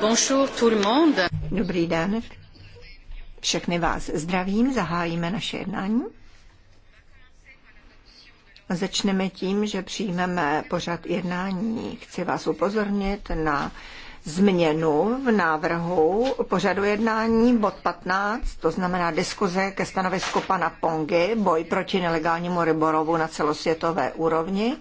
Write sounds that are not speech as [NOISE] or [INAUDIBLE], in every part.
Bonjour tout le monde. Dobrý den. Všechny vás zdravím, zahájíme naše jednání. Začneme tím, že přijmeme pořad jednání. Chci vás upozornit na změnu v návrhu pořadu jednání bod 15, to znamená diskuze ke stanovisku pana Pongy, boj proti nelegálnímu ryborovu na celosvětové úrovni.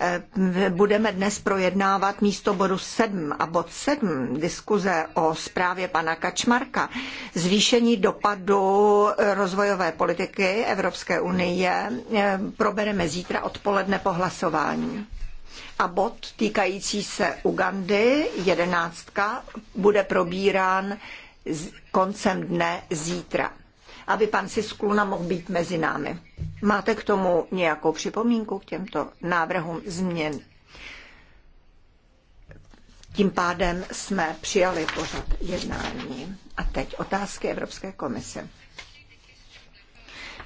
Eh, budeme dnes projednávat místo bodu 7 a bod 7 diskuze o zprávě pana Kačmarka zvýšení dopadu rozvojové politiky Evropské unie eh, probereme zítra odpoledne po hlasování. A bod týkající se Ugandy, jedenáctka, bude probírán koncem dne zítra aby pan Siskluna mohl být mezi námi. Máte k tomu nějakou připomínku k těmto návrhům změn? Tím pádem jsme přijali pořad jednání. A teď otázky Evropské komise.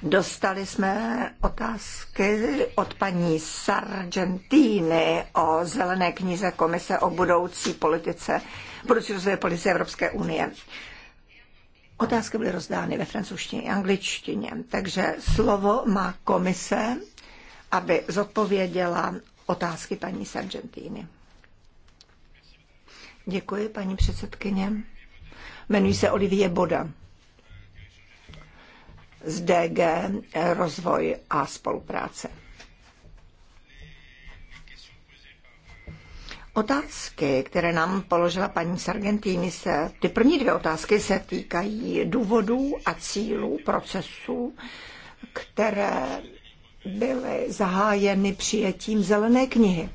Dostali jsme otázky od paní Sargentiny o zelené knize Komise o budoucí politice, budoucí rozvoje politice Evropské unie. Otázky byly rozdány ve francouzštině i angličtině, takže slovo má komise, aby zodpověděla otázky paní Sargentini. Děkuji, paní předsedkyně. Jmenuji se Olivie Boda z DG Rozvoj a spolupráce. Otázky, které nám položila paní Sargentini, se, ty první dvě otázky se týkají důvodů a cílů procesu, které byly zahájeny přijetím zelené knihy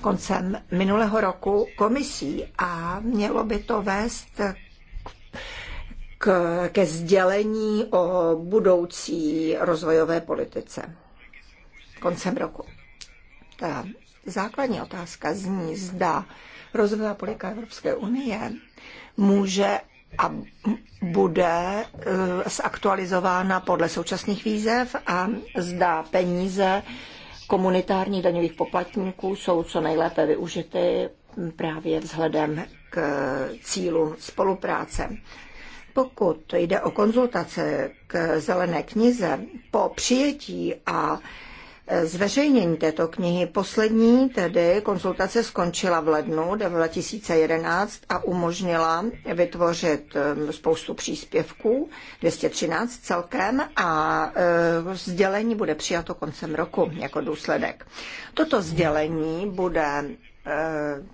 koncem minulého roku komisí a mělo by to vést k, ke sdělení o budoucí rozvojové politice koncem roku. Ta základní otázka zní, zda rozvojová politika Evropské unie může a bude eh, zaktualizována podle současných výzev a zda peníze komunitárních daňových poplatníků jsou co nejlépe využity právě vzhledem k cílu spolupráce. Pokud jde o konzultace k zelené knize, po přijetí a zveřejnění této knihy. Poslední tedy konzultace skončila v lednu 2011 a umožnila vytvořit um, spoustu příspěvků, 213 celkem a uh, sdělení bude přijato koncem roku jako důsledek. Toto sdělení bude uh,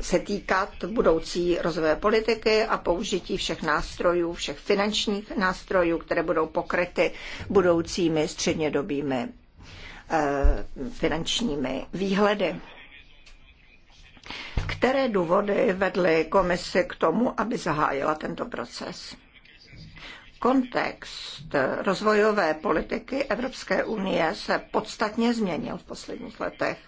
se týkat budoucí rozvoje politiky a použití všech nástrojů, všech finančních nástrojů, které budou pokryty budoucími střednědobými Eh, finančními výhledy. Které důvody vedly komisi k tomu, aby zahájila tento proces? Kontext rozvojové politiky Evropské unie se podstatně změnil v posledních letech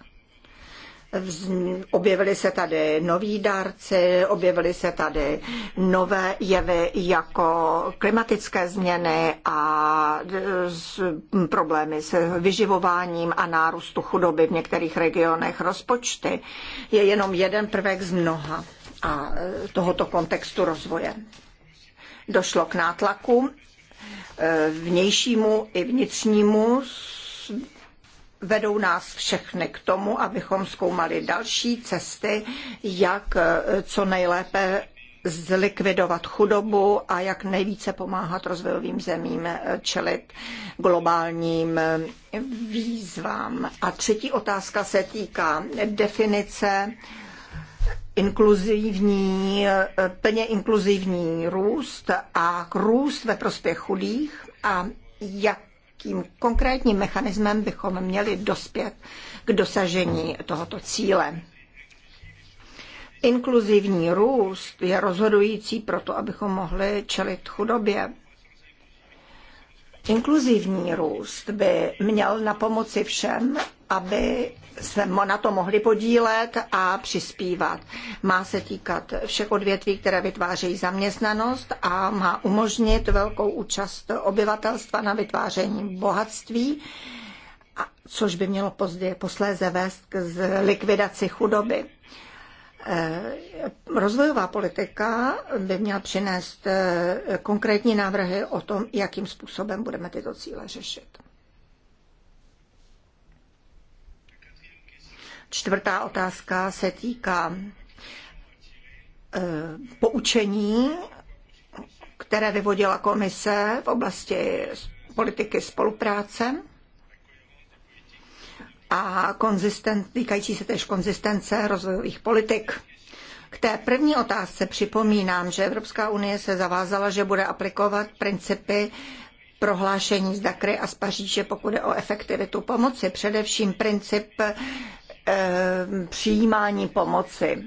objevili se tady noví dárci, objevily se tady nové jevy jako klimatické změny a problémy s vyživováním a nárůstu chudoby v některých regionech. Rozpočty je jenom jeden prvek z mnoha a e, tohoto kontextu rozvoje. Došlo k nátlaku e, vnějšímu i vnitřnímu vedou nás všechny k tomu, abychom zkoumali další cesty, jak eh, co nejlépe zlikvidovat chudobu a jak nejvíce pomáhat rozvojovým zemím eh, čelit globálním eh, výzvám. A třetí otázka se týká definice inkluzivní, plně inkluzivní růst a růst ve prospěch chudých a jak jakým konkrétním mechanismem bychom měli dospět k dosažení tohoto cíle. Inkluzivní růst je rozhodující pro to, abychom mohli čelit chudobě. Inkluzivní růst by měl na pomoci všem, aby se na to mohli podílet a přispívat. Má se týkat všech odvětví, které vytvářejí zaměstnanost a má umožnit velkou účast obyvatelstva na vytváření bohatství, což by mělo později posléze vést k likvidaci chudoby. Eh, rozvojová politika by měla přinést eh, konkrétní návrhy o tom, jakým způsobem budeme tyto cíle řešit. Čtvrtá otázka se týká eh, poučení, které vyvodila komise v oblasti politiky spolupráce a konzistent, týkající se též konzistence rozvojových politik. K té první otázce připomínám, že Evropská unie se zavázala, že bude aplikovat principy prohlášení z Dakry a z Paříže, pokud je o efektivitu pomoci, především princip Eh, přijímání pomoci.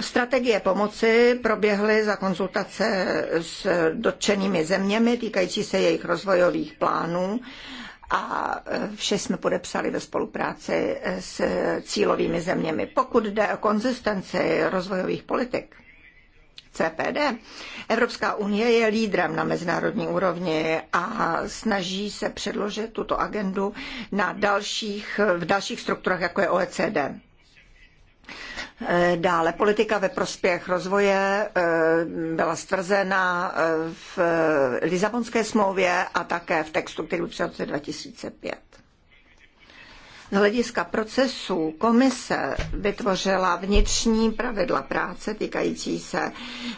Strategie pomoci proběhly za konzultace s dotčenými zeměmi týkající se jejich rozvojových plánů a vše jsme podepsali ve spolupráci s cílovými zeměmi. Pokud jde o konzistenci rozvojových politik, CPD. Evropská unie je lídrem na mezinárodní úrovni a snaží se předložit tuto agendu na dalších, v dalších strukturách, jako je OECD. Dále politika ve prospěch rozvoje eh, byla stvrzena eh, v Lisabonské smlouvě a také v textu, který byl přijat v 2005. Z hlediska procesů komise vytvořila vnitřní pravidla práce týkající se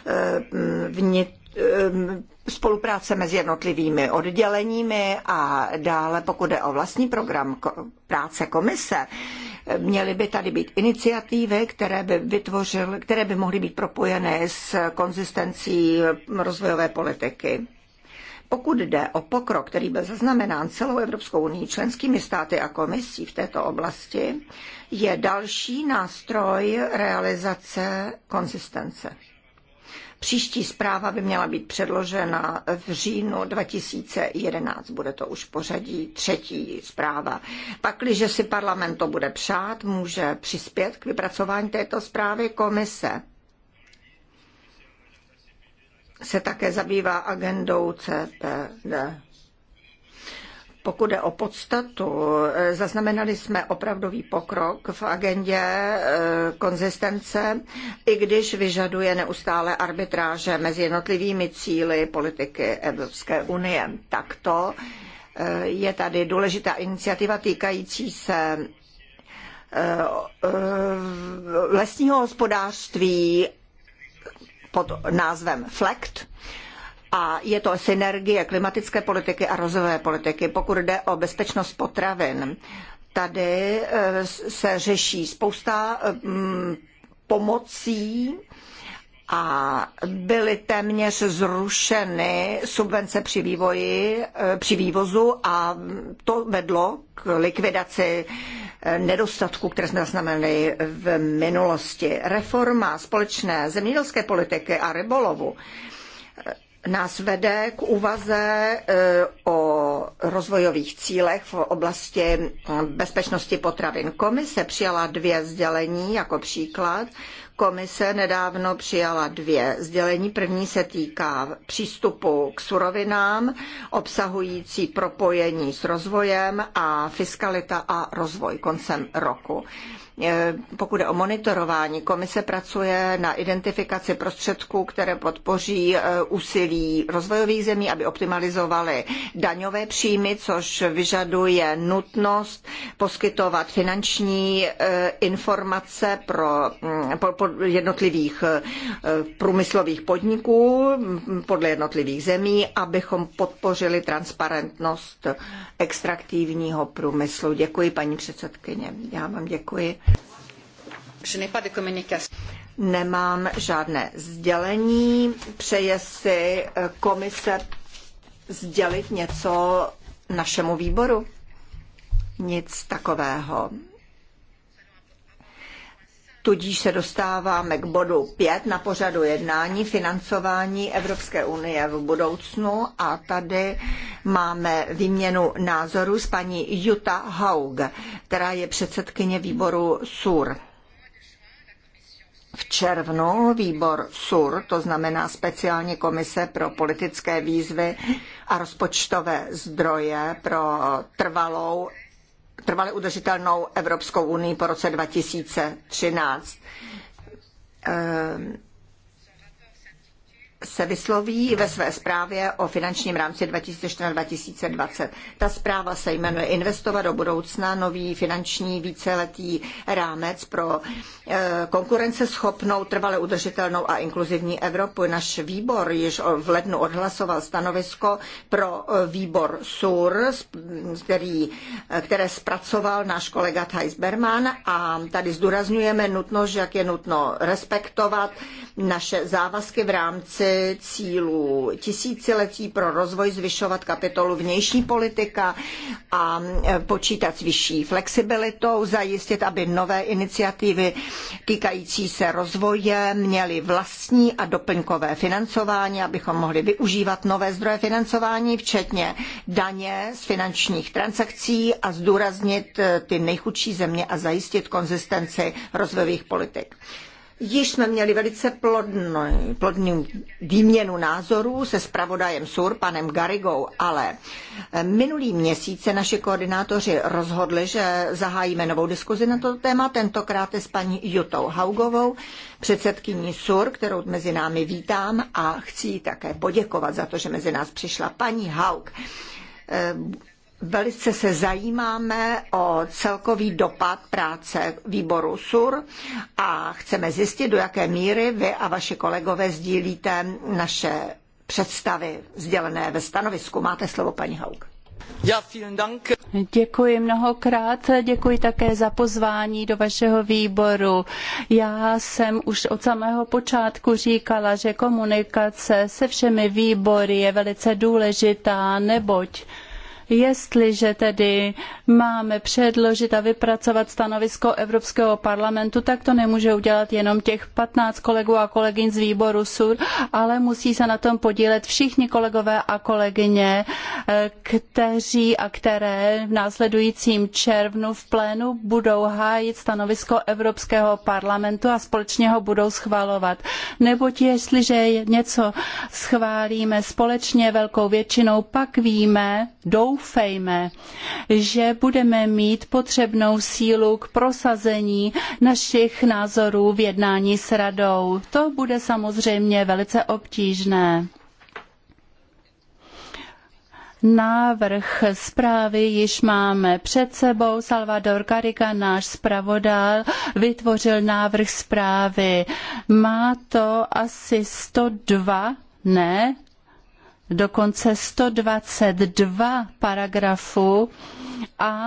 e, e, spolupráce mezi jednotlivými odděleními a dále, pokud je o vlastní program práce komise, měly by tady být iniciativy, které by, vytvořil, které by mohly být propojené s konzistencí rozvojové politiky. Pokud jde o pokrok, který byl zaznamenán celou Evropskou unii, členskými státy a komisí v této oblasti, je další nástroj realizace konsistence. Příští zpráva by měla být předložena v říjnu 2011. Bude to už pořadí třetí zpráva. Pakliže si parlament to bude přát, může přispět k vypracování této zprávy komise se také zabývá agendou CPD. Pokud je o podstatu, zaznamenali jsme opravdový pokrok v agendě eh, konzistence, i když vyžaduje neustále arbitráže mezi jednotlivými cíly politiky Evropské unie. Takto eh, je tady důležitá iniciativa týkající se eh, lesního hospodářství pod názvem FLECT a je to synergie klimatické politiky a rozvojové politiky. Pokud jde o bezpečnost potravin, tady eh, se řeší spousta mm, pomocí a byly téměř zrušeny subvence při vývoji, eh, při vývozu a to vedlo k likvidaci eh, nedostatků, které jsme zaznamenali v minulosti. Reforma společné zemědělské politiky a rybolovu eh, nás vede k úvaze o rozvojových cílech v oblasti bezpečnosti potravin. Komise přijala dvě sdělení jako příklad Komise nedávno přijala dvě sdělení. První se týká přístupu k surovinám, obsahující propojení s rozvojem a fiskalita a rozvoj koncem roku. E, pokud je o monitorování, komise pracuje na identifikaci prostředků, které podpoří e, úsilí rozvojových zemí, aby optimalizovaly daňové příjmy, což vyžaduje nutnost poskytovat finanční e, informace pro mm, jednotlivých průmyslových podniků podle jednotlivých zemí, abychom podpořili transparentnost extraktivního průmyslu. Děkuji, paní předsedkyně. Já vám děkuji. Nemám žádné sdělení. Přeje si eh, komise sdělit něco našemu výboru? Nic takového. Tudíž se dostáváme k bodu 5 na pořadu jednání financování Evropské unie v budoucnu a tady máme výměnu názorů s paní Jutta Haug, která je předsedkyně výboru SUR v červnu výbor SUR, to znamená speciální komise pro politické výzvy a rozpočtové zdroje pro trvalou, trvale udržitelnou Evropskou unii po roce 2013 se vysloví ve své zprávě o finančním rámci 2014-2020. Ta zpráva se jmenuje Investovat do budoucna nový finanční víceletý rámec pro eh, konkurenceschopnou, trvale udržitelnou a inkluzivní Evropu. Náš výbor již v lednu odhlasoval stanovisko pro eh, výbor SUR, který, eh, které zpracoval náš kolega Thijs Berman a tady zdůrazňujeme nutnost, jak je nutno respektovat naše závazky v rámci cílů tisíciletí pro rozvoj zvyšovat kapitolu vnější politika a e, počítat s vyšší flexibilitou, zajistit, aby nové iniciativy týkající se rozvoje měly vlastní a doplňkové financování, abychom mohli využívat nové zdroje financování, včetně daně z finančních transakcí a zdůraznit e, ty nejchudší země a zajistit konzistenci rozvojových politik. Již jsme měli velice plodný, plodný výměnu názorů se spravodajem SUR, panem Garigou, ale eh, minulý měsíc se naši koordinátoři rozhodli, že zahájíme novou diskuzi na toto téma, tentokrát s paní Jutou Haugovou, předsedkyní SUR, kterou mezi námi vítám a chci jí také poděkovat za to, že mezi nás přišla paní Haug eh, Velice se zajímáme o celkový dopad práce výboru SUR a chceme zjistit, do jaké míry vy a vaši kolegové sdílíte naše představy sdělené ve stanovisku. Máte slovo, paní Haug. Děkuji mnohokrát, děkuji také za pozvání do vašeho výboru. Já jsem už od samého počátku říkala, že komunikace se všemi výbory je velice důležitá, neboť Jestliže tedy máme předložit a vypracovat stanovisko Evropského parlamentu, tak to nemůže udělat jenom těch 15 kolegů a kolegyň z výboru SUR, ale musí se na tom podílet všichni kolegové a kolegyně, eh, kteří a které v následujícím červnu v plénu budou hájit stanovisko Evropského parlamentu a společně ho budou schvalovat. Neboť jestliže něco schválíme společně velkou většinou, pak víme, doufám, doufejme, že budeme mít potřebnou sílu k prosazení našich názorů v jednání s radou. To bude samozřejmě velice obtížné. Návrh zprávy již máme před sebou. Salvador Karika, náš zpravodaj, vytvořil návrh zprávy. Má to asi 102 ne, dokonce 122 paragrafů a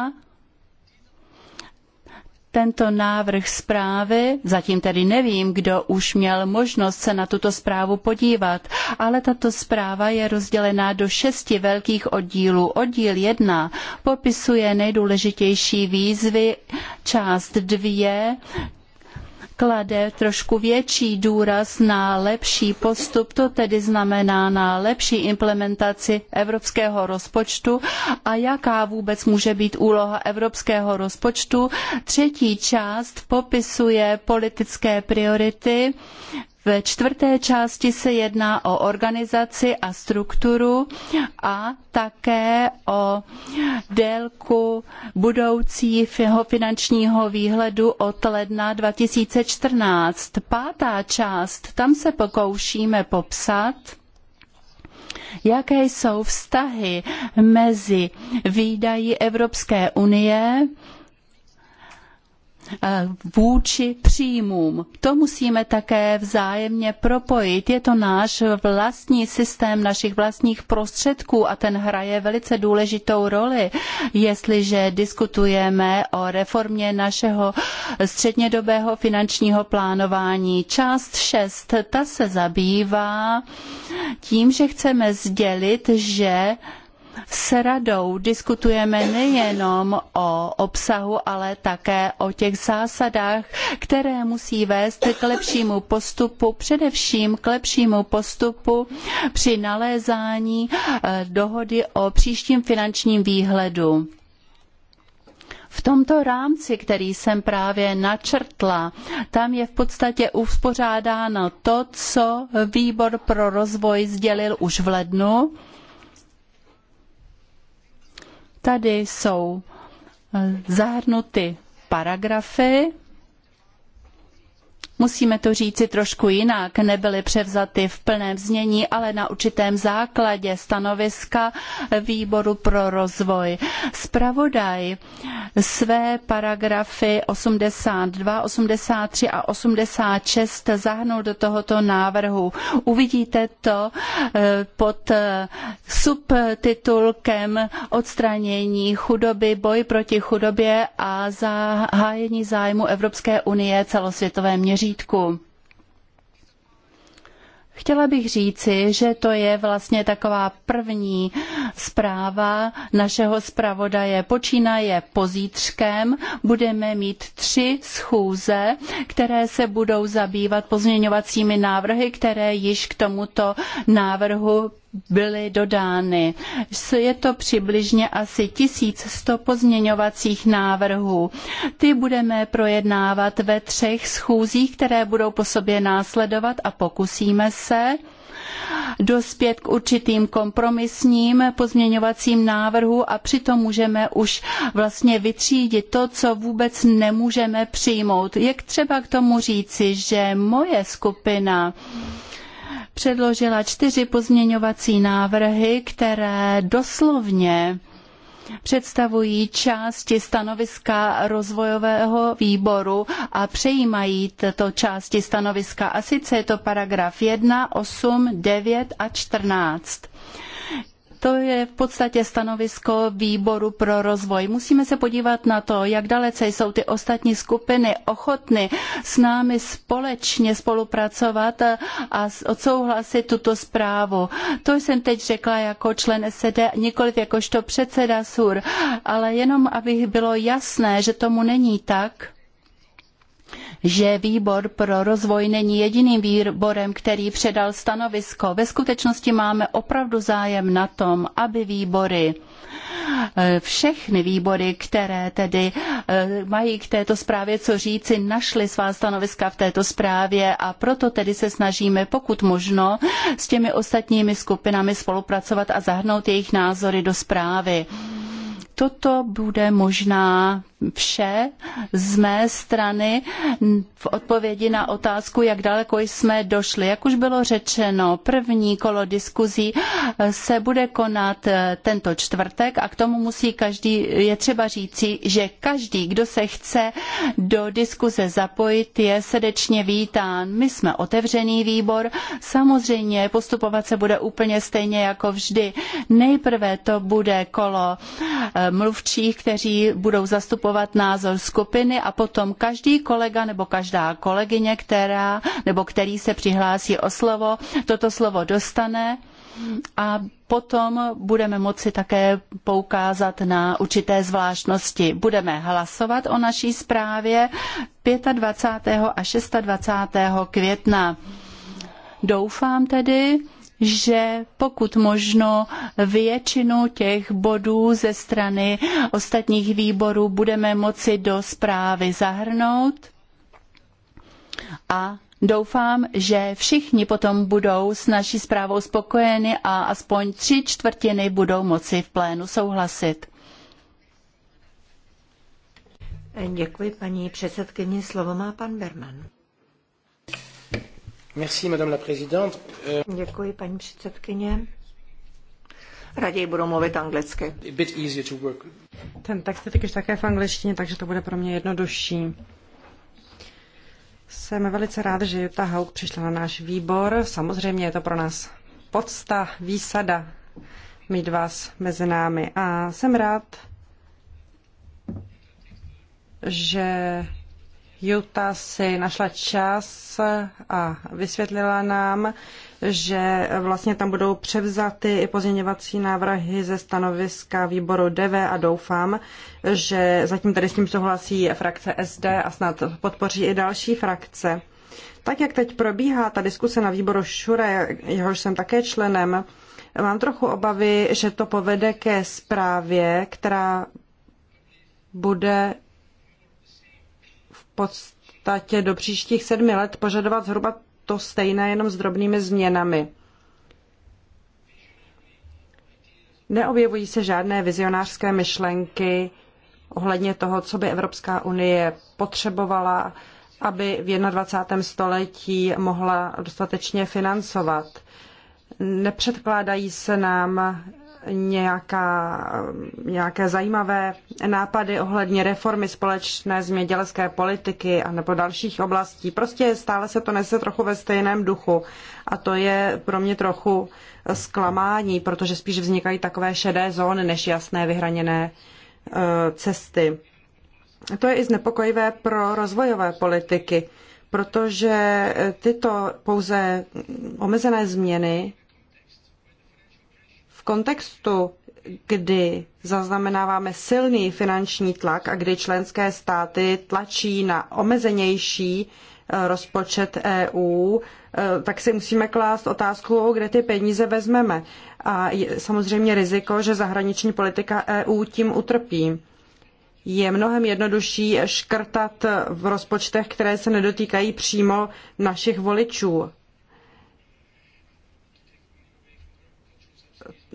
tento návrh zprávy, zatím tedy nevím, kdo už měl možnost se na tuto zprávu podívat, ale tato zpráva je rozdělená do šesti velkých oddílů. Oddíl 1 popisuje nejdůležitější výzvy, část 2 klade trošku větší důraz na lepší postup, to tedy znamená na lepší implementaci evropského rozpočtu a jaká vůbec může být úloha evropského rozpočtu. Třetí část popisuje politické priority ve čtvrté části se jedná o organizaci a strukturu a také o délku budoucího finančního výhledu od ledna 2014. Pátá část, tam se pokoušíme popsat, jaké jsou vztahy mezi výdaji Evropské unie Eh, vůči příjmům. To musíme také vzájemně propojit. Je to náš vlastní systém našich vlastních prostředků a ten hraje velice důležitou roli, jestliže diskutujeme o reformě našeho střednědobého finančního plánování. Část 6, ta se zabývá tím, že chceme sdělit, že s radou diskutujeme nejenom o obsahu, ale také o těch zásadách, které musí vést k lepšímu postupu, především k lepšímu postupu při nalézání eh, dohody o příštím finančním výhledu. V tomto rámci, který jsem právě načrtla, tam je v podstatě uspořádáno to, co výbor pro rozvoj sdělil už v lednu Tady jsou eh, zahrnuty paragrafy, musíme to říci trošku jinak, nebyly převzaty v plném znění, ale na určitém základě stanoviska výboru pro rozvoj. Spravodaj své paragrafy 82, 83 a 86 zahrnul do tohoto návrhu. Uvidíte to eh, pod eh, subtitulkem odstranění chudoby, boj proti chudobě a zahájení zájmu Evropské unie celosvětové měří měřítku. Chtěla bych říci, že to je vlastně taková první zpráva našeho zpravodaje. Počínaje pozítřkem. Budeme mít tři schůze, které se budou zabývat pozměňovacími návrhy, které již k tomuto návrhu byly dodány. Je to přibližně asi 1100 pozměňovacích návrhů. Ty budeme projednávat ve třech schůzích, které budou po sobě následovat a pokusíme se dospět k určitým kompromisním pozměňovacím návrhu a přitom můžeme už vlastně vytřídit to, co vůbec nemůžeme přijmout. Jak třeba k tomu říci, že moje skupina předložila čtyři pozměňovací návrhy, které doslovně představují části stanoviska rozvojového výboru a přejímají tyto části stanoviska. A sice je to paragraf 1, 8, 9 a 14. To je v podstatě stanovisko výboru pro rozvoj. Musíme se podívat na to, jak dalece jsou ty ostatní skupiny ochotny s námi společně spolupracovat a odsouhlasit tuto zprávu. To jsem teď řekla jako člen SED, nikoliv jakožto předseda SUR, ale jenom, aby bylo jasné, že tomu není tak, že výbor pro rozvoj není jediným výborem, který předal stanovisko. Ve skutečnosti máme opravdu zájem na tom, aby výbory, eh, všechny výbory, které tedy eh, mají k této zprávě co říci, našly svá stanoviska v této zprávě a proto tedy se snažíme, pokud možno, s těmi ostatními skupinami spolupracovat a zahrnout jejich názory do zprávy. Toto bude možná vše z mé strany v odpovědi na otázku, jak daleko jsme došli. Jak už bylo řečeno, první kolo diskuzí se bude konat eh, tento čtvrtek a k tomu musí každý, je třeba říci, že každý, kdo se chce do diskuze zapojit, je srdečně vítán. My jsme otevřený výbor, samozřejmě postupovat se bude úplně stejně jako vždy. Nejprve to bude kolo eh, mluvčích, kteří budou zastupovat zastupovat názor skupiny a potom každý kolega nebo každá kolegyně, která nebo který se přihlásí o slovo, toto slovo dostane a potom budeme moci také poukázat na určité zvláštnosti. Budeme hlasovat o naší zprávě 25. a 26. května. Doufám tedy, že pokud možno většinu těch bodů ze strany ostatních výborů budeme moci do zprávy zahrnout a Doufám, že všichni potom budou s naší zprávou spokojeni a aspoň tři čtvrtiny budou moci v plénu souhlasit. Děkuji paní předsedkyni. Slovo má pan Berman. Merci, madame la présidente. Euh, Děkuji, paní předsedkyně. Raději budu mluvit anglicky. Ten text je totiž také v angličtině, takže to bude pro mě jednodušší. Jsem velice ráda, že Jutta Haug přišla na náš výbor. Samozřejmě je to pro nás podsta, výsada mít vás mezi námi. A jsem rád, že Juta si našla čas a vysvětlila nám, že vlastně tam budou převzaty i pozměňovací návrhy ze stanoviska výboru DV a doufám, že zatím tady s tím souhlasí frakce SD a snad podpoří i další frakce. Tak jak teď probíhá ta diskuse na výboru Šure, jehož jsem také členem, mám trochu obavy, že to povede ke zprávě, která bude podstatě do příštích sedmi let požadovat zhruba to stejné, jenom s drobnými změnami. Neobjevují se žádné vizionářské myšlenky ohledně toho, co by Evropská unie potřebovala, aby v 21. století mohla dostatečně financovat. Nepředkládají se nám nějaká, nějaké zajímavé nápady ohledně reformy společné zemědělské politiky a nebo dalších oblastí. Prostě stále se to nese trochu ve stejném duchu a to je pro mě trochu zklamání, protože spíš vznikají takové šedé zóny než jasné vyhraněné e, cesty. To je i znepokojivé pro rozvojové politiky, protože tyto pouze omezené změny kontextu, kdy zaznamenáváme silný finanční tlak a kdy členské státy tlačí na omezenější eh, rozpočet EU, eh, tak si musíme klást otázku, kde ty peníze vezmeme. A je samozřejmě riziko, že zahraniční politika EU tím utrpí. Je mnohem jednodušší škrtat v rozpočtech, které se nedotýkají přímo našich voličů.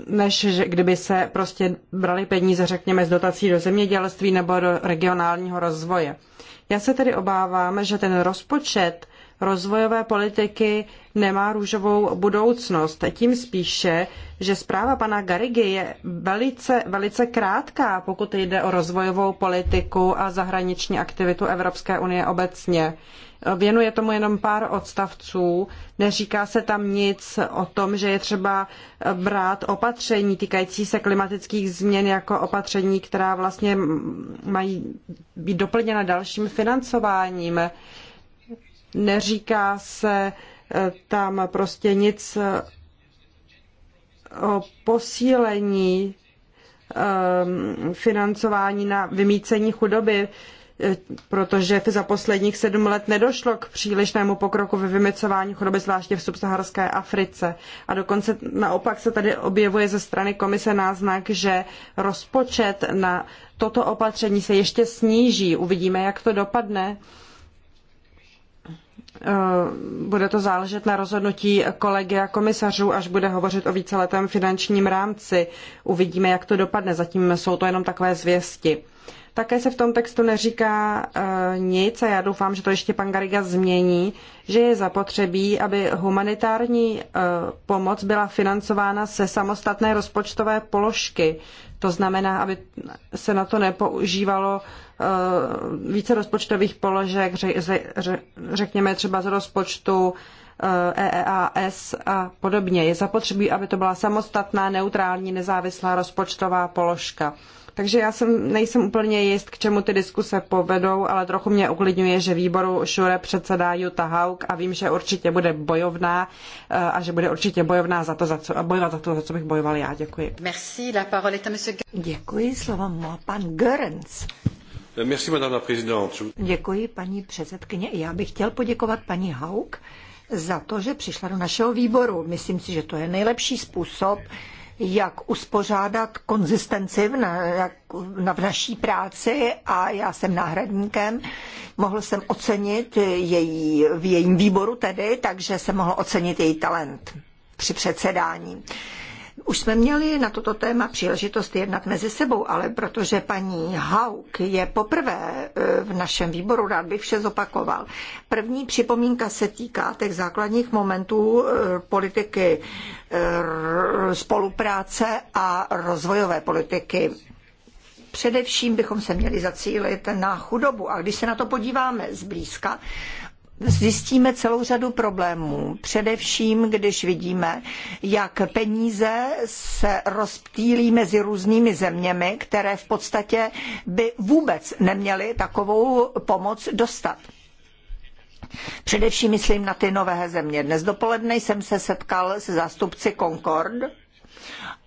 než kdyby se prostě brali peníze, řekněme, z dotací do zemědělství nebo do regionálního rozvoje. Já se tedy obávám, že ten rozpočet rozvojové politiky nemá růžovou budoucnost. Tím spíše, že zpráva pana Garigy je velice, velice krátká, pokud jde o rozvojovou politiku a zahraniční aktivitu Evropské unie obecně. Věnuje tomu jenom pár odstavců, neříká se tam nic o tom, že je třeba brát opatření týkající se klimatických změn jako opatření, která vlastně mají být doplněna dalším financováním neříká se eh, tam prostě nic eh, o posílení ehm, financování na vymícení chudoby, eh, protože za posledních sedm let nedošlo k přílišnému pokroku ve vymycování chudoby, zvláště v subsaharské Africe. A dokonce naopak se tady objevuje ze strany komise náznak, že rozpočet na toto opatření se ještě sníží. Uvidíme, jak to dopadne. Eh, bude to záležet na rozhodnutí kolegy a komisařů, až bude hovořit o víceletém finančním rámci. Uvidíme, jak to dopadne. Zatím jsou to jenom takové zvěsti. Také se v tom textu neříká eh, nic a já doufám, že to ještě pan Gariga změní, že je zapotřebí, aby humanitární eh, pomoc byla financována se samostatné rozpočtové položky. To znamená, aby se na to nepoužívalo eh, více rozpočtových položek, řekněme třeba z rozpočtu EEAS eh, e a podobně. Je zapotřebí, aby to byla samostatná, neutrální, nezávislá rozpočtová položka. Takže já jsem, nejsem úplně jist, k čemu ty diskuse povedou, ale trochu mě uklidňuje, že výboru Šure předsedá Jutta Hauk a vím, že určitě bude bojovná eh, a že bude určitě bojovná za to, za co, bojovat za to, za co bych bojoval já. Děkuji. Merci, la parole est à monsieur... Děkuji, slovo má pan Görens. Merci, madame la présidente. Děkuji, paní předsedkyně. Já bych chtěl poděkovat paní Hauk za to, že přišla do našeho výboru. Myslím si, že to je nejlepší způsob, jak uspořádat konzistenci v, na, na, v naší práci a já jsem náhradníkem. Mohl jsem ocenit její, v jejím výboru tedy, takže jsem mohl ocenit její talent při předsedání. Uh, už jsme měli na toto téma příležitost jednat mezi sebou, ale protože paní Hauk je poprvé e, v našem výboru, rád bych vše zopakoval. První připomínka se týká těch základních momentů e, politiky e, spolupráce a rozvojové politiky Především bychom se měli zacílit na chudobu. A když se na to podíváme zblízka, zjistíme celou řadu problémů. Především, když vidíme, jak peníze se rozptýlí mezi různými zeměmi, které v podstatě by vůbec neměly takovou pomoc dostat. Především myslím na ty nové země. Dnes dopoledne jsem se setkal se zástupci Concord,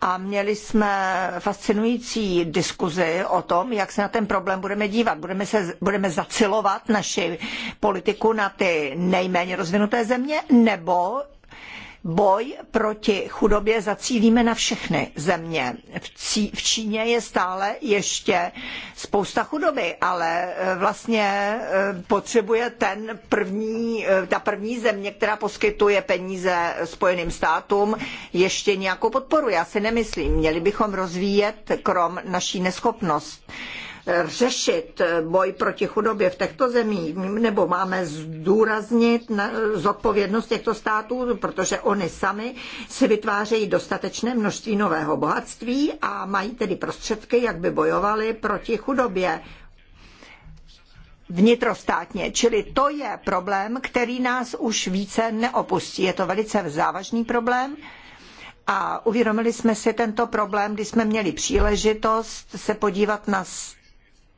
a měli jsme fascinující diskuzi o tom, jak se na ten problém budeme dívat. Budeme, se, budeme zacilovat naši politiku na ty nejméně rozvinuté země, nebo Boj proti chudobě zacílíme na všechny země. V Číně je stále ještě spousta chudoby, ale e, vlastně e, potřebuje ten první, e, ta první země, která poskytuje peníze Spojeným státům, ještě nějakou podporu. Já si nemyslím, měli bychom rozvíjet krom naší neschopnosti řešit boj proti chudobě v těchto zemích, nebo máme zdůraznit na zodpovědnost těchto států, protože oni sami si vytvářejí dostatečné množství nového bohatství a mají tedy prostředky, jak by bojovali proti chudobě vnitrostátně. Čili to je problém, který nás už více neopustí. Je to velice závažný problém a uvědomili jsme si tento problém, když jsme měli příležitost se podívat na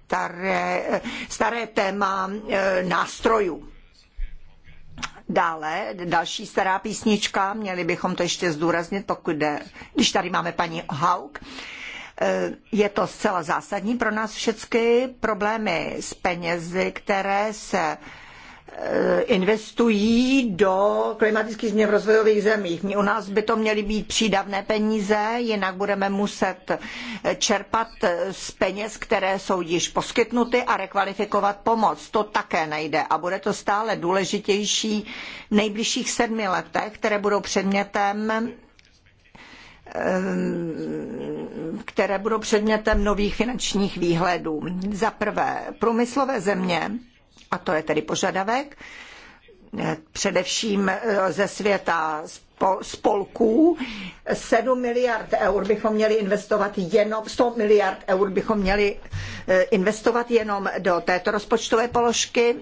staré, staré téma e, nástrojů. Dále, další stará písnička, měli bychom to ještě zdůraznit, pokud jde, když tady máme paní Haug. E, je to zcela zásadní pro nás všechny problémy s penězi, které se Eh, investují do klimatických změn v rozvojových zemích. U nás by to měly být přídavné peníze, jinak budeme muset čerpat z peněz, které jsou již poskytnuty a rekvalifikovat pomoc. To také nejde a bude to stále důležitější v nejbližších sedmi letech, které budou předmětem eh, které budou předmětem nových finančních výhledů. Za prvé, průmyslové země a to je tedy požadavek, eh, především eh, ze světa spolků. 7 miliard eur bychom měli investovat jenom, 100 miliard eur bychom měli eh, investovat jenom do této rozpočtové položky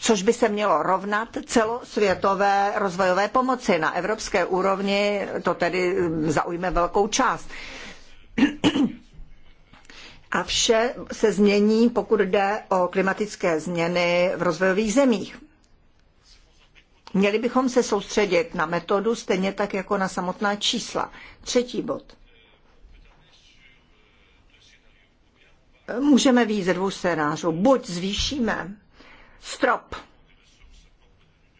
což by se mělo rovnat celosvětové rozvojové pomoci. Na evropské úrovni to tedy hm, zaujme velkou část. A vše se změní, pokud jde o klimatické změny v rozvojových zemích. Měli bychom se soustředit na metodu stejně tak jako na samotná čísla. Třetí bod. Můžeme víc ze dvou scénářů. Buď zvýšíme strop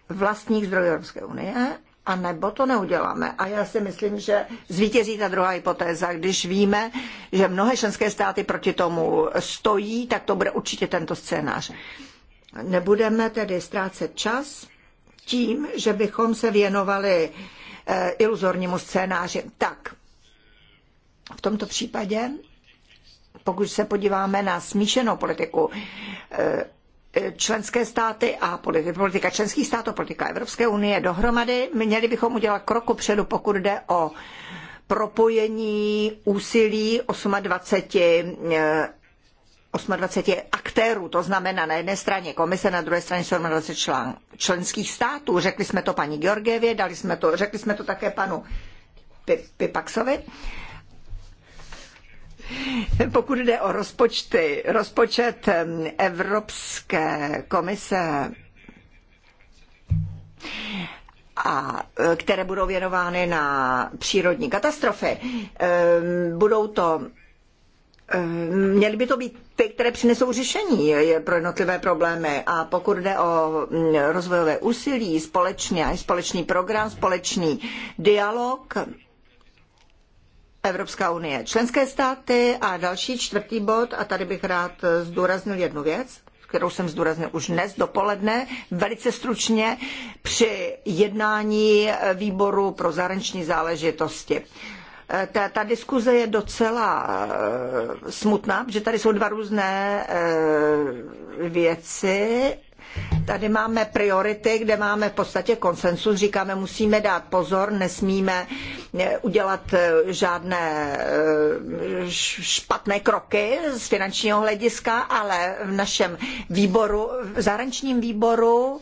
vlastních zdrojů Evropské unie, a nebo to neuděláme. A já si myslím, že zvítězí ta druhá hypotéza. Když víme, že mnohé členské státy proti tomu stojí, tak to bude určitě tento scénář. Nebudeme tedy ztrácet čas tím, že bychom se věnovali eh, iluzornímu scénáři. Tak, v tomto případě, pokud se podíváme na smíšenou politiku, eh, E, členské státy a politika členských států, politika Evropské unie dohromady, měli bychom udělat kroku předu, pokud jde o propojení úsilí 28 28 e, aktérů, to znamená na jedné straně komise, na druhé straně 27 členských států. Řekli jsme to paní Georgievě, dali jsme to, řekli jsme to také panu Pipaksovi. Pokud jde o rozpočty, rozpočet Evropské komise a e, které budou věnovány na přírodní katastrofy, budou to Měly by to být ty, které přinesou řešení pro jednotlivé problémy. A pokud jde o rozvojové úsilí, společně, společný program, společný dialog, Evropská unie, členské státy a další čtvrtý bod, a tady bych rád zdůraznil jednu věc, kterou jsem zdůraznil už dnes dopoledne, velice stručně při jednání výboru pro zahraniční záležitosti. E, ta, ta diskuze je docela e, smutná, protože tady jsou dva různé e, věci Tady máme priority, kde máme v podstatě konsensus. Říkáme, musíme dát pozor, nesmíme eh, udělat eh, žádné eh, špatné kroky z finančního hlediska, ale v našem výboru, v zahraničním výboru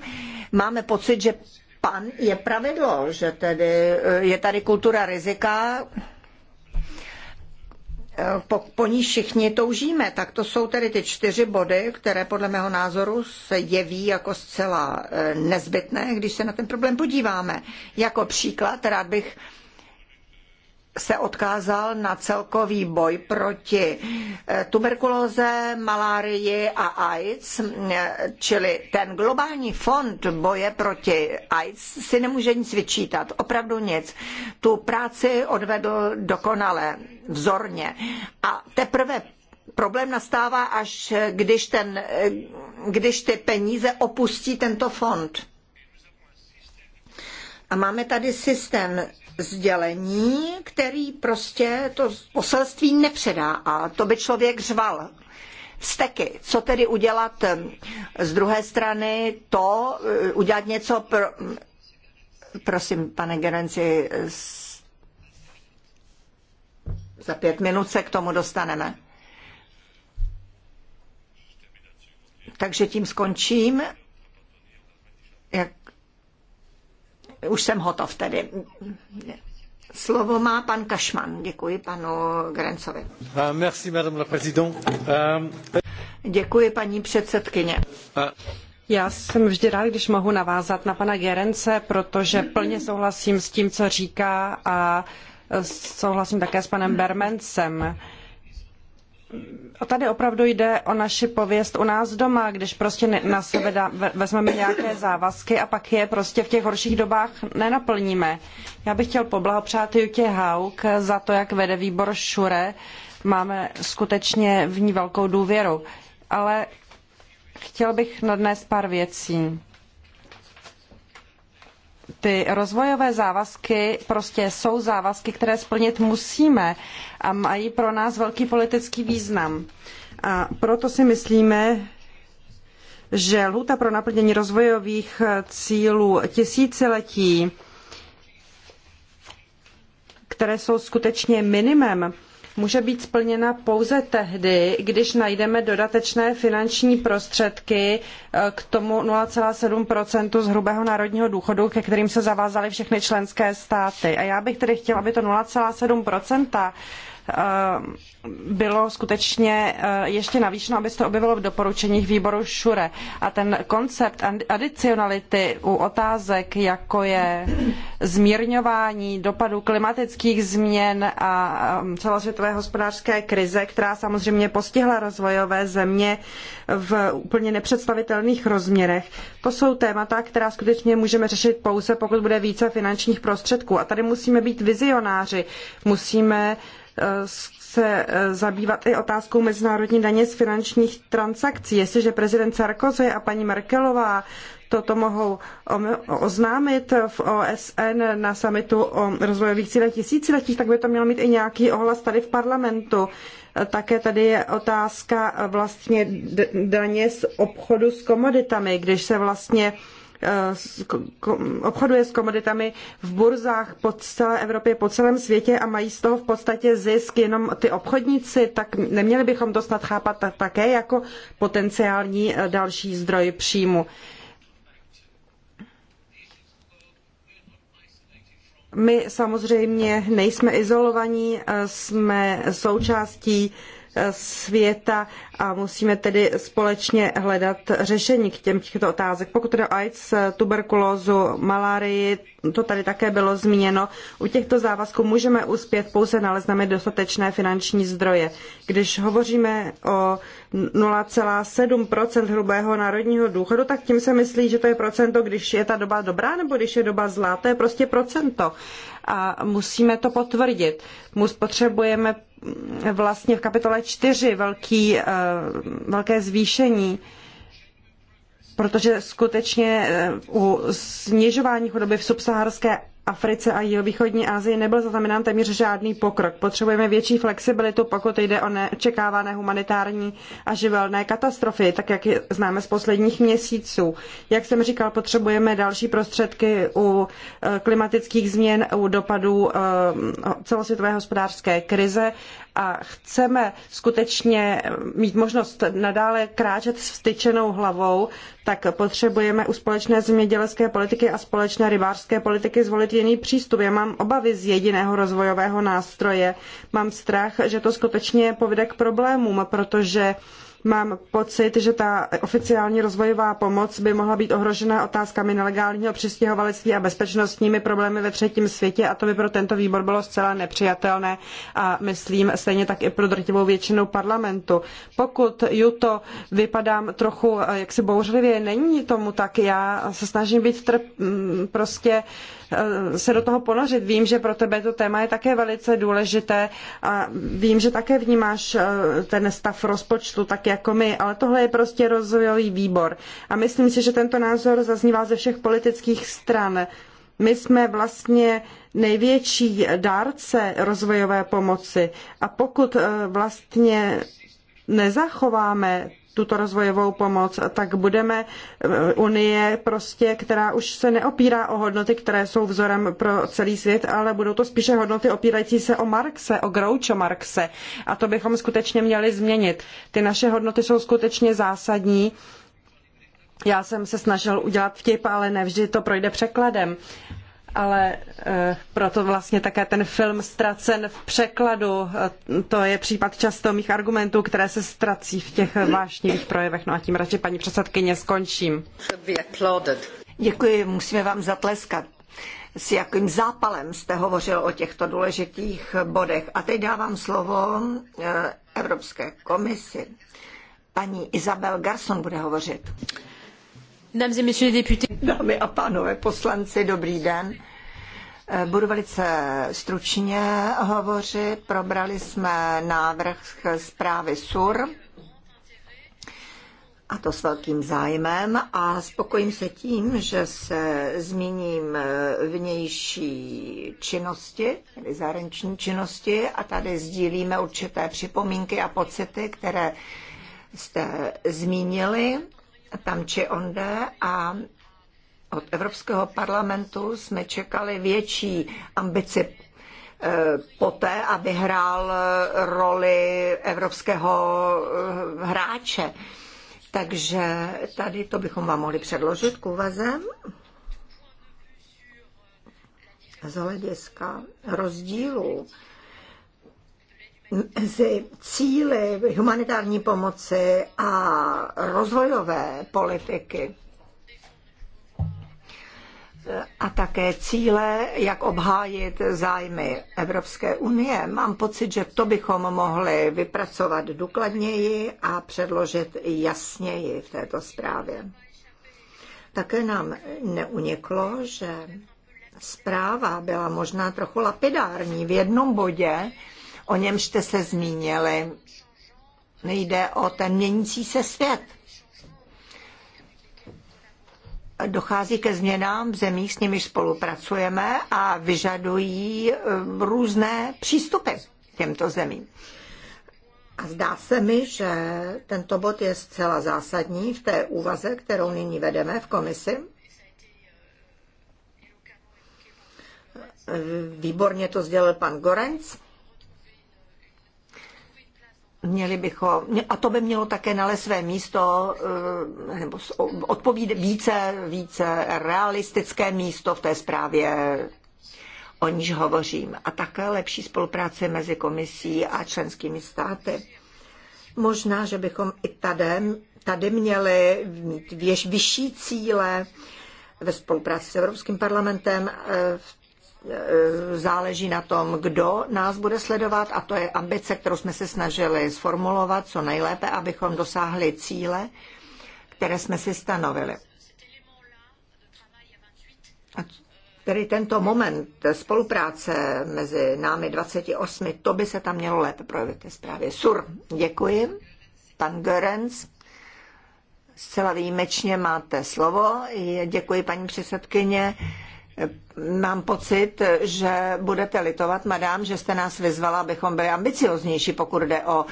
máme pocit, že pan je pravidlo, že tedy je tady kultura rizika, Eh, po, po ní všichni toužíme. Tak to jsou tedy ty čtyři body, které podle mého názoru se jeví jako zcela eh, nezbytné, když se na ten problém podíváme. Jako příklad rád bych se odkázal na celkový boj proti eh, tuberkulóze, malárii a AIDS, čili ten globální fond boje proti AIDS si nemůže nic vyčítat, opravdu nic. Tu práci odvedl dokonale, vzorně. A teprve problém nastává, až když, ten, eh, když ty peníze opustí tento fond. A máme tady systém sdělení, který prostě to poselství nepředá a to by člověk řval Steky. Co tedy udělat eh, z druhé strany to, eh, udělat něco pro... Prosím, pane Gerenci, za pět minut se k tomu dostaneme. Takže tím skončím. Jak už jsem hotov tedy. Slovo má pan Kašman. Děkuji panu Grencovi. Ah, merci, madame la ah, Děkuji, paní předsedkyně. Ah. Já jsem vždy rád, když mohu navázat na pana Gerence, protože plně souhlasím s tím, co říká a souhlasím také s panem Bermencem. Uh, a tady opravdu jde o naši pověst u nás doma, když prostě na sebe dá, vezmeme nějaké závazky a pak je prostě v těch horších dobách nenaplníme. Já bych chtěl poblahopřát Jutě Hauk za to, jak vede výbor Šure. Máme skutečně v ní velkou důvěru. Ale chtěl bych nadnést pár věcí ty rozvojové závazky prostě jsou závazky, které splnit musíme a mají pro nás velký politický význam. A proto si myslíme, že lhuta pro naplnění rozvojových cílů tisíciletí, které jsou skutečně minimem, může být splněna pouze tehdy, když najdeme dodatečné finanční prostředky eh, k tomu 0,7 z hrubého národního důchodu, ke kterým se zavázaly všechny členské státy. A já bych tedy chtěla, aby to 0,7 Eh, bylo skutečně eh, ještě navýšeno, aby se to objevilo v doporučeních výboru Šure. A ten koncept adicionality u otázek, jako je zmírňování dopadů klimatických změn a eh, celosvětové hospodářské krize, která samozřejmě postihla rozvojové země v úplně nepředstavitelných rozměrech, to jsou témata, která skutečně můžeme řešit pouze, pokud bude více finančních prostředků. A tady musíme být vizionáři, musíme se eh, zabývat i otázkou mezinárodní daně z finančních transakcí. Jestliže prezident Sarkozy a paní Merkelová toto mohou oznámit v OSN na samitu o rozvojových cílech tisíciletí, tak by to mělo mít i nějaký ohlas tady v parlamentu. Eh, také tady je otázka eh, vlastně daně z obchodu s komoditami, když se vlastně Eh, obchoduje s komoditami v burzách po celé Evropě, po celém světě a mají z toho v podstatě zisk jenom ty obchodníci, tak neměli bychom to snad chápat také jako potenciální eh, další zdroj příjmu. My samozřejmě nejsme izolovaní, eh, jsme součástí světa a musíme tedy společně hledat řešení k těm těchto otázek. Pokud jde o AIDS, tuberkulózu, malárii, to tady také bylo zmíněno, u těchto závazků můžeme uspět pouze nalezneme dostatečné finanční zdroje. Když hovoříme o 0,7 hrubého národního důchodu, tak tím se myslí, že to je procento, když je ta doba dobrá nebo když je doba zlá. To je prostě procento. A musíme to potvrdit. Mus potřebujeme vlastně v kapitole 4 velký, eh, velké zvýšení protože skutečně eh, u snižování chudoby v subsaharské Africe a jihovýchodní Asii nebyl zaznamenán téměř žádný pokrok. Potřebujeme větší flexibilitu, pokud jde o neočekávané humanitární a živelné katastrofy, tak jak je známe z posledních měsíců. Jak jsem říkal, potřebujeme další prostředky u eh, klimatických změn, u dopadů eh, celosvětové hospodářské krize a chceme skutečně mít možnost nadále kráčet s vstyčenou hlavou, tak potřebujeme u společné zemědělské politiky a společné rybářské politiky zvolit jiný přístup. Já mám obavy z jediného rozvojového nástroje. Mám strach, že to skutečně povede k problémům, protože Mám pocit, že ta oficiální rozvojová pomoc by mohla být ohrožena otázkami nelegálního přistěhovalectví a bezpečnostními problémy ve třetím světě a to by pro tento výbor bylo zcela nepřijatelné a myslím stejně tak i pro drtivou většinu parlamentu. Pokud Juto vypadám trochu eh, jaksi bouřlivě, není tomu tak, já se snažím být trp, mm, prostě Eh, se do toho ponořit. Vím, že pro tebe to téma je také velice důležité a vím, že také vnímáš eh, ten stav rozpočtu tak jako my, ale tohle je prostě rozvojový výbor. A myslím si, že tento názor zaznívá ze všech politických stran. My jsme vlastně největší dárce rozvojové pomoci a pokud eh, vlastně nezachováme tuto rozvojovou pomoc, tak budeme eh, Unie prostě, která už se neopírá o hodnoty, které jsou vzorem pro celý svět, ale budou to spíše hodnoty opírající se o Marxe, o Groucho Marxe. A to bychom skutečně měli změnit. Ty naše hodnoty jsou skutečně zásadní. Já jsem se snažil udělat vtip, ale nevždy to projde překladem ale eh, proto vlastně také ten film ztracen v překladu, eh, to je případ často mých argumentů, které se ztrací v těch vášnivých projevech. No a tím radši paní předsedkyně skončím. Děkuji, musíme vám zatleskat. S jakým zápalem jste hovořil o těchto důležitých bodech. A teď dávám slovo eh, Evropské komisi. Paní Izabel Garson bude hovořit. Dámy a pánové poslanci, dobrý den. Eh, budu velice stručně hovořit. Probrali jsme návrh zprávy SUR a to s velkým zájmem a spokojím se tím, že se zmíním eh, vnější činnosti, tedy zahraniční činnosti a tady sdílíme určité připomínky a pocity, které jste zmínili tam on onde a od Evropského parlamentu jsme čekali větší ambici eh, poté, aby hrál eh, roli evropského eh, hráče. Takže tady to bychom vám mohli předložit k úvaze z hlediska rozdílu mezi cíly humanitární pomoci a rozvojové politiky a také cíle, jak obhájit zájmy Evropské unie. Mám pocit, že to bychom mohli vypracovat důkladněji a předložit jasněji v této zprávě. Také nám neuniklo, že zpráva byla možná trochu lapidární. V jednom bodě o něm jste se zmínili. Nejde o ten měnící se svět. Dochází ke změnám v zemích, s nimiž spolupracujeme a vyžadují eh, různé přístupy k těmto zemím. A zdá se mi, že tento bod je zcela zásadní v té úvaze, kterou nyní vedeme v komisi. Výborně to sdělil pan Gorenc. Měli bychom, a to by mělo také nalézt své místo, eh, nebo odpovíd více, více realistické místo v té zprávě, o níž hovořím. A také lepší spolupráce mezi komisí a členskými státy. Možná, že bychom i tady, tady měli mít věž, vyšší cíle ve spolupráci s Evropským parlamentem eh, v E, záleží na tom, kdo nás bude sledovat a to je ambice, kterou jsme se snažili sformulovat co nejlépe, abychom dosáhli cíle, které jsme si stanovili. A tedy tento moment spolupráce mezi námi 28, to by se tam mělo lépe projevit té zprávě. Sur, děkuji. Pan Görens, zcela výjimečně máte slovo. Děkuji, paní předsedkyně. Mám pocit, že budete litovat, madám, že jste nás vyzvala, abychom byli ambicioznější, pokud jde o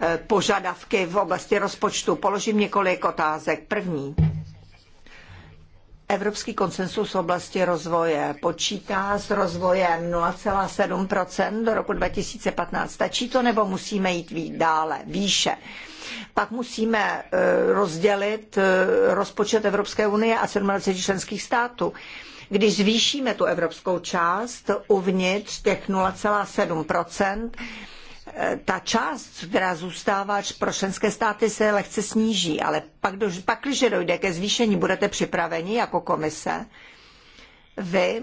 eh, požadavky v oblasti rozpočtu. Položím několik otázek. První. Evropský konsensus v oblasti rozvoje počítá s rozvojem 0,7 do roku 2015. Stačí to nebo musíme jít víc dále, výše? Pak musíme eh, rozdělit eh, rozpočet Evropské unie a 27 členských států. Když zvýšíme tu evropskou část uvnitř těch 0,7 ta část, která zůstává pro členské státy, se lehce sníží, ale pak, pak, když dojde ke zvýšení, budete připraveni jako komise, vy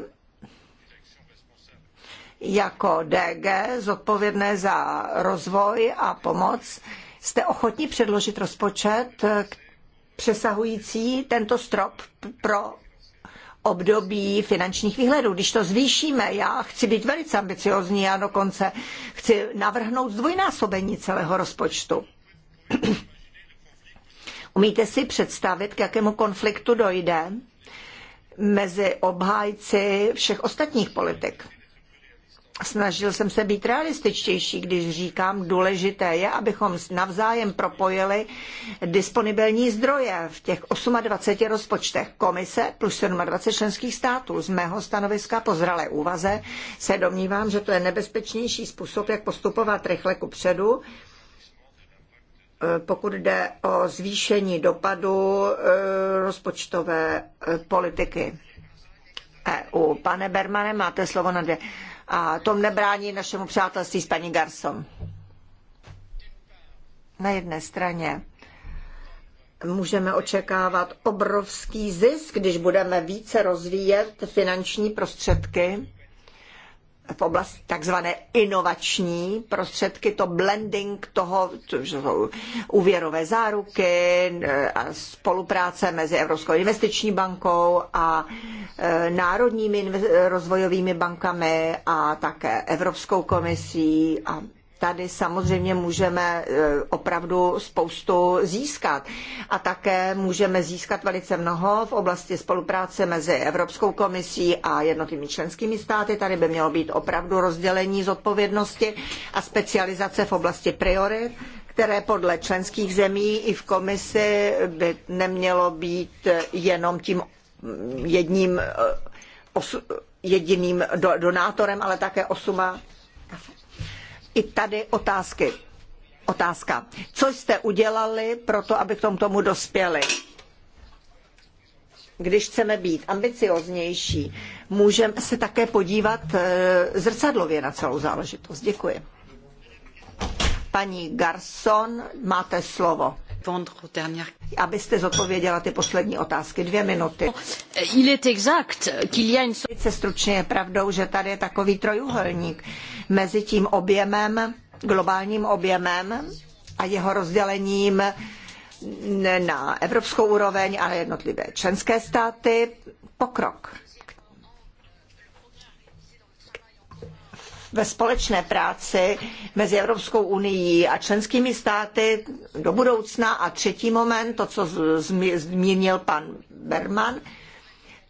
jako DG zodpovědné za rozvoj a pomoc, jste ochotni předložit rozpočet přesahující tento strop pro období finančních výhledů. Když to zvýšíme, já chci být velice ambiciozní, já dokonce chci navrhnout zdvojnásobení celého rozpočtu. [CLEARS THROAT] Umíte si představit, k jakému konfliktu dojde mezi obhájci všech ostatních politik? Snažil jsem se být realističtější, když říkám, důležité je, abychom navzájem propojili disponibilní zdroje v těch 28 rozpočtech komise plus 27 členských států. Z mého stanoviska po zralé úvaze se domnívám, že to je nebezpečnější způsob, jak postupovat rychle ku předu, eh, pokud jde o zvýšení dopadu eh, rozpočtové eh, politiky EU. Pane Bermane, máte slovo na dvě a tom nebrání našemu přátelství s paní Garson. Na jedné straně můžeme očekávat obrovský zisk, když budeme více rozvíjet finanční prostředky v oblasti takzvané inovační prostředky, to blending toho, to jsou úvěrové záruky e, a spolupráce mezi Evropskou investiční bankou a e, národními rozvojovými bankami a také Evropskou komisí a tady samozřejmě můžeme e, opravdu spoustu získat. A také můžeme získat velice mnoho v oblasti spolupráce mezi Evropskou komisí a jednotlivými členskými státy. Tady by mělo být opravdu rozdělení zodpovědnosti a specializace v oblasti priorit které podle členských zemí i v komisi by nemělo být jenom tím jedním e, jediným donátorem, ale také osma i tady otázky. Otázka. Co jste udělali pro to, abychom tomu dospěli? Když chceme být ambicioznější, můžeme se také podívat eh, zrcadlově na celou záležitost. Děkuji. Paní Garson, máte slovo. Abyste zodpověděla ty poslední otázky. Dvě minuty. Velice stručně je pravdou, že tady je takový trojuhelník mezi tím objemem, globálním objemem a jeho rozdělením na evropskou úroveň a jednotlivé členské státy. Pokrok ve společné práci mezi Evropskou unií a členskými státy do budoucna. A třetí moment, to, co zmínil pan Berman,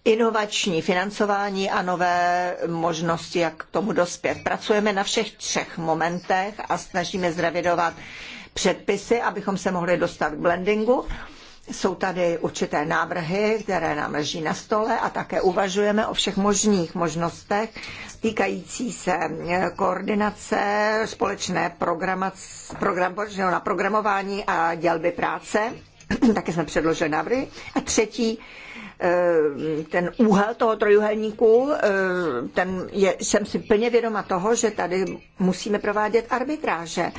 inovační financování a nové možnosti, jak k tomu dospět. Pracujeme na všech třech momentech a snažíme zrevidovat předpisy, abychom se mohli dostat k blendingu jsou tady určité návrhy, které nám leží na stole a také uvažujeme o všech možných možnostech týkající se eh, koordinace, společné program, na programování a dělby práce. [CLEARS THROAT] také jsme předložili návrhy. A třetí eh, ten úhel toho trojuhelníku, eh, ten je, jsem si plně vědoma toho, že tady musíme provádět arbitráže.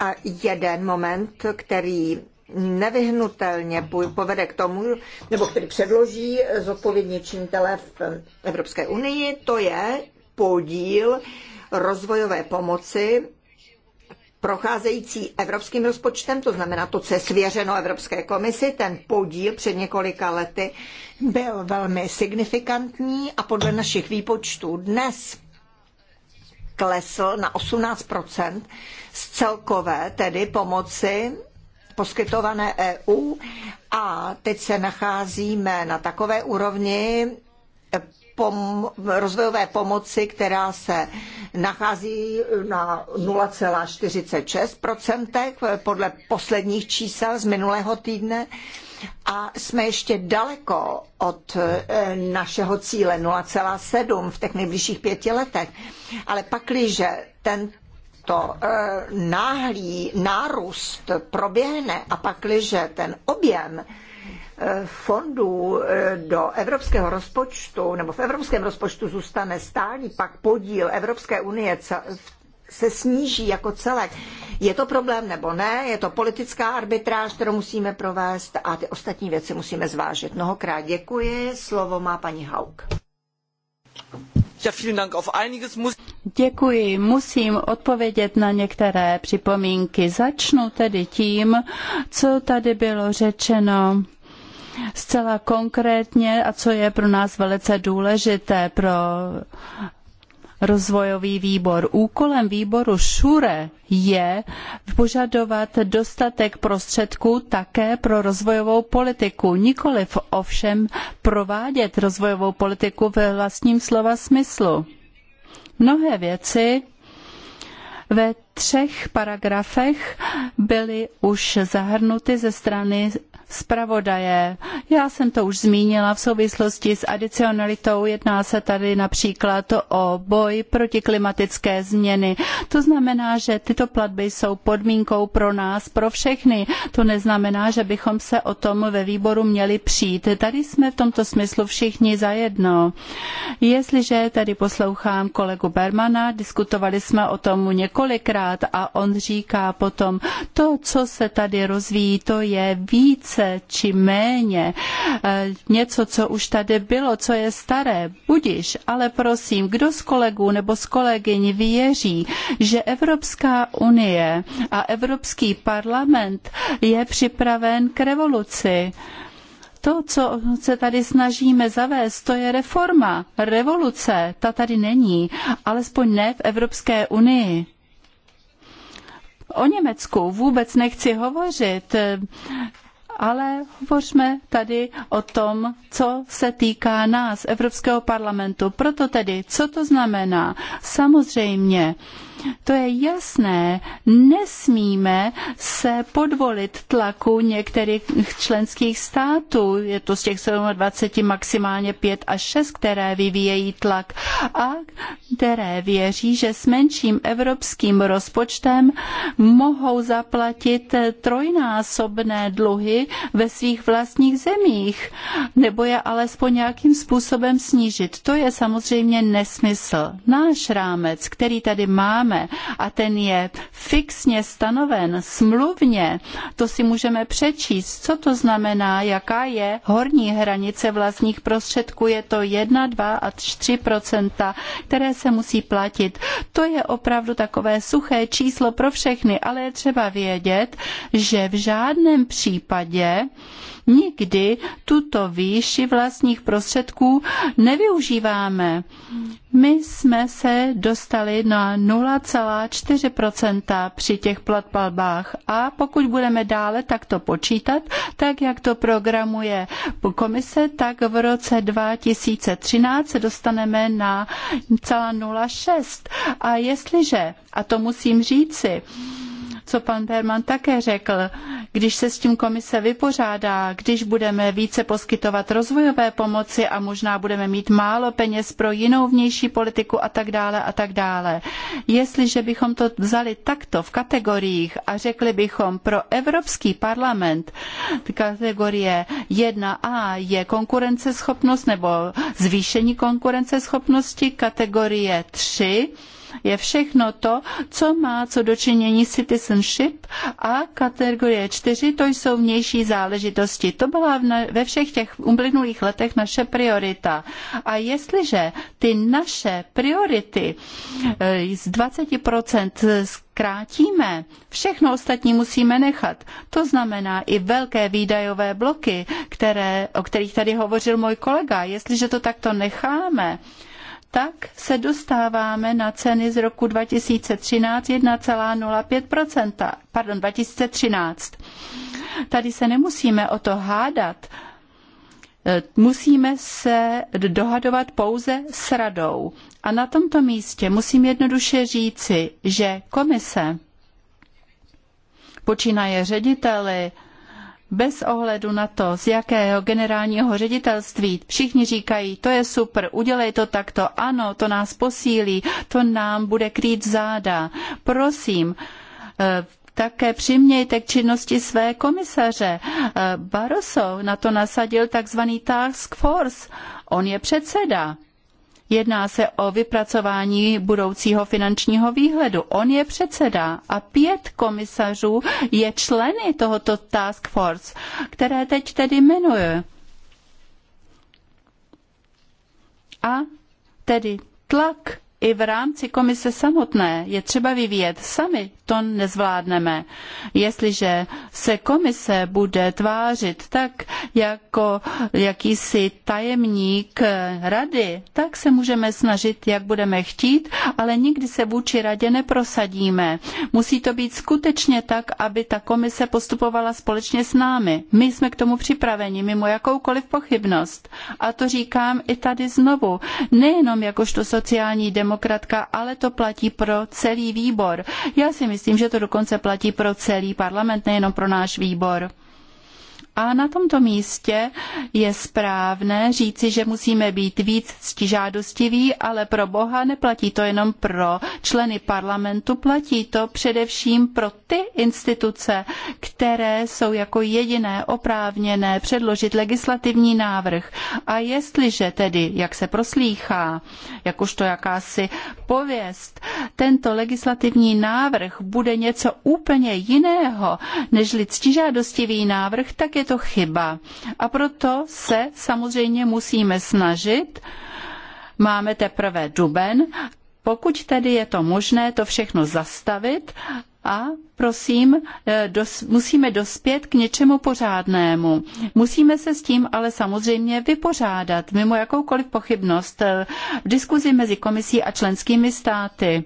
A jeden moment, který nevyhnutelně povede k tomu, nebo který předloží zodpovědní činitele v Evropské unii, to je podíl rozvojové pomoci procházející evropským rozpočtem, to znamená to, co je svěřeno Evropské komisi, ten podíl před několika lety byl velmi signifikantní a podle našich výpočtů dnes klesl na 18 z celkové tedy pomoci poskytované EU a teď se nacházíme na takové úrovni eh, pom- rozvojové pomoci, která se nachází na 0,46% eh, podle posledních čísel z minulého týdne a jsme ještě daleko od eh, našeho cíle 0,7 v těch nejbližších pěti letech. Ale pakliže ten e, náhlý nárůst proběhne a pakliže ten objem e, fondů e, do evropského rozpočtu nebo v evropském rozpočtu zůstane stálý, pak podíl Evropské unie se sníží jako celek. Je to problém nebo ne? Je to politická arbitráž, kterou musíme provést a ty ostatní věci musíme zvážit. Mnohokrát děkuji. Slovo má paní Hauk. Děkuji. Musím odpovědět na některé připomínky. Začnu tedy tím, co tady bylo řečeno zcela konkrétně a co je pro nás velice důležité pro rozvojový výbor. Úkolem výboru ŠURE je požadovat dostatek prostředků také pro rozvojovou politiku, nikoliv ovšem provádět rozvojovou politiku ve vlastním slova smyslu. Mnohé věci ve třech paragrafech byly už zahrnuty ze strany zpravodaje. Já jsem to už zmínila v souvislosti s adicionalitou. Jedná se tady například o boj proti klimatické změny. To znamená, že tyto platby jsou podmínkou pro nás, pro všechny. To neznamená, že bychom se o tom ve výboru měli přijít. Tady jsme v tomto smyslu všichni zajedno. Jestliže tady poslouchám kolegu Bermana, diskutovali jsme o tom několikrát a on říká potom, to, co se tady rozvíjí, to je více více či méně eh, něco, co už tady bylo, co je staré, budiš, ale prosím, kdo z kolegů nebo z kolegyň věří, že Evropská unie a Evropský parlament je připraven k revoluci? to, co se tady snažíme zavést, to je reforma, revoluce, ta tady není, alespoň ne v Evropské unii. O Německu vůbec nechci hovořit ale hovořme tady o tom, co se týká nás, Evropského parlamentu. Proto tedy, co to znamená? Samozřejmě, to je jasné. Nesmíme se podvolit tlaku některých členských států. Je to z těch 27 maximálně 5 až 6, které vyvíjejí tlak a které věří, že s menším evropským rozpočtem mohou zaplatit trojnásobné dluhy ve svých vlastních zemích, nebo je alespoň nějakým způsobem snížit. To je samozřejmě nesmysl. Náš rámec, který tady máme, máme a ten je fixně stanoven smluvně, to si můžeme přečíst, co to znamená, jaká je horní hranice vlastních prostředků, je to 1, 2 a 3 které se musí platit. To je opravdu takové suché číslo pro všechny, ale je třeba vědět, že v žádném případě nikdy tuto výši vlastních prostředků nevyužíváme. My jsme se dostali na 0,4% při těch platbách a pokud budeme dále takto počítat, tak jak to programuje komise, tak v roce 2013 se dostaneme na 0,06. A jestliže, a to musím říci, co pan Berman také řekl. Když se s tím komise vypořádá, když budeme více poskytovat rozvojové pomoci a možná budeme mít málo peněz pro jinou vnější politiku a tak dále a tak dále. Jestliže bychom to vzali takto v kategoriích a řekli bychom pro Evropský parlament kategorie 1a je konkurenceschopnost nebo zvýšení konkurenceschopnosti, kategorie 3 je všechno to, co má co dočinění citizenship a kategorie 4, to jsou vnější záležitosti. To byla ve všech těch uplynulých letech naše priorita. A jestliže ty naše priority eh, z 20% zkrátíme, všechno ostatní musíme nechat. To znamená i velké výdajové bloky, které, o kterých tady hovořil můj kolega. Jestliže to takto necháme, tak se dostáváme na ceny z roku 2013 1,05%, pardon, 2013. Tady se nemusíme o to hádat, e, musíme se dohadovat pouze s radou. A na tomto místě musím jednoduše říci, že komise počínaje řediteli, bez ohledu na to, z jakého generálního ředitelství, všichni říkají, to je super, udělej to takto, ano, to nás posílí, to nám bude krýt záda. Prosím, eh, také přimějte k činnosti své komisaře. Eh, Barroso na to nasadil takzvaný task force. On je předseda. Jedná se o vypracování budoucího finančního výhledu. On je předseda a pět komisařů je členy tohoto task force, které teď tedy jmenuje. A tedy tlak i v rámci komise samotné je třeba vyvíjet. Sami to nezvládneme. Jestliže se komise bude tvářit tak jako jakýsi tajemník rady, tak se můžeme snažit, jak budeme chtít, ale nikdy se vůči radě neprosadíme. Musí to být skutečně tak, aby ta komise postupovala společně s námi. My jsme k tomu připraveni, mimo jakoukoliv pochybnost. A to říkám i tady znovu. Nejenom jakožto sociální demokracie, demokratka, ale to platí pro celý výbor. Já si myslím, že to dokonce platí pro celý parlament, nejenom pro náš výbor. A na tomto místě je správné říci, že musíme být víc ctižádostiví, ale pro Boha neplatí to jenom pro členy parlamentu, platí to především pro ty instituce, které jsou jako jediné oprávněné předložit legislativní návrh. A jestliže tedy, jak se proslýchá, jakožto jakási pověst, tento legislativní návrh bude něco úplně jiného než ctižádostivý návrh, tak je je to chyba. A proto se samozřejmě musíme snažit. Máme teprve duben. Pokud tedy je to možné to všechno zastavit a prosím, eh, dos, musíme dospět k něčemu pořádnému. Musíme se s tím ale samozřejmě vypořádat mimo jakoukoliv pochybnost eh, v diskuzi mezi komisí a členskými státy.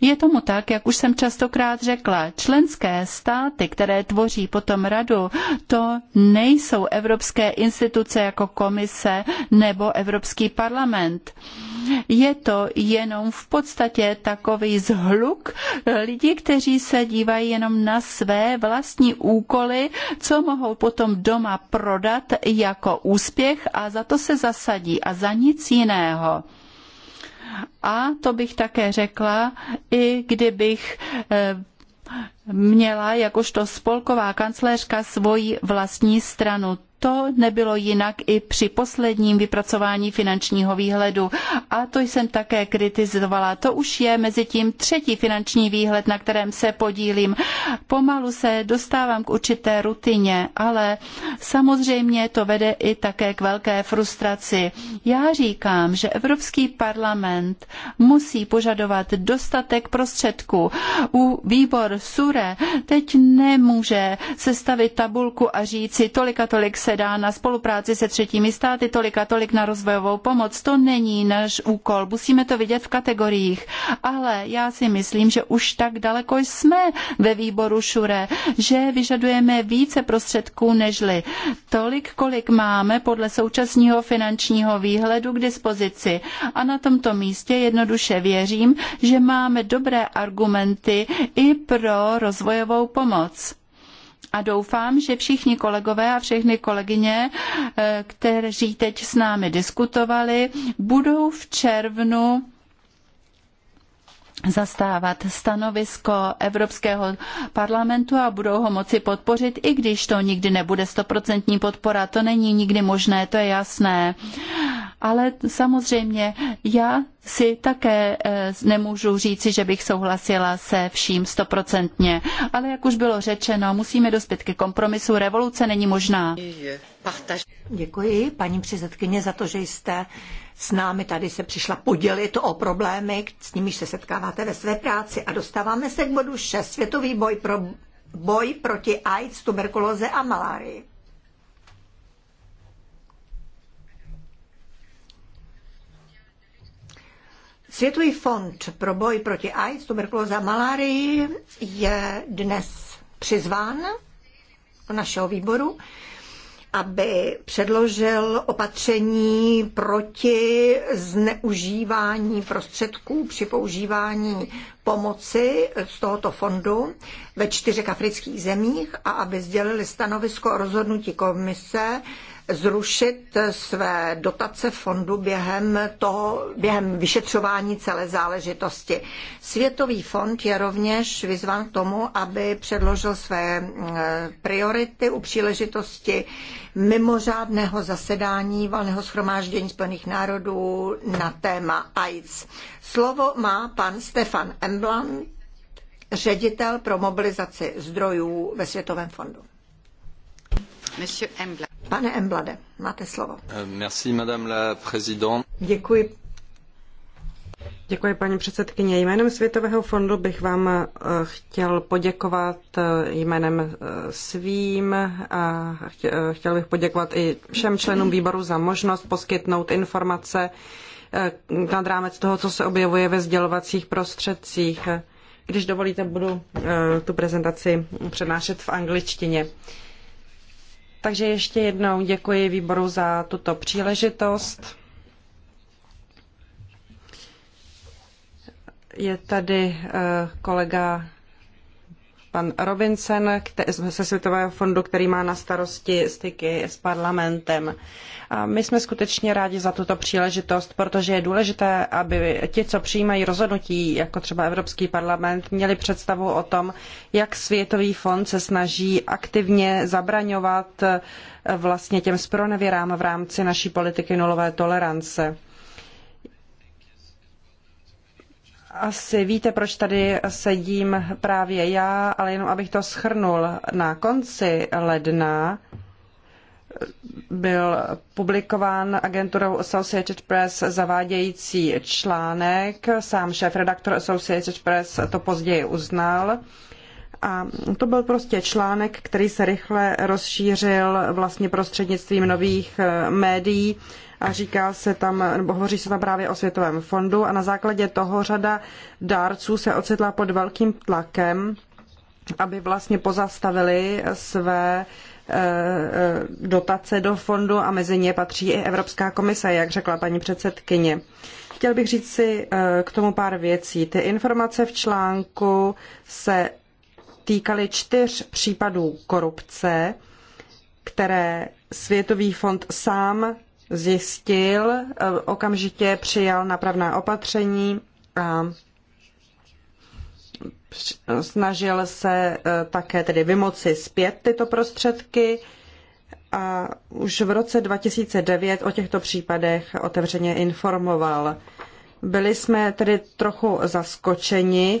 Je tomu tak, jak už jsem častokrát řekla, členské státy, které tvoří potom radu, to nejsou evropské instituce jako komise nebo Evropský parlament. Je to jenom v podstatě takový zhluk lidí, kteří se dívají jenom na své vlastní úkoly, co mohou potom doma prodat jako úspěch a za to se zasadí a za nic jiného. A to bych také řekla, i kdybych eh, měla jakožto spolková kancléřka svoji vlastní stranu to nebylo jinak i při posledním vypracování finančního výhledu. A to jsem také kritizovala. To už je mezi tím třetí finanční výhled, na kterém se podílím. Pomalu se dostávám k určité rutině, ale samozřejmě to vede i také k velké frustraci. Já říkám, že Evropský parlament musí požadovat dostatek prostředků. U výbor SURE teď nemůže sestavit tabulku a říci tolik a tolik se se dá na spolupráci se třetími státy, tolik a tolik na rozvojovou pomoc. To není náš úkol, musíme to vidět v kategoriích. Ale já si myslím, že už tak daleko jsme ve výboru Šure, že vyžadujeme více prostředků nežli. Tolik, kolik máme podle současného finančního výhledu k dispozici. A na tomto místě jednoduše věřím, že máme dobré argumenty i pro rozvojovou pomoc a doufám, že všichni kolegové a všechny kolegyně, eh, kteří teď s námi diskutovali, budou v červnu zastávat stanovisko Evropského parlamentu a budou ho moci podpořit, i když to nikdy nebude stoprocentní podpora. To není nikdy možné, to je jasné ale samozřejmě já si také eh, nemůžu říci, že bych souhlasila se vším stoprocentně. Ale jak už bylo řečeno, musíme dospět ke kompromisu. Revoluce není možná. Děkuji, paní předsedkyně, za to, že jste s námi tady se přišla podělit o problémy, s nimiž se setkáváte ve své práci. A dostáváme se k bodu 6. Světový boj pro boj proti AIDS, tuberkulóze a malárii. Světový fond pro boj proti AIDS, tuberkulóza a malárii je dnes přizván do našeho výboru, aby předložil opatření proti zneužívání prostředků při používání pomoci z tohoto fondu ve čtyřech afrických zemích a aby sdělili stanovisko o rozhodnutí komise zrušit své dotace fondu během, toho, během vyšetřování celé záležitosti. Světový fond je rovněž vyzván k tomu, aby předložil své eh, priority u příležitosti mimořádného zasedání valného schromáždění Spojených národů na téma AIDS. Slovo má pan Stefan Emblan, ředitel pro mobilizaci zdrojů ve Světovém fondu. Pane Emblade, máte slovo. Eh, merci, madame la Děkuji. Děkuji, paní předsedkyně. Jménem Světového fondu bych vám eh, chtěl poděkovat eh, jménem svým a chtěl bych poděkovat i všem členům výboru za možnost poskytnout informace nad rámec toho, co se objevuje ve sdělovacích prostředcích. Když dovolíte, budu tu prezentaci přednášet v angličtině. Uh, takže ještě jednou děkuji výboru za tuto příležitost. Je tady eh, kolega pan Robinson ze Světového fondu, který má na starosti styky s parlamentem. A my jsme skutečně rádi za tuto příležitost, protože je důležité, aby ti, co přijímají rozhodnutí, jako třeba Evropský parlament, měli představu o tom, jak Světový fond se snaží aktivně zabraňovat eh, vlastně těm spronevěrám v rámci naší politiky nulové tolerance. asi víte, proč tady sedím právě já, ale jenom abych to schrnul. Na konci ledna byl publikován agenturou Associated Press zavádějící článek. Sám šéf redaktor Associated Press to později uznal. A to byl prostě článek, který se rychle rozšířil vlastně prostřednictvím nových eh, médií a říká se tam, nebo hovoří se tam právě o Světovém fondu a na základě toho řada dárců se ocitla pod velkým tlakem, aby vlastně pozastavili své eh, eh, dotace do fondu a mezi ně patří i Evropská komise, jak řekla paní předsedkyně. Chtěl bych říct si eh, k tomu pár věcí. Ty informace v článku se týkaly čtyř případů korupce, které Světový fond sám zjistil, eh, okamžitě přijal napravná opatření a snažil se eh, také tedy vymoci zpět tyto prostředky a už v roce 2009 o těchto případech otevřeně informoval. Byli jsme tedy trochu zaskočeni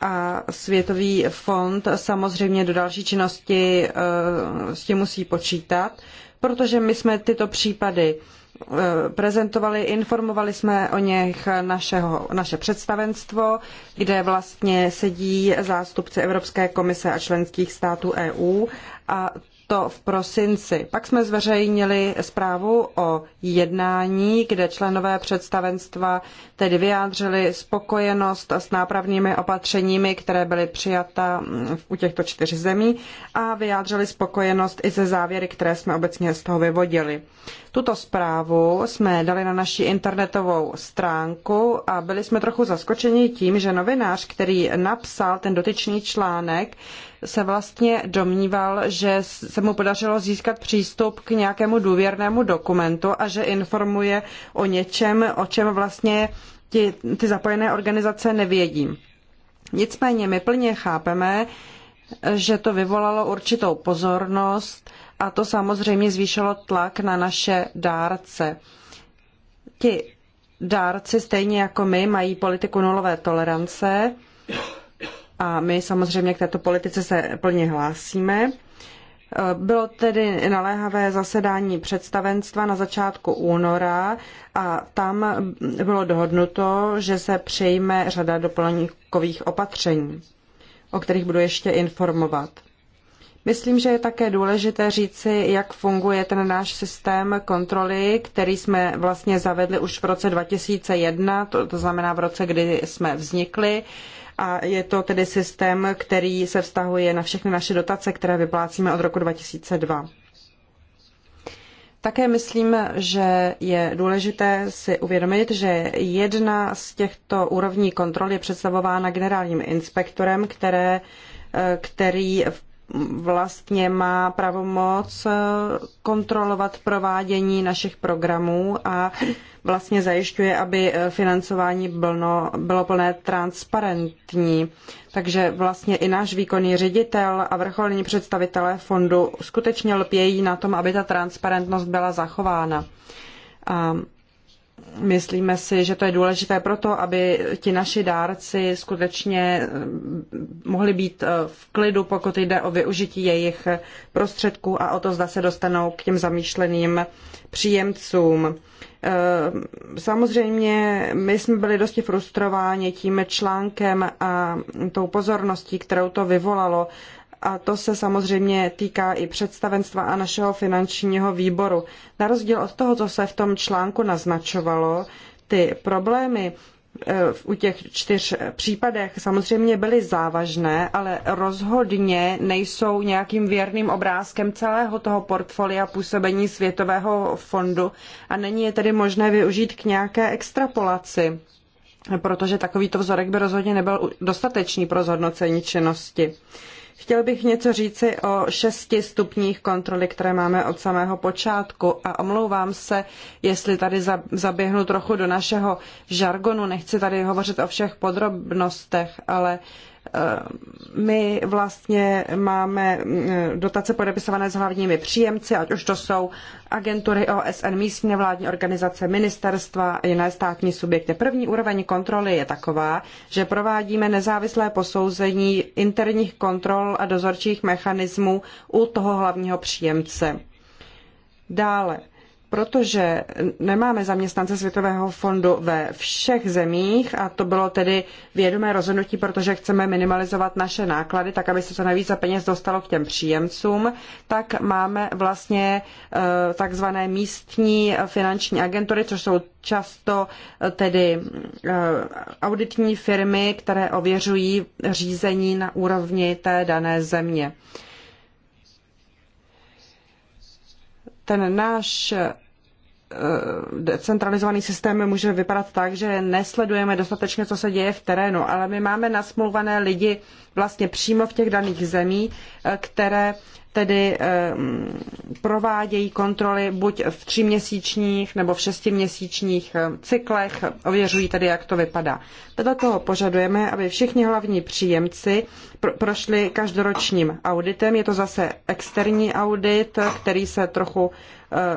a Světový fond samozřejmě do další činnosti eh, s tím musí počítat protože my jsme tyto případy eh, prezentovali, informovali jsme o nich našeho, naše představenstvo, kde vlastně sedí zástupci Evropské komise a členských států EU a to v prosinci. Pak jsme zveřejnili zprávu o jednání, kde členové představenstva tedy vyjádřili spokojenost s nápravnými opatřeními, které byly přijata mm, u těchto čtyř zemí a vyjádřili spokojenost i ze závěry, které jsme obecně z toho vyvodili. Tuto zprávu jsme dali na naši internetovou stránku a byli jsme trochu zaskočeni tím, že novinář, který napsal ten dotyčný článek, se vlastně domníval, že se mu podařilo získat přístup k nějakému důvěrnému dokumentu a že informuje o něčem, o čem vlastně ti, ty zapojené organizace nevědí. Nicméně my plně chápeme, že to vyvolalo určitou pozornost a to samozřejmě zvýšilo tlak na naše dárce. Ti dárci, stejně jako my, mají politiku nulové tolerance a my samozřejmě k této politice se plně hlásíme. E, bylo tedy naléhavé zasedání představenstva na začátku února a tam bylo dohodnuto, že se přejme řada doplňkových opatření, o kterých budu ještě informovat. Myslím, že je také důležité říci, jak funguje ten náš systém kontroly, který jsme vlastně zavedli už v roce 2001, to, to znamená v roce, kdy jsme vznikli. Uh, a je to tedy systém, který se vztahuje na všechny naše dotace, které vyplácíme od roku 2002. Také myslím, že je důležité si uvědomit, že jedna z těchto úrovní kontrol je představována generálním inspektorem, které, eh, který v vlastně má pravomoc eh, kontrolovat provádění našich programů a vlastně zajišťuje, aby eh, financování bylo, bylo plné transparentní. Takže vlastně i náš výkonný ředitel a vrcholní představitelé fondu skutečně lpějí na tom, aby ta transparentnost byla zachována. A Myslíme si, že to je důležité proto, aby ti naši dárci skutečně eh, mohli být eh, v klidu, pokud jde o využití jejich prostředků a o to, zda se dostanou k těm zamýšleným příjemcům. Eh, samozřejmě my jsme byli dosti frustrováni tím článkem a tou pozorností, kterou to vyvolalo a to se samozřejmě týká i představenstva a našeho finančního výboru. Na rozdíl od toho, co se v tom článku naznačovalo, ty problémy e, u těch čtyř e, případech samozřejmě byly závažné, ale rozhodně nejsou nějakým věrným obrázkem celého toho portfolia působení Světového fondu a není je tedy možné využít k nějaké extrapolaci, protože takovýto vzorek by rozhodně nebyl dostatečný pro zhodnocení činnosti. Chtěl bych něco říci o šesti stupních kontroly, které máme od samého počátku a omlouvám se, jestli tady zaběhnu trochu do našeho žargonu, nechci tady hovořit o všech podrobnostech, ale uh, my vlastně máme mm, dotace podepisované s hlavními příjemci, ať už to jsou agentury OSN, místní nevládní organizace, ministerstva, jiné státní subjekty. První úroveň kontroly je taková, že provádíme nezávislé posouzení interních kontrol a dozorčích mechanismů u toho hlavního příjemce. Dále protože nemáme zaměstnance Světového fondu ve všech zemích a to bylo tedy vědomé rozhodnutí, protože chceme minimalizovat naše náklady, tak aby se co nejvíce peněz dostalo k těm příjemcům, tak máme vlastně eh, takzvané místní finanční agentury, což jsou často eh, tedy eh, auditní firmy, které ověřují řízení na úrovni té dané země. Ten náš Eh, decentralizovaný systém může vypadat tak, že nesledujeme dostatečně, co se děje v terénu, ale my máme nasmluvané lidi vlastně přímo v těch daných zemí, eh, které tedy eh, mm, provádějí kontroly buď v tříměsíčních nebo v šestiměsíčních cyklech, ověřují tedy, jak to vypadá. Vedle toho požadujeme, aby všichni hlavní příjemci prošli každoročním auditem. Je to zase externí audit, který se trochu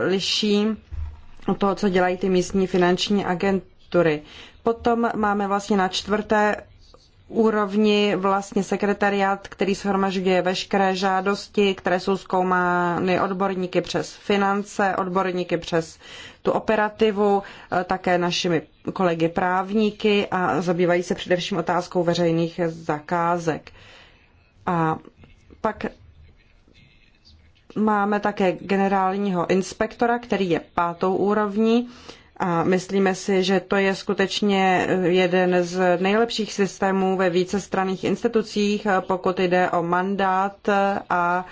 liší toho, co dělají ty místní finanční agentury. Potom máme vlastně na čtvrté úrovni vlastně sekretariát, který shromažďuje veškeré žádosti, které jsou zkoumány odborníky přes finance, odborníky přes tu operativu, eh, také našimi kolegy právníky a zabývají se především otázkou veřejných zakázek. A pak Máme také generálního inspektora, který je pátou úrovní a myslíme si, že to je skutečně jeden z nejlepších systémů ve vícestranných institucích, pokud jde o mandát a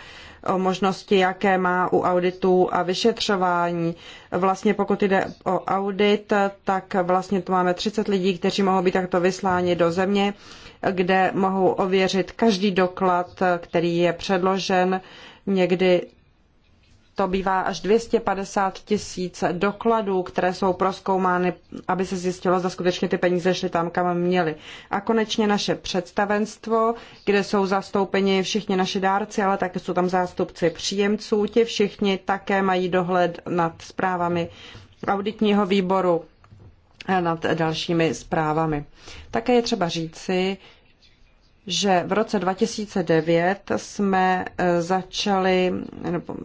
o možnosti, jaké má u auditu a vyšetřování. Vlastně pokud jde o audit, tak vlastně tu máme 30 lidí, kteří mohou být takto vysláni do země, kde mohou ověřit každý doklad, který je předložen Někdy to bývá až 250 tisíc dokladů, které jsou proskoumány, aby se zjistilo, zda skutečně ty peníze šly tam, kam měly. A konečně naše představenstvo, kde jsou zastoupeni všichni naši dárci, ale také jsou tam zástupci příjemců. Ti všichni také mají dohled nad zprávami auditního výboru nad dalšími zprávami. Také je třeba říci, že v roce 2009 jsme eh, začali, nebo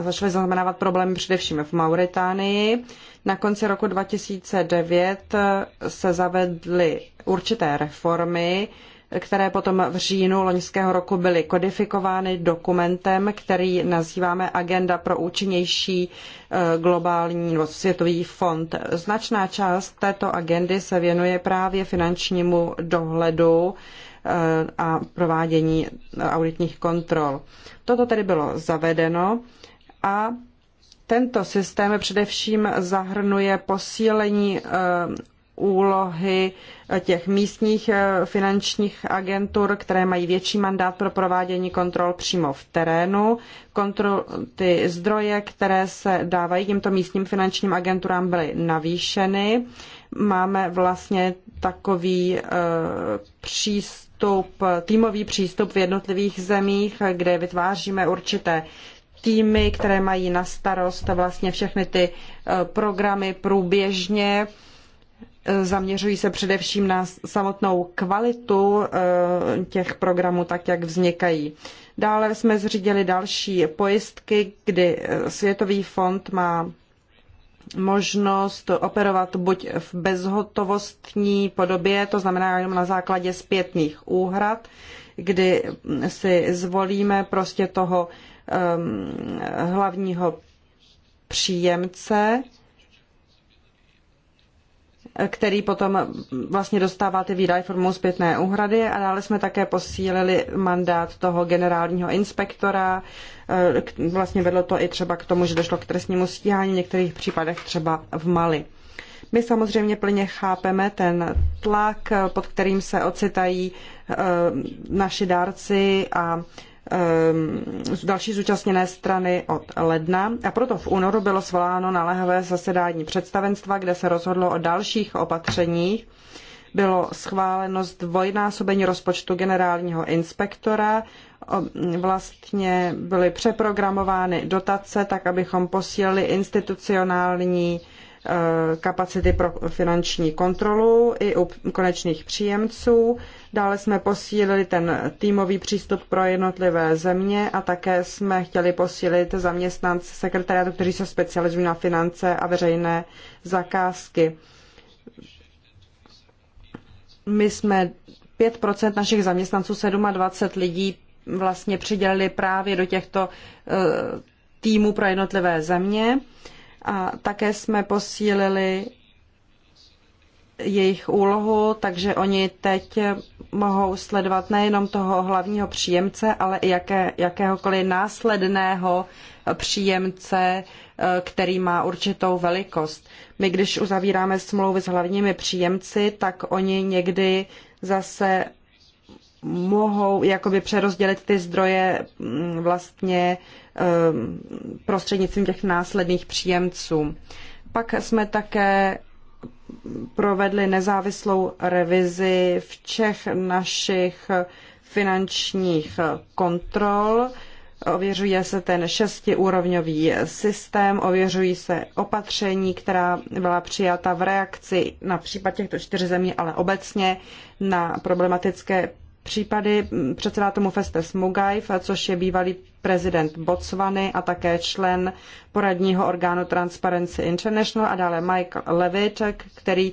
začali zaznamenávat problémy především v Mauritánii. Na konci roku 2009 eh, se zavedly určité reformy, které potom v říjnu loňského roku byly kodifikovány dokumentem, který nazýváme Agenda pro účinnější eh, globální nebo světový fond. Značná část této agendy se věnuje právě finančnímu dohledu a provádění auditních kontrol. Toto tedy bylo zavedeno a tento systém především zahrnuje posílení eh, úlohy těch místních eh, finančních agentur, které mají větší mandát pro provádění kontrol přímo v terénu. Kontrol, ty zdroje, které se dávají těmto místním finančním agenturám, byly navýšeny. Máme vlastně takový eh, přístup přístup, týmový přístup v jednotlivých zemích, kde vytváříme určité týmy, které mají na starost vlastně všechny ty eh, programy průběžně. Eh, zaměřují se především na samotnou kvalitu eh, těch programů, tak jak vznikají. Dále jsme zřídili další pojistky, kdy Světový fond má možnost operovat buď v bezhotovostní podobě, to znamená jenom na základě zpětných úhrad, kdy si zvolíme prostě toho um, hlavního příjemce který potom vlastně dostává ty výdaje formou zpětné úhrady a dále jsme také posílili mandát toho generálního inspektora. Eh, vlastně vedlo to i třeba k tomu, že došlo k trestnímu stíhání v některých případech třeba v Mali. My samozřejmě plně chápeme ten tlak, eh, pod kterým se ocitají eh, naši dárci a Ehm, další zúčastněné strany od ledna a proto v únoru bylo svoláno naléhavé zasedání představenstva, kde se rozhodlo o dalších opatřeních. Bylo schváleno zdvojnásobení rozpočtu generálního inspektora, vlastně byly přeprogramovány dotace tak, abychom posílili institucionální Eh, kapacity pro finanční kontrolu i u konečných příjemců. Dále jsme posílili ten týmový přístup pro jednotlivé země a také jsme chtěli posílit zaměstnance sekretariátu, kteří se specializují na finance a veřejné zakázky. My jsme 5% našich zaměstnanců, 27 lidí vlastně přidělili právě do těchto eh, týmů pro jednotlivé země a také jsme posílili jejich úlohu, takže oni teď mohou sledovat nejenom toho hlavního příjemce, ale i jaké, jakéhokoliv následného příjemce, eh, který má určitou velikost. My, když uzavíráme smlouvy s hlavními příjemci, tak oni někdy zase mohou jakoby přerozdělit ty zdroje mm, vlastně Ehm, prostřednictvím těch následných příjemců. Pak jsme také provedli nezávislou revizi všech našich finančních kontrol. Ověřuje se ten šestiúrovňový systém, ověřují se opatření, která byla přijata v reakci na případ těchto čtyř zemí, ale obecně na problematické případy mm, předseda tomu Festes Mugajf, což je bývalý prezident Botswany a také člen poradního orgánu Transparency International a dále Mike Levitt, který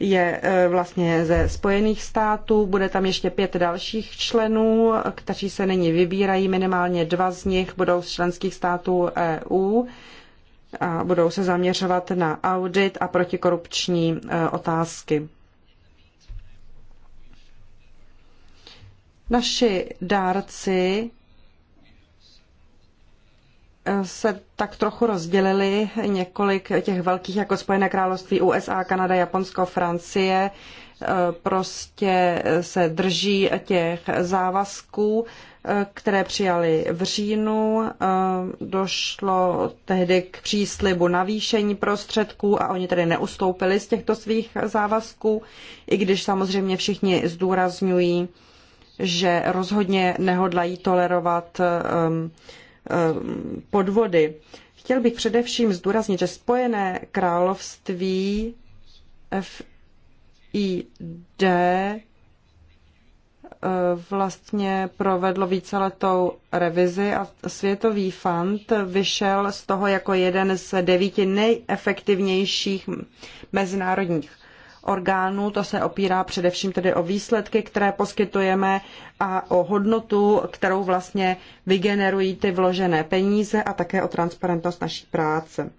je e, vlastně ze Spojených států, bude tam ještě pět dalších členů, kteří se nyní vybírají, minimálně dva z nich budou z členských států EU a budou se zaměřovat na audit a protikorupční e, otázky. Naši dárci eh, se tak trochu rozdělili několik těch velkých, jako Spojené království, USA, Kanada, Japonsko, Francie, eh, prostě se drží těch závazků, eh, které přijali v říjnu. Došlo tehdy k příslibu navýšení prostředků a oni tedy neustoupili z těchto svých závazků, i když samozřejmě všichni zdůrazňují, že rozhodně nehodlají tolerovat eh, eh, podvody. Chtěl bych především zdůraznit, že Spojené království FID eh, vlastně provedlo víceletou revizi a Světový fond vyšel z toho jako jeden z devíti nejefektivnějších mezinárodních orgánů. To se opírá především tedy o výsledky, které poskytujeme a o hodnotu, kterou vlastně vygenerují ty vložené peníze a také o transparentnost naší práce.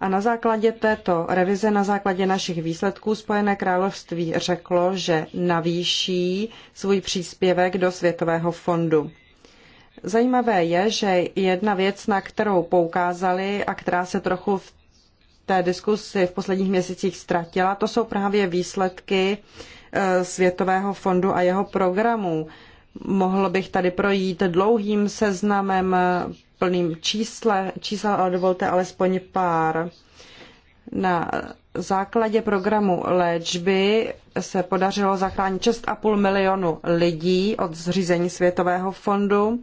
A na základě této revize, na základě našich výsledků, Spojené království řeklo, že navýší svůj příspěvek do Světového fondu. Zajímavé je, že jedna věc, na kterou poukázali a která se trochu v té diskusi v posledních měsících ztratila, to jsou právě výsledky eh, Světového fondu a jeho programů. Mohl bych tady projít dlouhým seznamem plným čísle, čísel, ale dovolte alespoň pár. Na základě programu léčby se podařilo zachránit 6,5 milionu lidí od zřízení Světového fondu.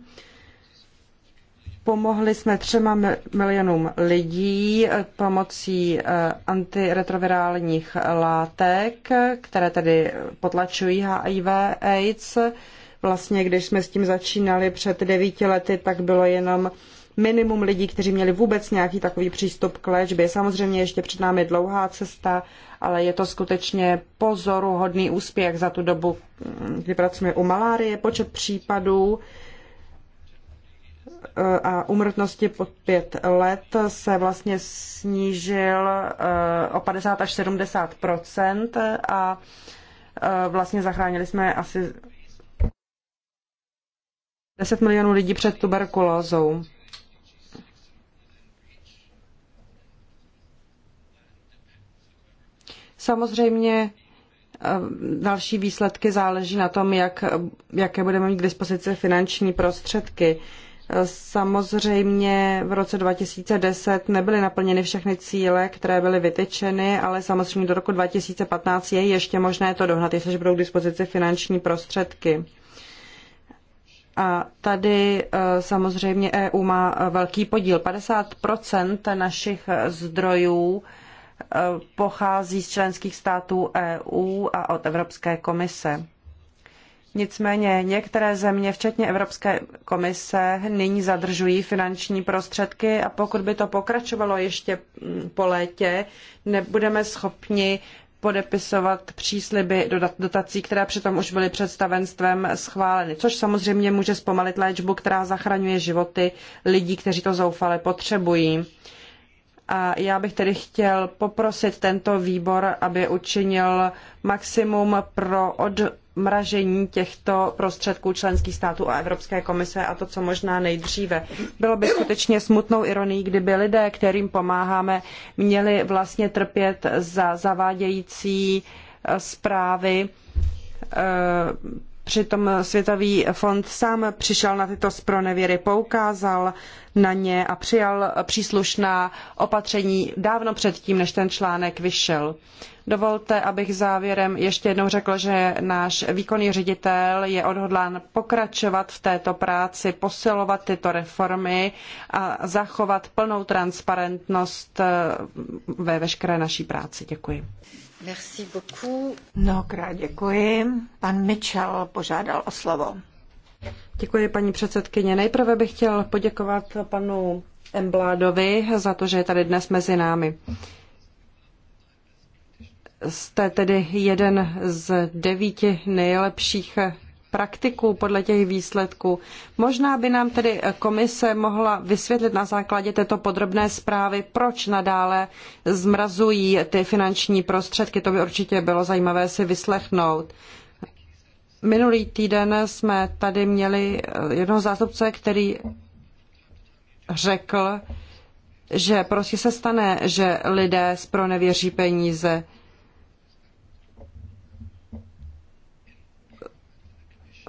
Pomohli jsme třema milionům lidí eh, pomocí eh, antiretrovirálních látek, které tedy potlačují HIV AIDS. Vlastně, když jsme s tím začínali před devíti lety, tak bylo jenom minimum lidí, kteří měli vůbec nějaký takový přístup k léčbě. Samozřejmě ještě před námi dlouhá cesta, ale je to skutečně pozoruhodný úspěch za tu dobu, mm, kdy pracujeme u malárie. Počet případů Eh, a umrtnosti pod pět let se vlastně snížil eh, o 50 až 70 a eh, vlastně zachránili jsme asi 10 milionů lidí před tuberkulózou. Samozřejmě další výsledky záleží na tom, jak, jaké budeme mít k dispozici finanční prostředky. Samozřejmě v roce 2010 nebyly naplněny všechny cíle, které byly vytyčeny, ale samozřejmě do roku 2015 je ještě možné to dohnat, jestliže budou k dispozici finanční prostředky. A tady eh, samozřejmě EU má eh, velký podíl. 50 našich eh, zdrojů pochází z členských států EU a od Evropské komise. Nicméně některé země, včetně Evropské komise, nyní zadržují finanční prostředky a pokud by to pokračovalo ještě mm, po létě, nebudeme schopni podepisovat přísliby dotací, které přitom už byly představenstvem schváleny, což samozřejmě může zpomalit léčbu, která zachraňuje životy lidí, kteří to zoufale potřebují. A já bych tedy chtěl poprosit tento výbor, aby učinil maximum pro od, mražení těchto prostředků členských států a Evropské komise a to, co možná nejdříve. Bylo by skutečně smutnou ironií, kdyby lidé, kterým pomáháme, měli vlastně trpět za zavádějící eh, zprávy eh, Přitom Světový fond sám přišel na tyto spronevěry, poukázal na ně a přijal příslušná opatření dávno předtím, než ten článek vyšel. Dovolte, abych závěrem ještě jednou řekl, že náš výkonný ředitel je odhodlán pokračovat v této práci, posilovat tyto reformy a zachovat plnou transparentnost eh, ve veškeré naší práci. Děkuji. Merci beaucoup. Mnohokrát děkuji. Pan Mitchell požádal o slovo. Děkuji, paní předsedkyně. Nejprve bych chtěl poděkovat panu Embládovi za to, že je tady dnes mezi námi. Jste tedy jeden z devíti nejlepších praktiků podle těch výsledků. Možná by nám tedy komise mohla vysvětlit na základě této podrobné zprávy, proč nadále zmrazují ty finanční prostředky. To by určitě bylo zajímavé si vyslechnout. Minulý týden jsme tady měli eh, jednoho zástupce, který řekl, že prostě se stane, že lidé zpronevěří peníze.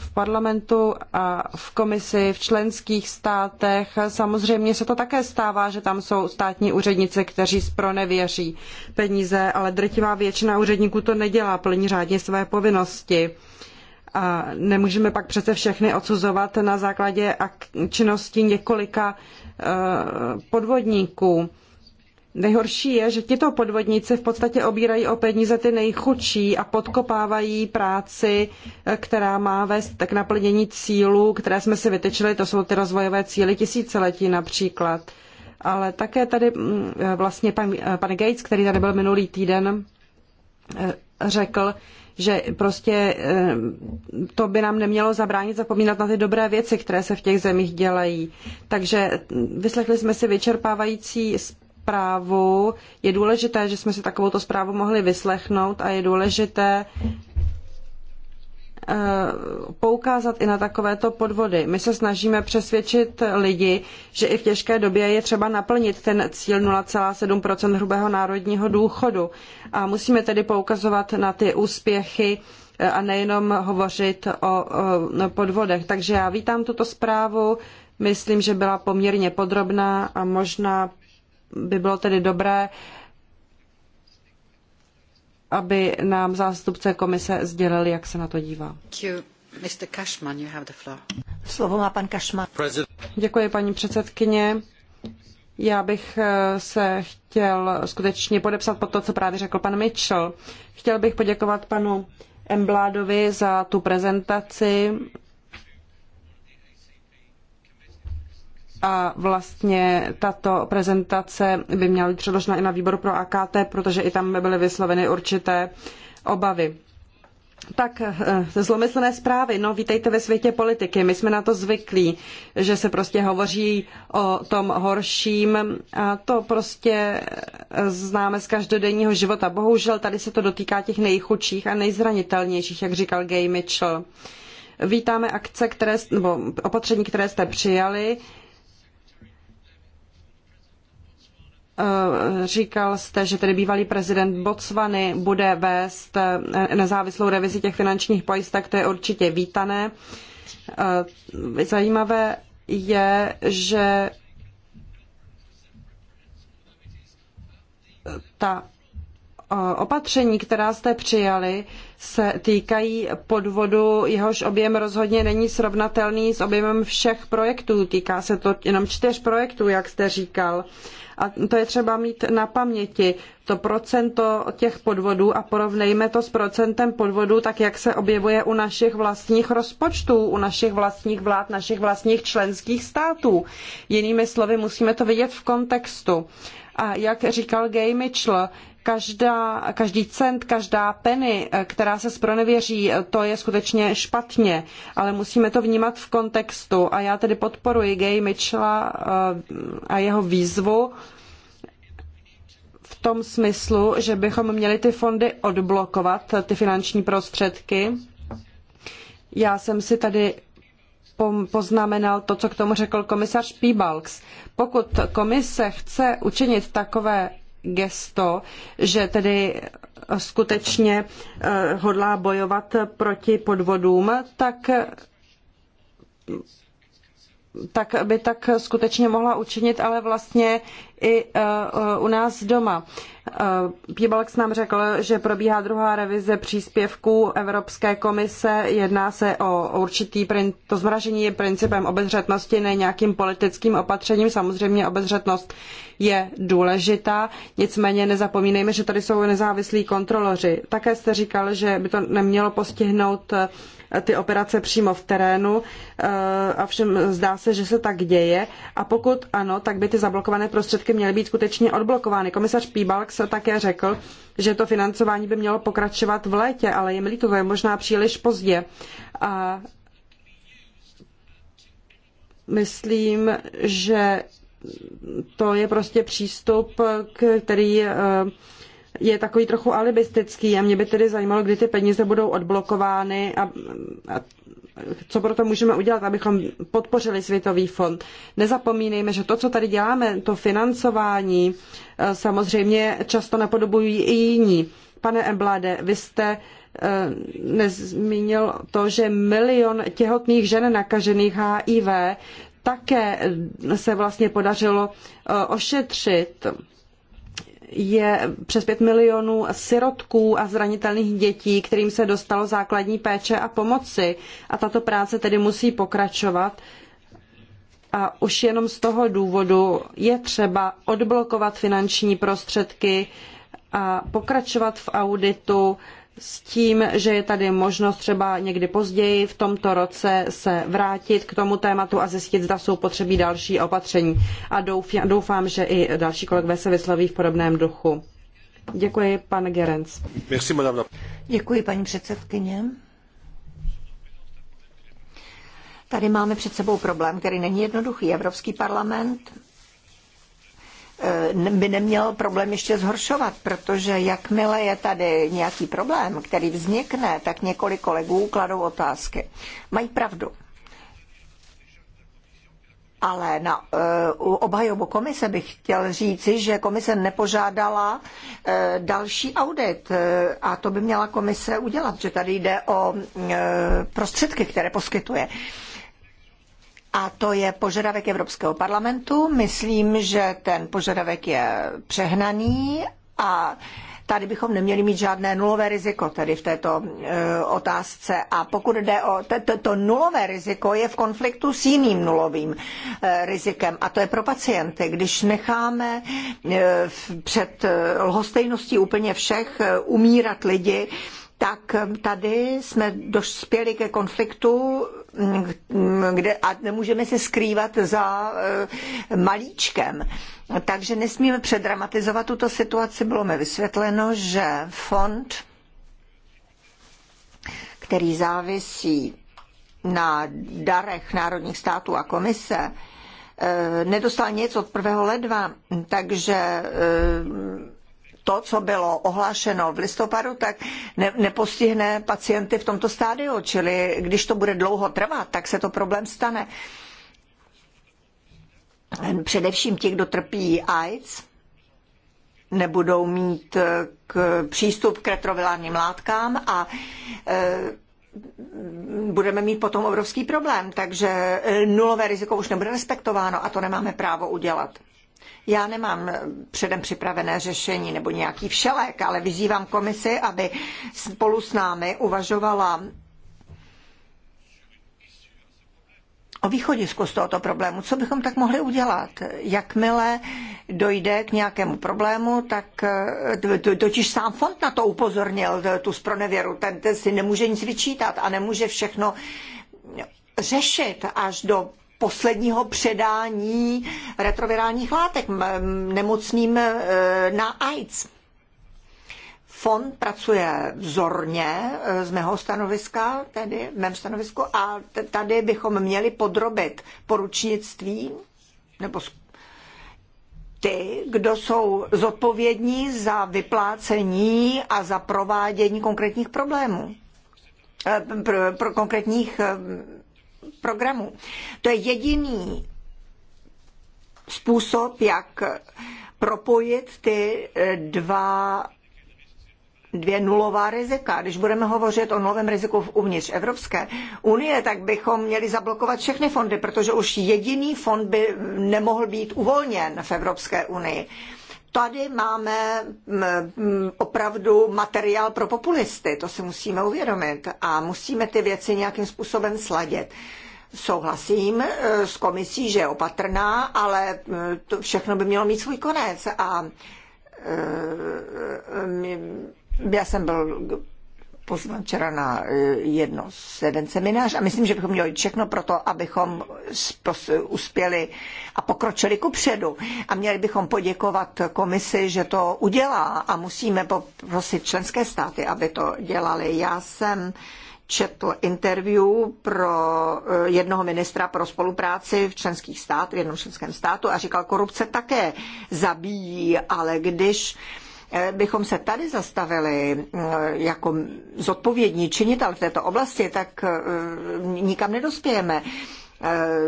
v parlamentu a v komisi v členských státech. Samozřejmě se to také stává, že tam jsou státní úředníci, kteří zpronevěří peníze, ale drtivá většina úředníků to nedělá, plní řádně své povinnosti. A nemůžeme pak přece všechny odsuzovat na základě činnosti několika eh, podvodníků. Nejhorší je, že tito podvodníci v podstatě obírají o peníze ty nejchudší a podkopávají práci, eh, která má vést k naplnění cílů, které jsme si vytyčili, to jsou ty rozvojové cíly tisíciletí například. Ale také tady mm, eh, vlastně pan, eh, pan Gates, který tady byl minulý týden, řekl, že prostě to by nám nemělo zabránit zapomínat na ty dobré věci, které se v těch zemích dělají. Takže mm, vyslechli jsme si vyčerpávající zprávu. Je důležité, že jsme si takovouto zprávu mohli vyslechnout a je důležité eh, poukázat i na takovéto podvody. My se snažíme přesvědčit lidi, že i v těžké době je třeba naplnit ten cíl 0,7 hrubého národního důchodu. A musíme tedy poukazovat na ty úspěchy eh, a nejenom hovořit o, podvodech. Takže já vítám tuto zprávu. Myslím, že byla poměrně podrobná a možná by bylo tedy dobré, aby nám zástupce komise sdělil, jak se na to dívá. Slovo má pan Cashman. Děkuji, paní předsedkyně. Já bych eh, se chtěl skutečně podepsat pod to, co právě řekl pan Mitchell. Chtěl bych poděkovat panu Embládovi za tu prezentaci a vlastně tato prezentace by měla být předložena i na výbor pro AKT, protože i tam by byly vysloveny určité obavy. Tak eh, zlomyslné zprávy, no vítejte ve světě politiky. My jsme na to zvyklí, že se prostě hovoří o tom horším a to prostě eh, známe z každodenního života. Bohužel tady se to dotýká těch nejchudších a nejzranitelnějších, jak říkal Gay Mitchell. Vítáme akce, které, nebo opatření, které jste přijali. Eh, říkal jste, že tedy bývalý prezident Botswany bude vést eh, nezávislou revizi těch finančních pojistek, to je určitě vítané. Eh, zajímavé je, že ta Eh, opatření, která jste přijali, se týkají podvodu, jehož objem rozhodně není srovnatelný s objemem všech projektů. Týká se to jenom čtyř projektů, jak jste říkal. A to je třeba mít na paměti, to procento těch podvodů a porovnejme to s procentem podvodů, tak jak se objevuje u našich vlastních rozpočtů, u našich vlastních vlád, našich vlastních členských států. Jinými slovy, musíme to vidět v kontextu. A jak říkal Gay Mitchell, každá, každý cent, každá penny, eh, která se spronevěří, eh, to je skutečně špatně, ale musíme to vnímat v kontextu. A já tedy podporuji Gay Mitchella eh, a jeho výzvu v tom smyslu, že bychom měli ty fondy odblokovat, ty finanční prostředky. Já jsem si tady poznamenal to, co k tomu řekl komisař Píbalks. Pokud komise chce učinit takové gesto, že tedy skutečně eh, hodlá bojovat proti podvodům, tak tak by tak skutečně mohla učinit, ale vlastně i e, e, u nás doma. E, Píbalx nám řekl, že probíhá druhá revize příspěvků Evropské komise. Jedná se o určitý to zmražení je principem obezřetnosti, ne nějakým politickým opatřením. Samozřejmě obezřetnost je důležitá, nicméně nezapomínejme, že tady jsou nezávislí kontroloři. Také jste říkal, že by to nemělo postihnout ty operace přímo v terénu, a všem zdá se, že se tak děje. A pokud ano, tak by ty zablokované prostředky prostředky měly být skutečně odblokovány. Komisař Píbalk se také řekl, že to financování by mělo pokračovat v létě, ale je mi líto, to je možná příliš pozdě. A myslím, že to je prostě přístup, který eh, je takový trochu alibistický a mě by tedy zajímalo, kdy ty peníze budou odblokovány a, a co pro to můžeme udělat, abychom podpořili Světový fond. Nezapomínejme, že to, co tady děláme, to financování, e, samozřejmě často napodobují i jiní. Pane Emblade, vy jste e, nezmínil to, že milion těhotných žen nakažených HIV také se vlastně podařilo e, ošetřit je přes 5 milionů sirotků a zranitelných dětí, kterým se dostalo základní péče a pomoci. A tato práce tedy musí pokračovat. A už jenom z toho důvodu je třeba odblokovat finanční prostředky a pokračovat v auditu s tím, že je tady možnost třeba někdy později v tomto roce se vrátit k tomu tématu a zjistit, zda jsou potřebí další opatření. A doufám, že i další kolegové se vysloví v podobném duchu. Děkuji, pane Gerenc. Děkuji, paní předsedkyně. Tady máme před sebou problém, který není jednoduchý. Evropský parlament Eh, by neměl problém ještě zhoršovat, protože jakmile je tady nějaký problém, který vznikne, tak několik kolegů kladou otázky. Mají pravdu. Ale na uh, obhajobu komise bych chtěl říci, že komise nepožádala uh, další audit uh, a to by měla komise udělat, že tady jde o uh, prostředky, které poskytuje. Uh, a to je požadavek Evropského parlamentu. Myslím, že ten požadavek je přehnaný a tady bychom neměli mít žádné nulové riziko tedy v této e, otázce. A pokud jde o to, nulové riziko, je v konfliktu s jiným nulovým e, rizikem a to je pro pacienty. Když necháme e, v, před e, lhostejností úplně všech e, umírat lidi, e, tak tady jsme dospěli ke konfliktu, kde, a nemůžeme se skrývat za e, malíčkem. Takže nesmíme předramatizovat tuto situaci. Bylo mi vysvětleno, že fond, který závisí na darech národních států a komise, e, nedostal nic od 1. ledva, takže e, to, co bylo ohlášeno v listopadu, tak ne, nepostihne pacienty v tomto stádiu, čili když to bude dlouho trvat, tak se to problém stane. Především ti, kdo trpí AIDS, nebudou mít eh, k přístup k retrovilárním látkám a e, budeme mít potom obrovský problém, takže eh, nulové riziko už nebude respektováno a to nemáme právo udělat. Já nemám eh, předem připravené řešení nebo nějaký všelek, ale vyzývám komisi, aby spolu s námi uvažovala o východisku z tohoto problému. Co bychom tak mohli udělat? Jakmile dojde k nějakému problému, tak eh, totiž sám fond na to upozornil, eh, tu spronevěru. Ten, ten si nemůže nic vyčítat a nemůže všechno řešit až do posledního předání retrovirálních látek nemocným e, na AIDS. Fond pracuje vzorně e, z mého stanoviska, tedy v mém stanovisku, a tady bychom měli podrobit poručnictví nebo ty, kdo jsou zodpovědní za vyplácení a za provádění konkrétních problémů, pro, e, pro konkrétních programů. To je jediný způsob, jak propojit ty eh, dva dvě nulová rizika. Když budeme hovořit o novém riziku uvnitř Evropské unie, tak bychom měli zablokovat všechny fondy, protože už jediný fond by nemohl být uvolněn v Evropské unii tady máme mm, mm, opravdu materiál pro populisty, to si musíme uvědomit a musíme ty věci nějakým způsobem sladit. Souhlasím eh, s komisí, že je opatrná, ale mm, to všechno by mělo mít svůj konec a eh, já jsem byl pozván včera na e, jedno, jeden seminář a myslím, že bychom měli všechno pro to, abychom uspěli a pokročili ku předu. A měli bychom poděkovat komisi, že to udělá a musíme poprosit členské státy, aby to dělali. Já jsem četl interview pro e, jednoho ministra pro spolupráci v členských stát, v jednom členském státu a říkal, korupce také zabíjí, ale když Eh, bychom se tady zastavili eh, jako zodpovědní činitel v této oblasti, tak eh, nikam nedospějeme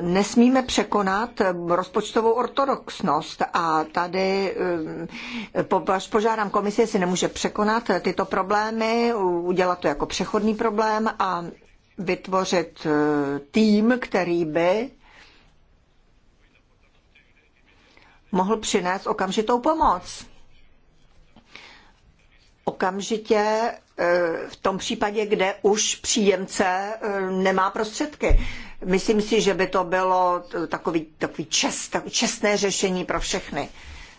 nesmíme překonat rozpočtovou ortodoxnost a tady až požádám komisi, jestli nemůže překonat tyto problémy, udělat to jako přechodný problém a vytvořit tým, který by mohl přinést okamžitou pomoc okamžitě eh, v tom případě, kde už příjemce eh, nemá prostředky. Myslím si, že by to bylo takový, takový čest, takový čestné řešení pro všechny,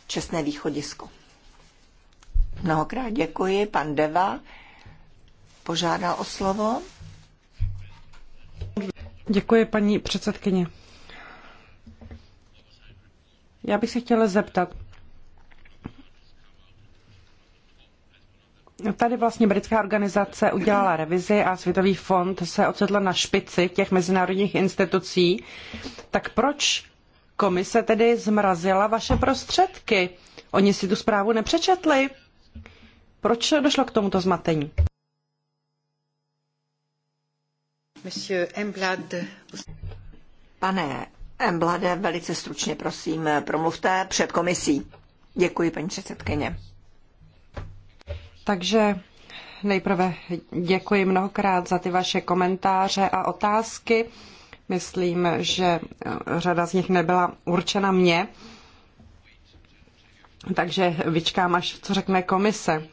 čestné východisko. Mnohokrát děkuji. Pan Deva požádal o slovo. Děkuji, paní předsedkyně. Já bych se chtěla zeptat, Tady vlastně britská organizace udělala revizi a Světový fond se ocitl na špici těch mezinárodních institucí. Tak proč komise tedy zmrazila vaše prostředky? Oni si tu zprávu nepřečetli. Proč došlo k tomuto zmatení? Pane Emblade, velice stručně prosím, promluvte před komisí. Děkuji, paní předsedkyně. Takže nejprve děkuji mnohokrát za ty vaše komentáře a otázky. Myslím, že řada z nich nebyla určena mně, takže vyčkám, až co řekne komise.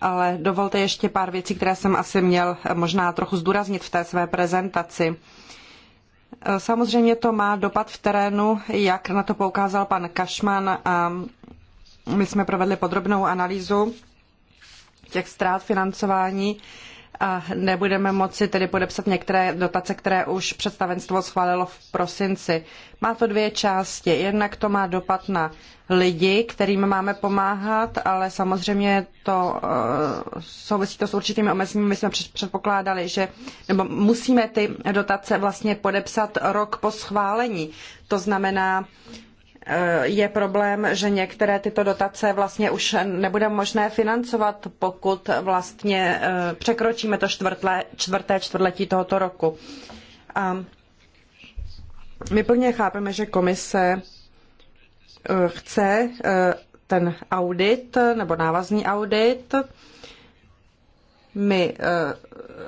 Ale dovolte ještě pár věcí, které jsem asi měl možná trochu zdůraznit v té své prezentaci. Samozřejmě to má dopad v terénu, jak na to poukázal pan Kašman a my jsme provedli podrobnou analýzu těch ztrát financování a nebudeme moci tedy podepsat některé dotace, které už představenstvo schválilo v prosinci. Má to dvě části. Jednak to má dopad na lidi, kterým máme pomáhat, ale samozřejmě to eh, souvisí to s určitými omezeními. My jsme předpokládali, že nebo musíme ty dotace vlastně podepsat rok po schválení. To znamená, Eh, je problém, že některé tyto dotace vlastně už nebude možné financovat, pokud vlastně eh, překročíme to čtvrtlé, čtvrté čtvrtletí tohoto roku. A my plně chápeme, že komise eh, chce ten audit nebo návazný audit. My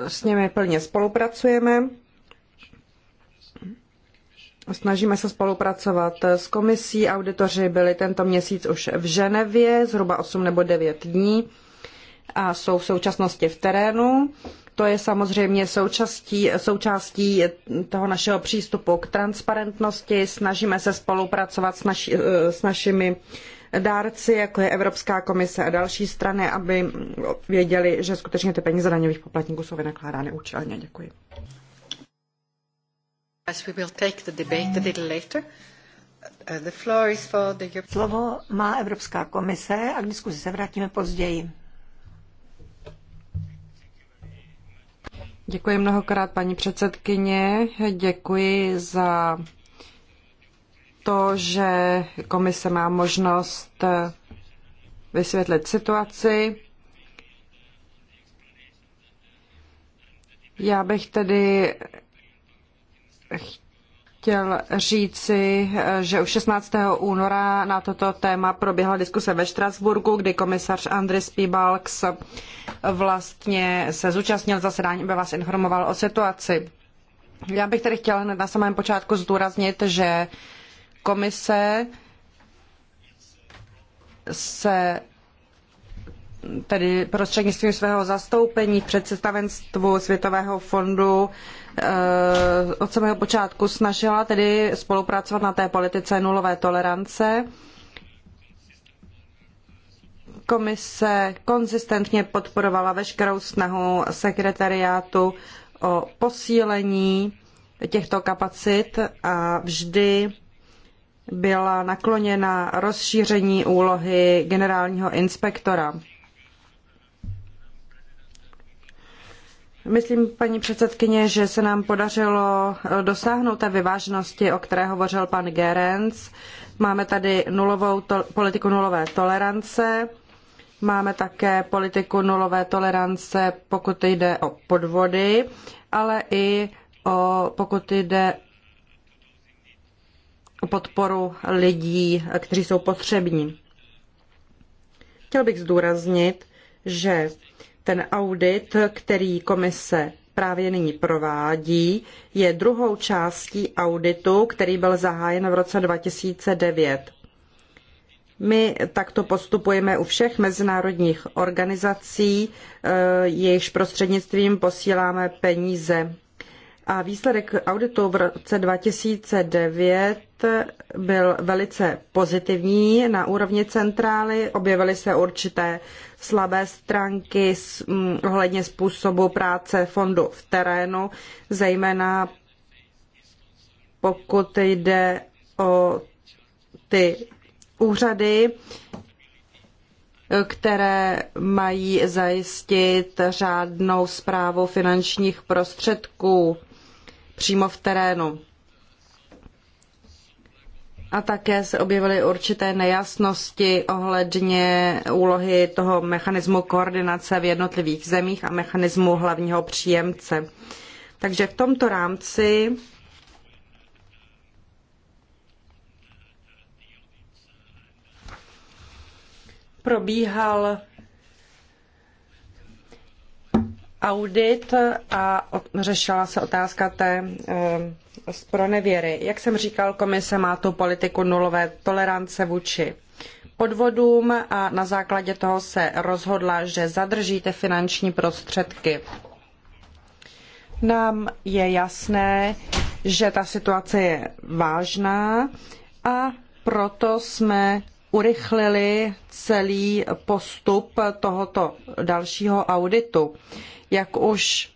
s nimi plně spolupracujeme Snažíme se spolupracovat s komisí. Auditoři byli tento měsíc už v Ženevě, zhruba 8 nebo 9 dní a jsou v současnosti v terénu. To je samozřejmě součástí, součástí toho našeho přístupu k transparentnosti. Snažíme se spolupracovat s, naši, s našimi dárci, jako je Evropská komise a další strany, aby věděli, že skutečně ty peníze daňových poplatníků jsou vynakládány účelně. Děkuji. Slovo má Evropská komise a k diskuzi se vrátíme později. Děkuji mnohokrát, paní předsedkyně. Děkuji za to, že komise má možnost eh, vysvětlit situaci. Já bych tedy chtěl říci, že už 16. února na toto téma proběhla diskuse ve Štrasburku, kdy komisař Andris Pibalks vlastně se zúčastnil zasedání, aby vás informoval o situaci. Já bych tedy chtěla na samém počátku zdůraznit, že komise se tedy prostřednictvím svého zastoupení v představenstvu Světového fondu Eh, od samého počátku snažila tedy spolupracovat na té politice nulové tolerance. Komise konzistentně podporovala veškerou snahu sekretariátu o posílení těchto kapacit a vždy byla nakloněna rozšíření úlohy generálního inspektora. Myslím, paní předsedkyně, že se nám podařilo eh, dosáhnout té vyváženosti, o které hovořil pan Gerenc. Máme tady nulovou to, politiku nulové tolerance, máme také politiku nulové tolerance, pokud jde o podvody, ale i o, pokud jde o podporu lidí, kteří jsou potřební. Chtěl bych zdůraznit, že ten audit, který komise právě nyní provádí, je druhou částí auditu, který byl zahájen v roce 2009. My takto postupujeme u všech mezinárodních organizací, eh, jejichž prostřednictvím posíláme peníze. A výsledek auditu v roce 2009 byl velice pozitivní na úrovni centrály. Objevily se určité slabé stránky mm, ohledně způsobu práce fondu v terénu, zejména pokud jde o ty úřady, které mají zajistit řádnou správu finančních prostředků přímo v terénu. A také se objevily určité nejasnosti ohledně úlohy toho mechanismu koordinace v jednotlivých zemích a mechanismu hlavního příjemce. Takže v tomto rámci probíhal audit a řešila se otázka té eh, z pronevěry. Jak jsem říkal, komise má tu politiku nulové tolerance vůči podvodům a na základě toho se rozhodla, že zadržíte finanční prostředky. Nám je jasné, že ta situace je vážná a proto jsme urychlili celý postup tohoto dalšího auditu. Jak už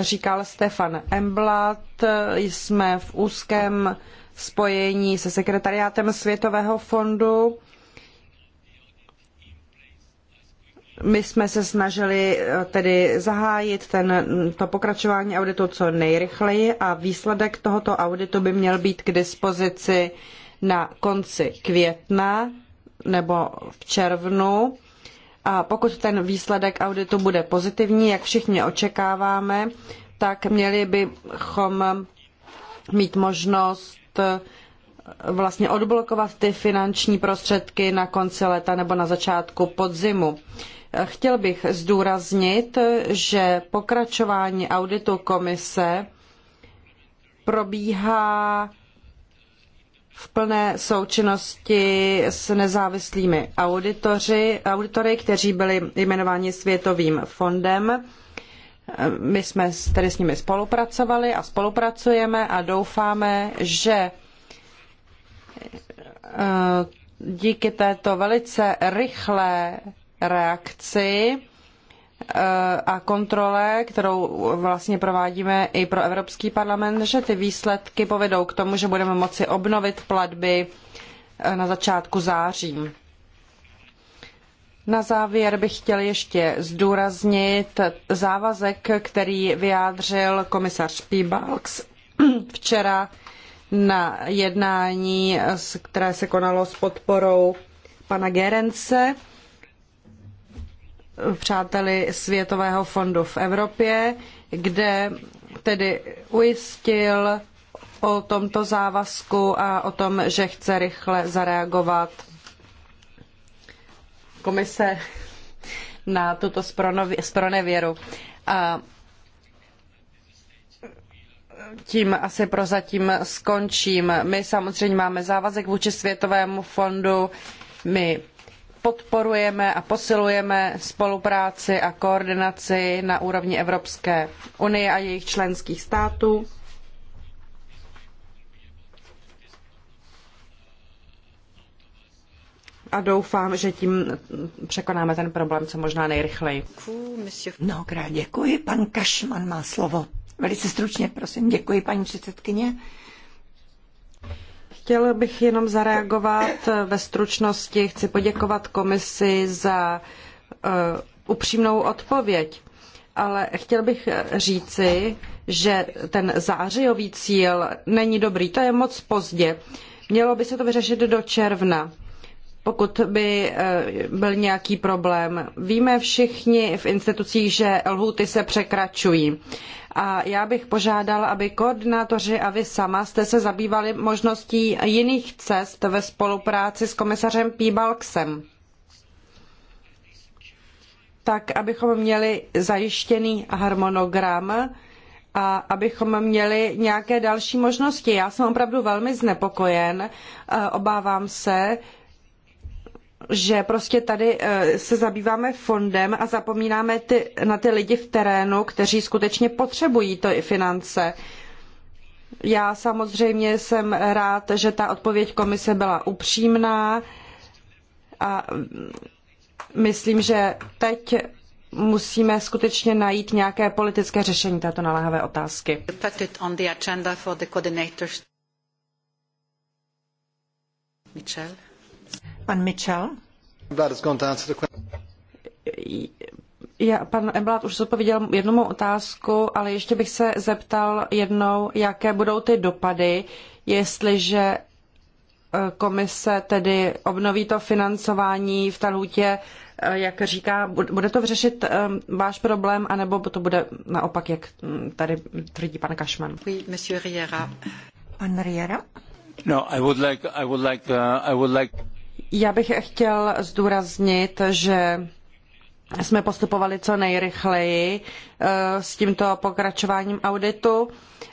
říkal Stefan Emblat, jsme v úzkém spojení se sekretariátem Světového fondu. My jsme se snažili eh, tedy zahájit ten, to pokračování auditu co nejrychleji a výsledek tohoto auditu by měl být k dispozici na konci května nebo v červnu a pokud ten výsledek auditu bude pozitivní, jak všichni očekáváme, tak měli bychom mít možnost eh, vlastně odblokovat ty finanční prostředky na konci léta nebo na začátku podzimu. Eh, chtěl bych zdůraznit, že pokračování auditu komise probíhá v plné součinnosti s nezávislými auditoři, auditory, kteří byli jmenováni Světovým fondem. My jsme tedy s nimi spolupracovali a spolupracujeme a doufáme, že eh, díky této velice rychlé reakci a kontrole, kterou vlastně provádíme i pro Evropský parlament, že ty výsledky povedou k tomu, že budeme moci obnovit platby eh, na začátku září. Na závěr bych chtěl ještě zdůraznit závazek, který vyjádřil komisař Pibalks [CLEARS THROAT] včera na jednání, které se konalo s podporou pana Gerence přáteli Světového fondu v Evropě, kde tedy ujistil o tomto závazku a o tom, že chce rychle zareagovat komise na tuto spronevěru. A tím asi prozatím skončím. My samozřejmě máme závazek vůči Světovému fondu, my podporujeme a posilujeme spolupráci a koordinaci na úrovni Evropské unie a jejich členských států. A doufám, že tím překonáme ten problém co možná nejrychleji. Mnohokrát děkuji. Pan Kašman má slovo. Velice stručně, prosím. Děkuji, paní předsedkyně. Chtěl bych jenom zareagovat eh, ve stručnosti. Chci poděkovat komisi za eh, upřímnou odpověď, ale chtěl bych eh, říci, že ten zářijový cíl není dobrý. To je moc pozdě. Mělo by se to vyřešit do června pokud by eh, byl nějaký problém. Víme všichni v institucích, že lhuty se překračují. A já bych požádala, aby koordinátoři a vy sama jste se zabývali možností jiných cest ve spolupráci s komisařem Píbalksem. Tak, abychom měli zajištěný harmonogram a abychom měli nějaké další možnosti. Já jsem opravdu velmi znepokojen, eh, obávám se, že prostě tady eh, se zabýváme fondem a zapomínáme ty, na ty lidi v terénu, kteří skutečně potřebují to i finance. Já samozřejmě jsem rád, že ta odpověď komise byla upřímná a mm, myslím, že teď musíme skutečně najít nějaké politické řešení této naléhavé otázky. Michel? pan Mitchell. pan Eblát už zodpověděl jednu mou otázku, ale ještě bych se zeptal jednou, jaké budou ty dopady, jestliže eh, komise tedy obnoví to financování v té lhůtě, eh, jak říká, bude to řešit eh, váš problém, anebo to bude naopak, jak hm, tady tvrdí pan Kašman? Oui, monsieur Riera. Pan Riera? No, I would like, I would like, uh, I would like... Já bych chtěl zdůraznit, že jsme postupovali co nejrychleji eh, s tímto pokračováním auditu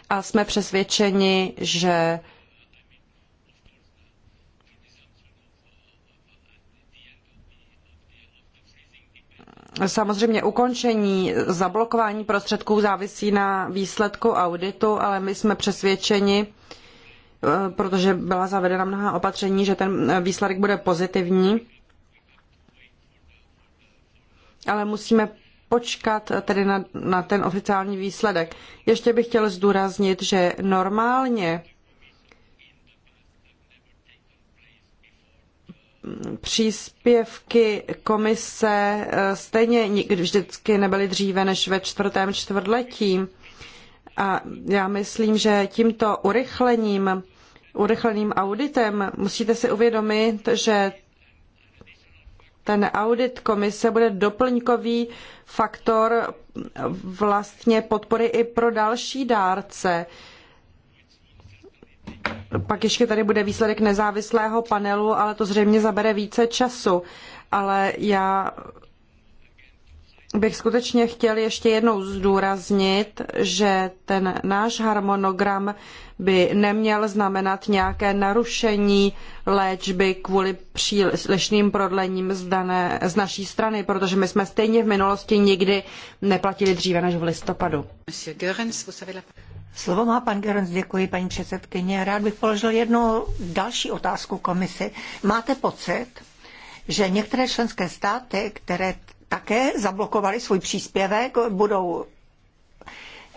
a jsme přesvědčeni, že Samozřejmě ukončení zablokování prostředků závisí na výsledku auditu, ale my jsme přesvědčeni, Eh, protože byla zavedena mnoha opatření, že ten výsledek bude pozitivní. Ale musíme počkat tedy na, na ten oficiální výsledek. Ještě bych chtěl zdůraznit, že normálně příspěvky komise eh, stejně vždycky nebyly dříve než ve čtvrtém čtvrtletí. A já myslím, že tímto urychlením, urychleným auditem musíte si uvědomit, že ten audit komise bude doplňkový faktor vlastně podpory i pro další dárce. Pak ještě tady bude výsledek nezávislého panelu, ale to zřejmě zabere více času. Ale já bych skutečně chtěl ještě jednou zdůraznit, že ten náš harmonogram by neměl znamenat nějaké narušení léčby kvůli přílišným prodlením z, dané, z naší strany, protože my jsme stejně v minulosti nikdy neplatili dříve než v listopadu. Slovo má pan Gerens, děkuji paní předsedkyně. Rád bych položil jednu další otázku komisi. Máte pocit, že některé členské státy, které také zablokovali svůj příspěvek, budou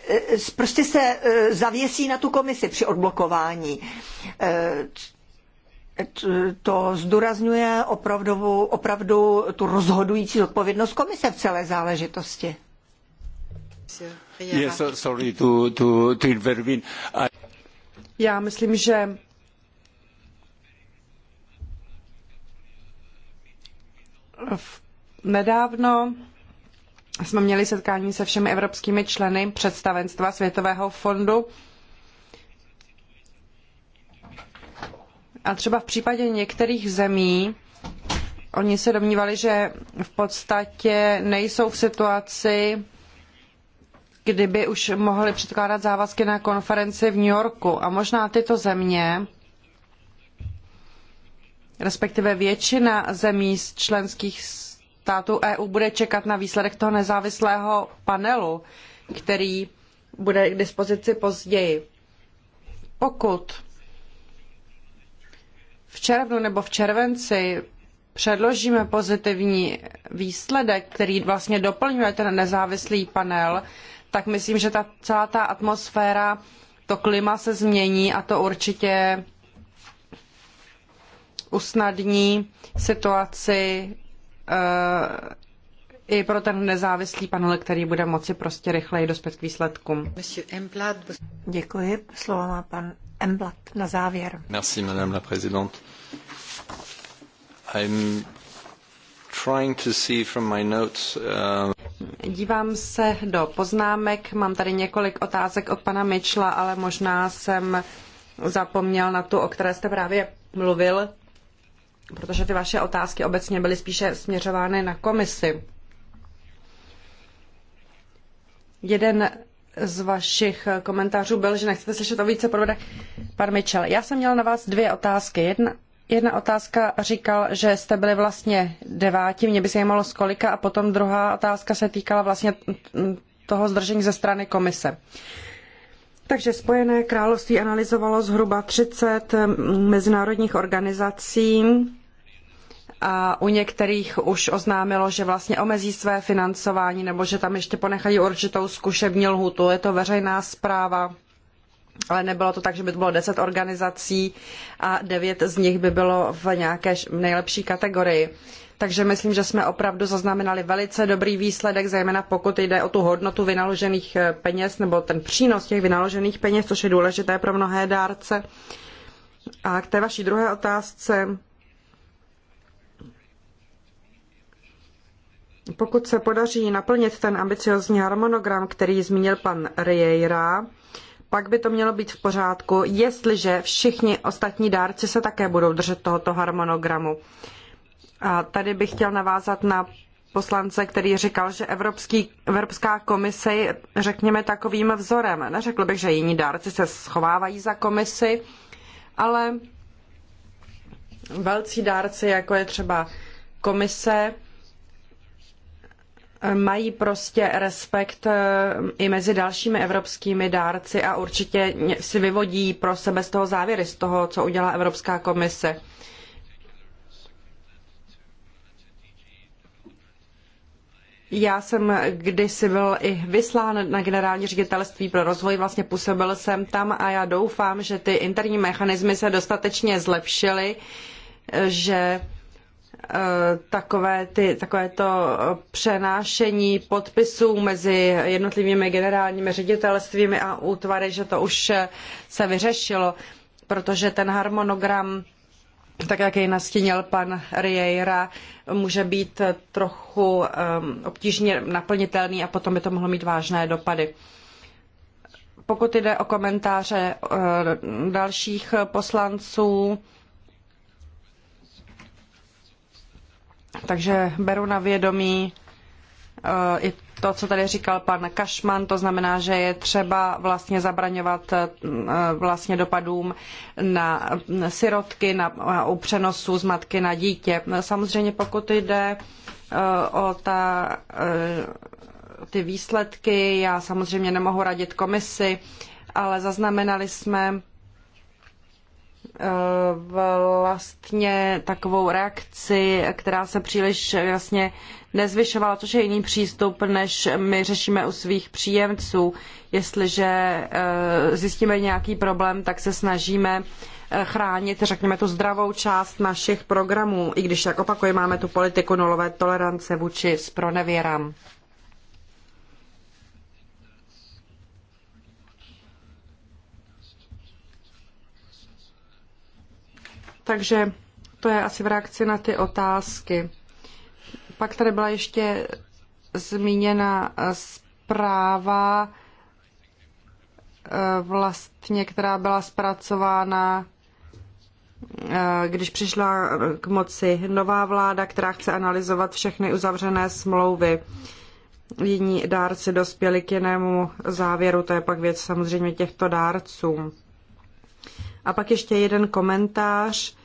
eh, prostě se eh, zavěsí na tu komisi při odblokování. Eh, to zdůrazňuje opravdu, opravdu tu rozhodující odpovědnost komise v celé záležitosti. Yes, sorry to, to, to intervene. I... Já myslím, že v Nedávno jsme měli setkání se všemi evropskými členy představenstva Světového fondu. A třeba v případě některých zemí, oni se domnívali, že v podstatě nejsou v situaci, kdyby už mohli předkládat závazky na konferenci v New Yorku. A možná tyto země, respektive většina zemí z členských států EU bude čekat na výsledek toho nezávislého panelu, který bude k dispozici později. Pokud v červnu nebo v červenci předložíme pozitivní výsledek, který vlastně doplňuje ten nezávislý panel, tak myslím, že ta, celá ta atmosféra, to klima se změní a to určitě usnadní situaci Eh, i pro ten nezávislý panel, který bude moci prostě rychleji dospět k výsledkům. Děkuji. Slovo má pan Emblat na závěr. Merci, madame la présidente. I'm trying to see from my notes, uh... Dívám se do poznámek, mám tady několik otázek od pana Mitchella, ale možná jsem zapomněl na tu, o které jste právě mluvil protože ty vaše otázky obecně byly spíše směřovány na komisi. Jeden z vašich komentářů byl, že nechcete slyšet o více provede. Pan Mitchell, já jsem měl na vás dvě otázky. Jedna, jedna otázka říkal, že jste byli vlastně deváti, mě by se jímalo z kolika, a potom druhá otázka se týkala vlastně toho zdržení ze strany komise. Takže Spojené království analyzovalo zhruba 30 mezinárodních organizací, a u některých už oznámilo, že vlastně omezí své financování nebo že tam ještě ponechají určitou zkušební lhutu. Je to veřejná zpráva, ale nebylo to tak, že by to bylo deset organizací a devět z nich by bylo v nějaké nejlepší kategorii. Takže myslím, že jsme opravdu zaznamenali velice dobrý výsledek, zejména pokud jde o tu hodnotu vynaložených eh, peněz nebo ten přínos těch vynaložených peněz, což je důležité pro mnohé dárce. A k té vaší druhé otázce Pokud se podaří naplnit ten ambiciozní harmonogram, který zmínil pan Riera, pak by to mělo být v pořádku, jestliže všichni ostatní dárci se také budou držet tohoto harmonogramu. A tady bych chtěl navázat na poslance, který říkal, že Evropský, Evropská komise je, řekněme, takovým vzorem. Neřekl bych, že jiní dárci se schovávají za komisi, ale velcí dárci, jako je třeba komise, mají prostě respekt eh, i mezi dalšími evropskými dárci a určitě si vyvodí pro sebe z toho závěry, z toho, co udělá Evropská komise. Já jsem kdysi byl i vyslán na generální ředitelství pro rozvoj, vlastně působil jsem tam a já doufám, že ty interní mechanismy se dostatečně zlepšily, eh, že Eh, takové, ty, takové to přenášení podpisů mezi jednotlivými generálními ředitelstvími a útvary, že to už eh, se vyřešilo, protože ten harmonogram tak jak jej nastínil pan Riera, může být trochu um, obtížně naplnitelný a potom by to mohlo mít vážné dopady. Pokud jde o komentáře uh, dalších poslanců, Takže beru na vědomí eh, i to, co tady říkal pan Kašman, to znamená, že je třeba vlastně zabraňovat eh, vlastně dopadům na sirotky, na, na u přenosu z matky na dítě. Samozřejmě pokud jde eh, o ta, ty výsledky, já samozřejmě nemohu radit komisi, ale zaznamenali jsme vlastně takovou reakci, která se příliš jasně nezvyšovala, což je jiný přístup, než my řešíme u svých příjemců. Jestliže eh, zjistíme nějaký problém, tak se snažíme eh, chránit, řekněme, tu zdravou část našich programů, i když, jak opakuji, máme tu politiku nulové tolerance vůči spronevěrám. Takže to je asi v reakci na ty otázky. Pak tady byla ještě zmíněna zpráva, eh, vlastně, která byla zpracována, eh, když přišla k moci nová vláda, která chce analyzovat všechny uzavřené smlouvy. Jiní dárci dospěli k jinému závěru, to je pak věc samozřejmě těchto dárců. A pak ještě jeden komentář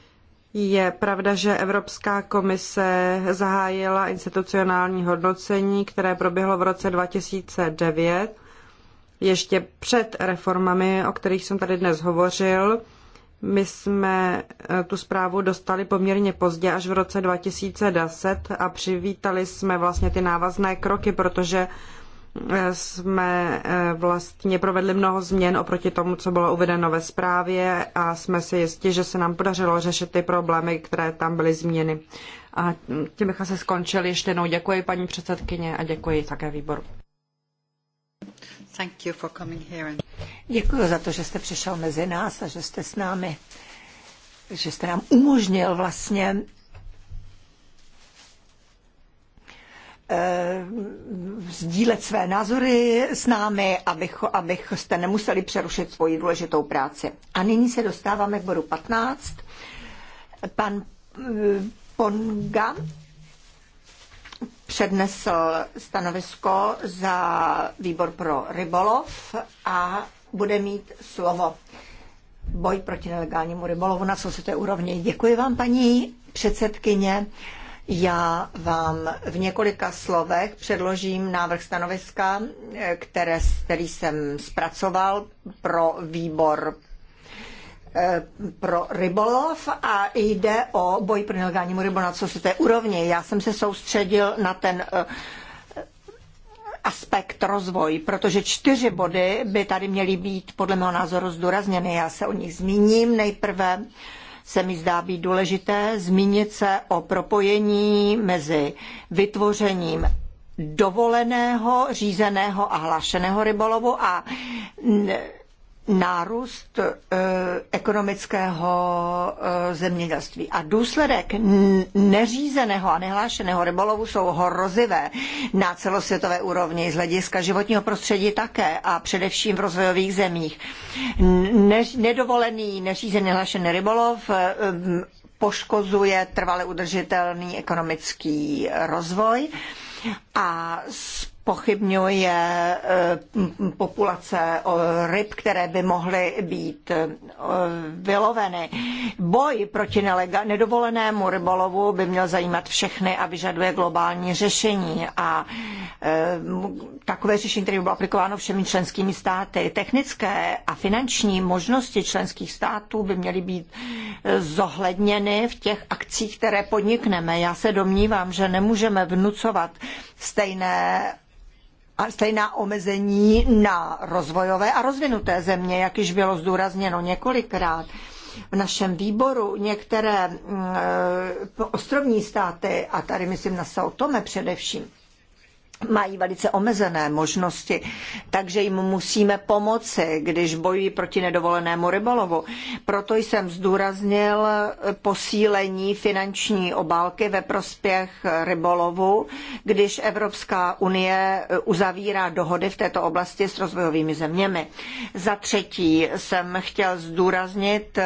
je pravda, že Evropská komise zahájila institucionální hodnocení, které proběhlo v roce 2009, ještě před reformami, o kterých jsem tady dnes hovořil. My jsme eh, tu zprávu dostali poměrně pozdě, až v roce 2010 a přivítali jsme vlastně ty návazné kroky, protože jsme eh, vlastně provedli mnoho změn oproti tomu, co bylo uvedeno ve zprávě a jsme si jistí, že se nám podařilo řešit ty problémy, které tam byly změny. A tím bych se skončili. Ještě jednou děkuji paní předsedkyně a děkuji také výboru. Thank you for coming here and... Děkuji za to, že jste přišel mezi nás a že jste s námi, že jste nám umožnil vlastně Eh, sdílet své názory s námi, abych, abych nemuseli přerušit svoji důležitou práci. A nyní se dostáváme k bodu 15. Pan eh, Ponga přednesl stanovisko za výbor pro rybolov a bude mít slovo. Boj proti nelegálnímu rybolovu na sociální úrovni. Děkuji vám, paní předsedkyně. Uh, já vám v několika slovech předložím návrh stanoviska, které, který jsem zpracoval pro výbor eh, pro rybolov a jde o boj pro nelegálnímu rybolovu na složité úrovni. Já jsem se soustředil na ten eh, aspekt rozvoj, protože čtyři body by tady měly být podle mého názoru zdůrazněny. Já se o nich zmíním nejprve se mi zdá být důležité zmínit se o propojení mezi vytvořením dovoleného, řízeného a hlášeného rybolovu a nárůst e, ekonomického e, zemědělství. A důsledek neřízeného a nehlášeného rybolovu jsou hrozivé na celosvětové úrovni z hlediska životního prostředí také a především v rozvojových zemích. nedovolený, neřízený, nehlášený rybolov e, poškozuje trvale udržitelný ekonomický rozvoj a pochybňuje eh, populace ryb, které by mohly být eh, vyloveny. Boj proti nedovolenému rybolovu by měl zajímat všechny a vyžaduje globální řešení. A eh, takové řešení, které by bylo aplikováno všemi členskými státy. Technické a finanční možnosti členských států by měly být zohledněny v těch akcích, které podnikneme. Já se domnívám, že nemůžeme vnucovat stejné a stejná omezení na rozvojové a rozvinuté země, jak již bylo zdůrazněno několikrát v našem výboru některé mm, e, ostrovní státy, a tady myslím na Sao Tome především, mají velice omezené možnosti, takže jim musíme pomoci, když bojují proti nedovolenému rybolovu. Proto jsem zdůraznil posílení finanční obálky ve prospěch rybolovu, když Evropská unie uzavírá dohody v této oblasti s rozvojovými zeměmi. Za třetí jsem chtěl zdůraznit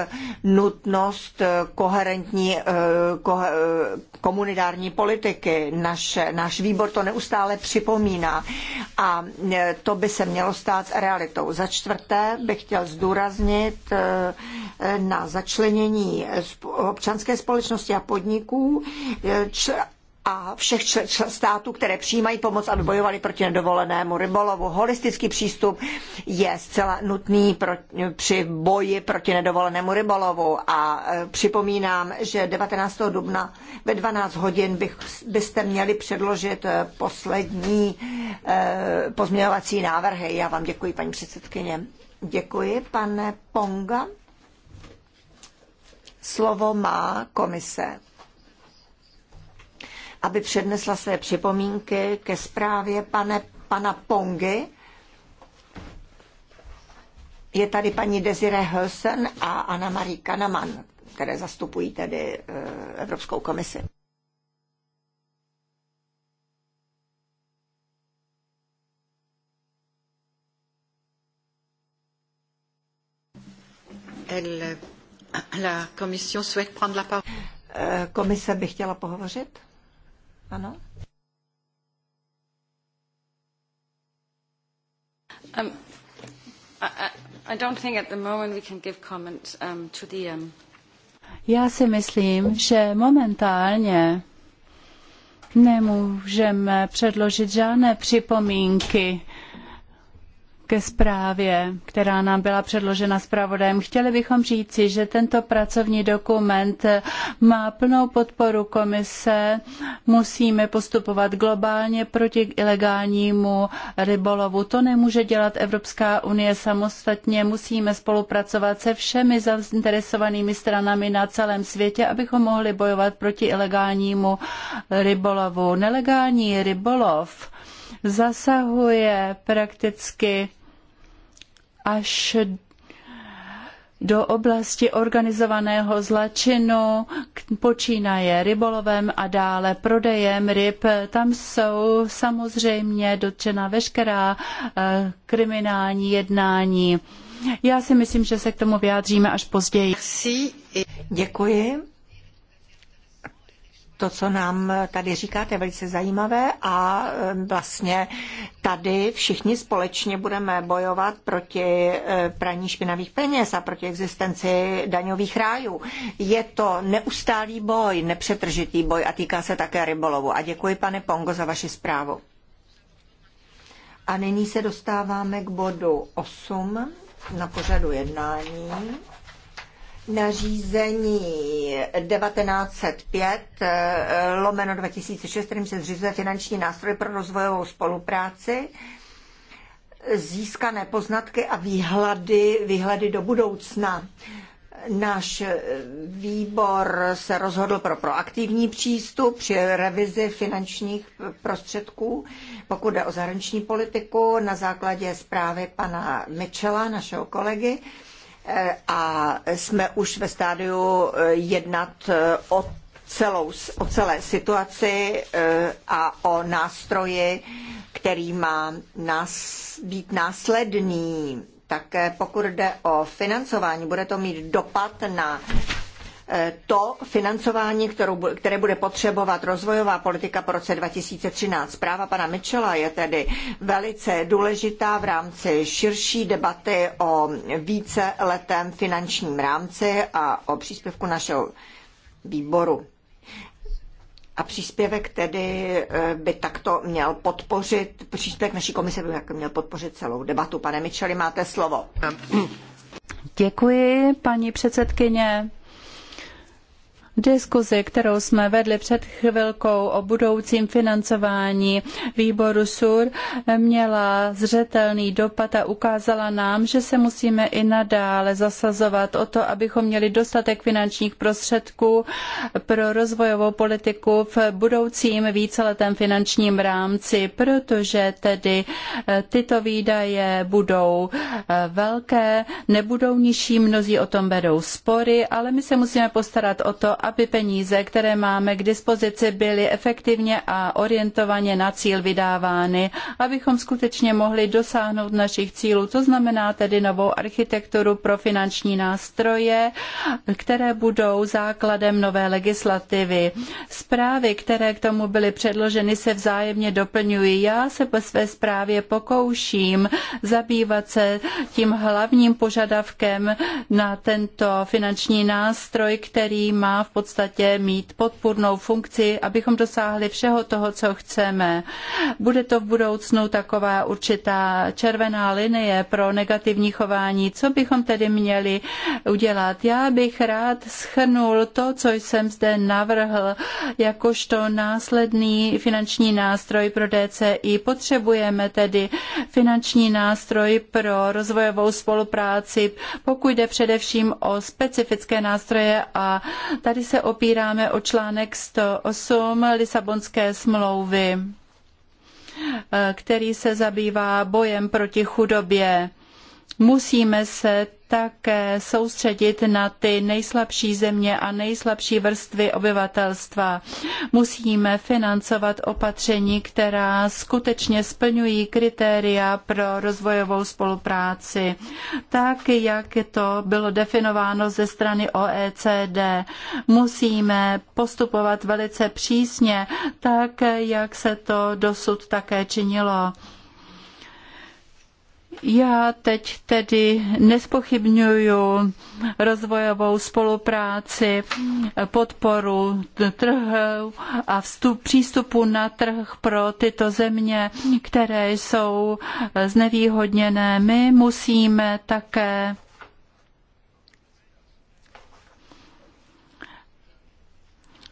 nutnost koherentní eh, komunitární politiky. Naš, náš výbor to neustále připomíná. A e, to by se mělo stát realitou. Za čtvrté bych chtěl zdůraznit e, e, na začlenění občanské společnosti a podniků a všech států, které přijímají pomoc, aby bojovali proti nedovolenému rybolovu. Holistický přístup je zcela nutný pro, při boji proti nedovolenému rybolovu a e, připomínám, že 19. dubna ve 12 hodin bych, byste měli předložit e, poslední e, pozměňovací návrhy. Já vám děkuji, paní předsedkyně. Děkuji, pane Ponga. Slovo má komise aby přednesla své připomínky ke zprávě pane, pana Pongy. Je tady paní Desire Helsen a Anna Marie Kanaman, které zastupují tedy eh, Evropskou komisi. Eh, komise by chtěla pohovořit? Ano? Um, I, I don't think at the moment we can give comment um, to the um... Já si myslím, že momentálně nemůžeme předložit žádné připomínky ke zprávě, která nám byla předložena zpravodajem. Chtěli bychom říci, že tento pracovní dokument má plnou podporu komise. Musíme postupovat globálně proti ilegálnímu rybolovu. To nemůže dělat Evropská unie samostatně. Musíme spolupracovat se všemi zainteresovanými stranami na celém světě, abychom mohli bojovat proti ilegálnímu rybolovu. Nelegální rybolov zasahuje prakticky až do oblasti organizovaného zločinu, počínaje rybolovem a dále prodejem ryb. Tam jsou samozřejmě dotčena veškerá eh, kriminální jednání. Já si myslím, že se k tomu vyjádříme až později. Děkuji to, co nám tady říkáte, je velice zajímavé a eh, vlastně tady všichni společně budeme bojovat proti eh, praní špinavých peněz a proti existenci daňových rájů. Je to neustálý boj, nepřetržitý boj a týká se také rybolovu. A děkuji, pane Pongo, za vaši zprávu. A nyní se dostáváme k bodu 8 na pořadu jednání nařízení 1905 eh, lomeno 2006, kterým se zřizuje finanční nástroj pro rozvojovou spolupráci, získané poznatky a výhledy, výhledy do budoucna. Náš eh, výbor se rozhodl pro proaktivní přístup při revizi finančních prostředků, pokud jde o zahraniční politiku, na základě zprávy pana Mečela, našeho kolegy a jsme už ve stádiu eh, jednat eh, o, celou, o celé situaci eh, a o nástroji, který má nás, být následný. Také pokud jde o financování, bude to mít dopad na to financování, kterou, které bude potřebovat rozvojová politika po roce 2013. Zpráva pana Mitchella je tedy velice důležitá v rámci širší debaty o více letém finančním rámci a o příspěvku našeho výboru. A příspěvek tedy eh, by takto měl podpořit, příspěvek naší komise by měl podpořit celou debatu. Pane Micheli, máte slovo. Děkuji, paní předsedkyně diskuzi, kterou jsme vedli před chvilkou o budoucím financování výboru SUR, měla zřetelný dopad a ukázala nám, že se musíme i nadále zasazovat o to, abychom měli dostatek finančních prostředků pro rozvojovou politiku v budoucím víceletém finančním rámci, protože tedy eh, tyto výdaje budou eh, velké, nebudou nižší, mnozí o tom vedou spory, ale my se musíme postarat o to, aby peníze, které máme k dispozici, byly efektivně a orientovaně na cíl vydávány, abychom skutečně mohli dosáhnout našich cílů. To znamená tedy novou architekturu pro finanční nástroje, které budou základem nové legislativy. Zprávy, které k tomu byly předloženy, se vzájemně doplňují. Já se po své zprávě pokouším zabývat se tím hlavním požadavkem na tento finanční nástroj, který má v podstatě mít podpůrnou funkci, abychom dosáhli všeho toho, co chceme. Bude to v budoucnu taková určitá červená linie pro negativní chování. Co bychom tedy měli udělat? Já bych rád schrnul to, co jsem zde navrhl, jakožto následný finanční nástroj pro DCI. Potřebujeme tedy finanční nástroj pro rozvojovou spolupráci, pokud jde především o specifické nástroje a tady Tady se opíráme o článek 108 Lisabonské smlouvy, eh, který se zabývá bojem proti chudobě. Musíme se také soustředit na ty nejslabší země a nejslabší vrstvy obyvatelstva. Musíme financovat opatření, která skutečně splňují kritéria pro rozvojovou spolupráci, tak jak to bylo definováno ze strany OECD. Musíme postupovat velice přísně, tak jak se to dosud také činilo. Já teď tedy nespochybňuju rozvojovou spolupráci, podporu trhu a vstup přístupu na trh pro tyto země, které jsou znevýhodněné. My musíme také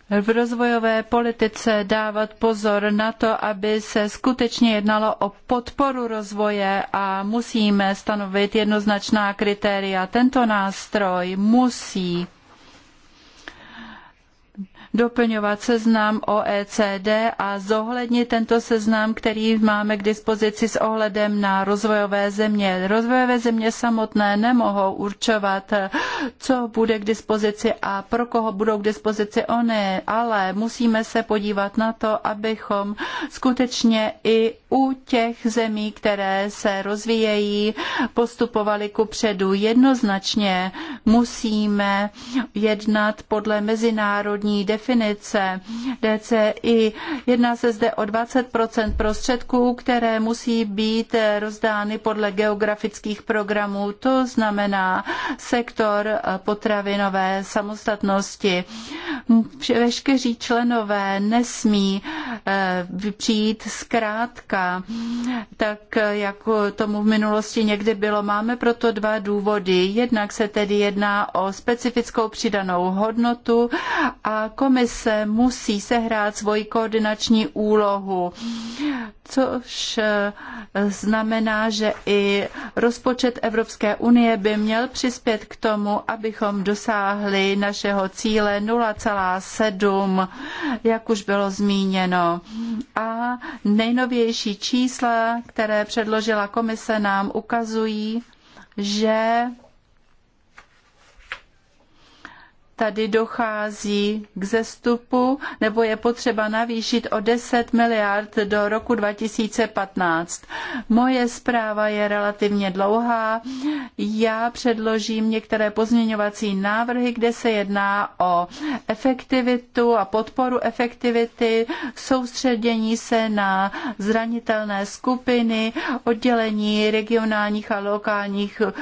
v rozvojové politice dávat pozor na to, aby se skutečně jednalo o podporu rozvoje a musíme stanovit jednoznačná kritéria. Tento nástroj musí doplňovat seznam OECD a zohlednit tento seznam, který máme k dispozici s ohledem na rozvojové země. Rozvojové země samotné nemohou určovat, co bude k dispozici a pro koho budou k dispozici ony, ale musíme se podívat na to, abychom skutečně i u těch zemí, které se rozvíjejí, postupovali kupředu Jednoznačně musíme jednat podle mezinárodní definice definice DCI. Jedná se zde o 20 prostředků, které musí být rozdány podle geografických programů. To znamená sektor potravinové samostatnosti. Veškeří členové nesmí eh, přijít zkrátka, tak jako tomu v minulosti někdy bylo. Máme proto dva důvody. Jednak se tedy jedná o specifickou přidanou hodnotu a komise musí sehrát svoji koordinační úlohu, což eh, znamená, že i rozpočet Evropské unie by měl přispět k tomu, abychom dosáhli našeho cíle 0,7, jak už bylo zmíněno. A nejnovější čísla, které předložila komise, nám ukazují, že tady dochází k zestupu, nebo je potřeba navýšit o 10 miliard do roku 2015. Moje zpráva je relativně dlouhá. Já předložím některé pozměňovací návrhy, kde se jedná o efektivitu a podporu efektivity, soustředění se na zranitelné skupiny, oddělení regionálních a lokálních eh,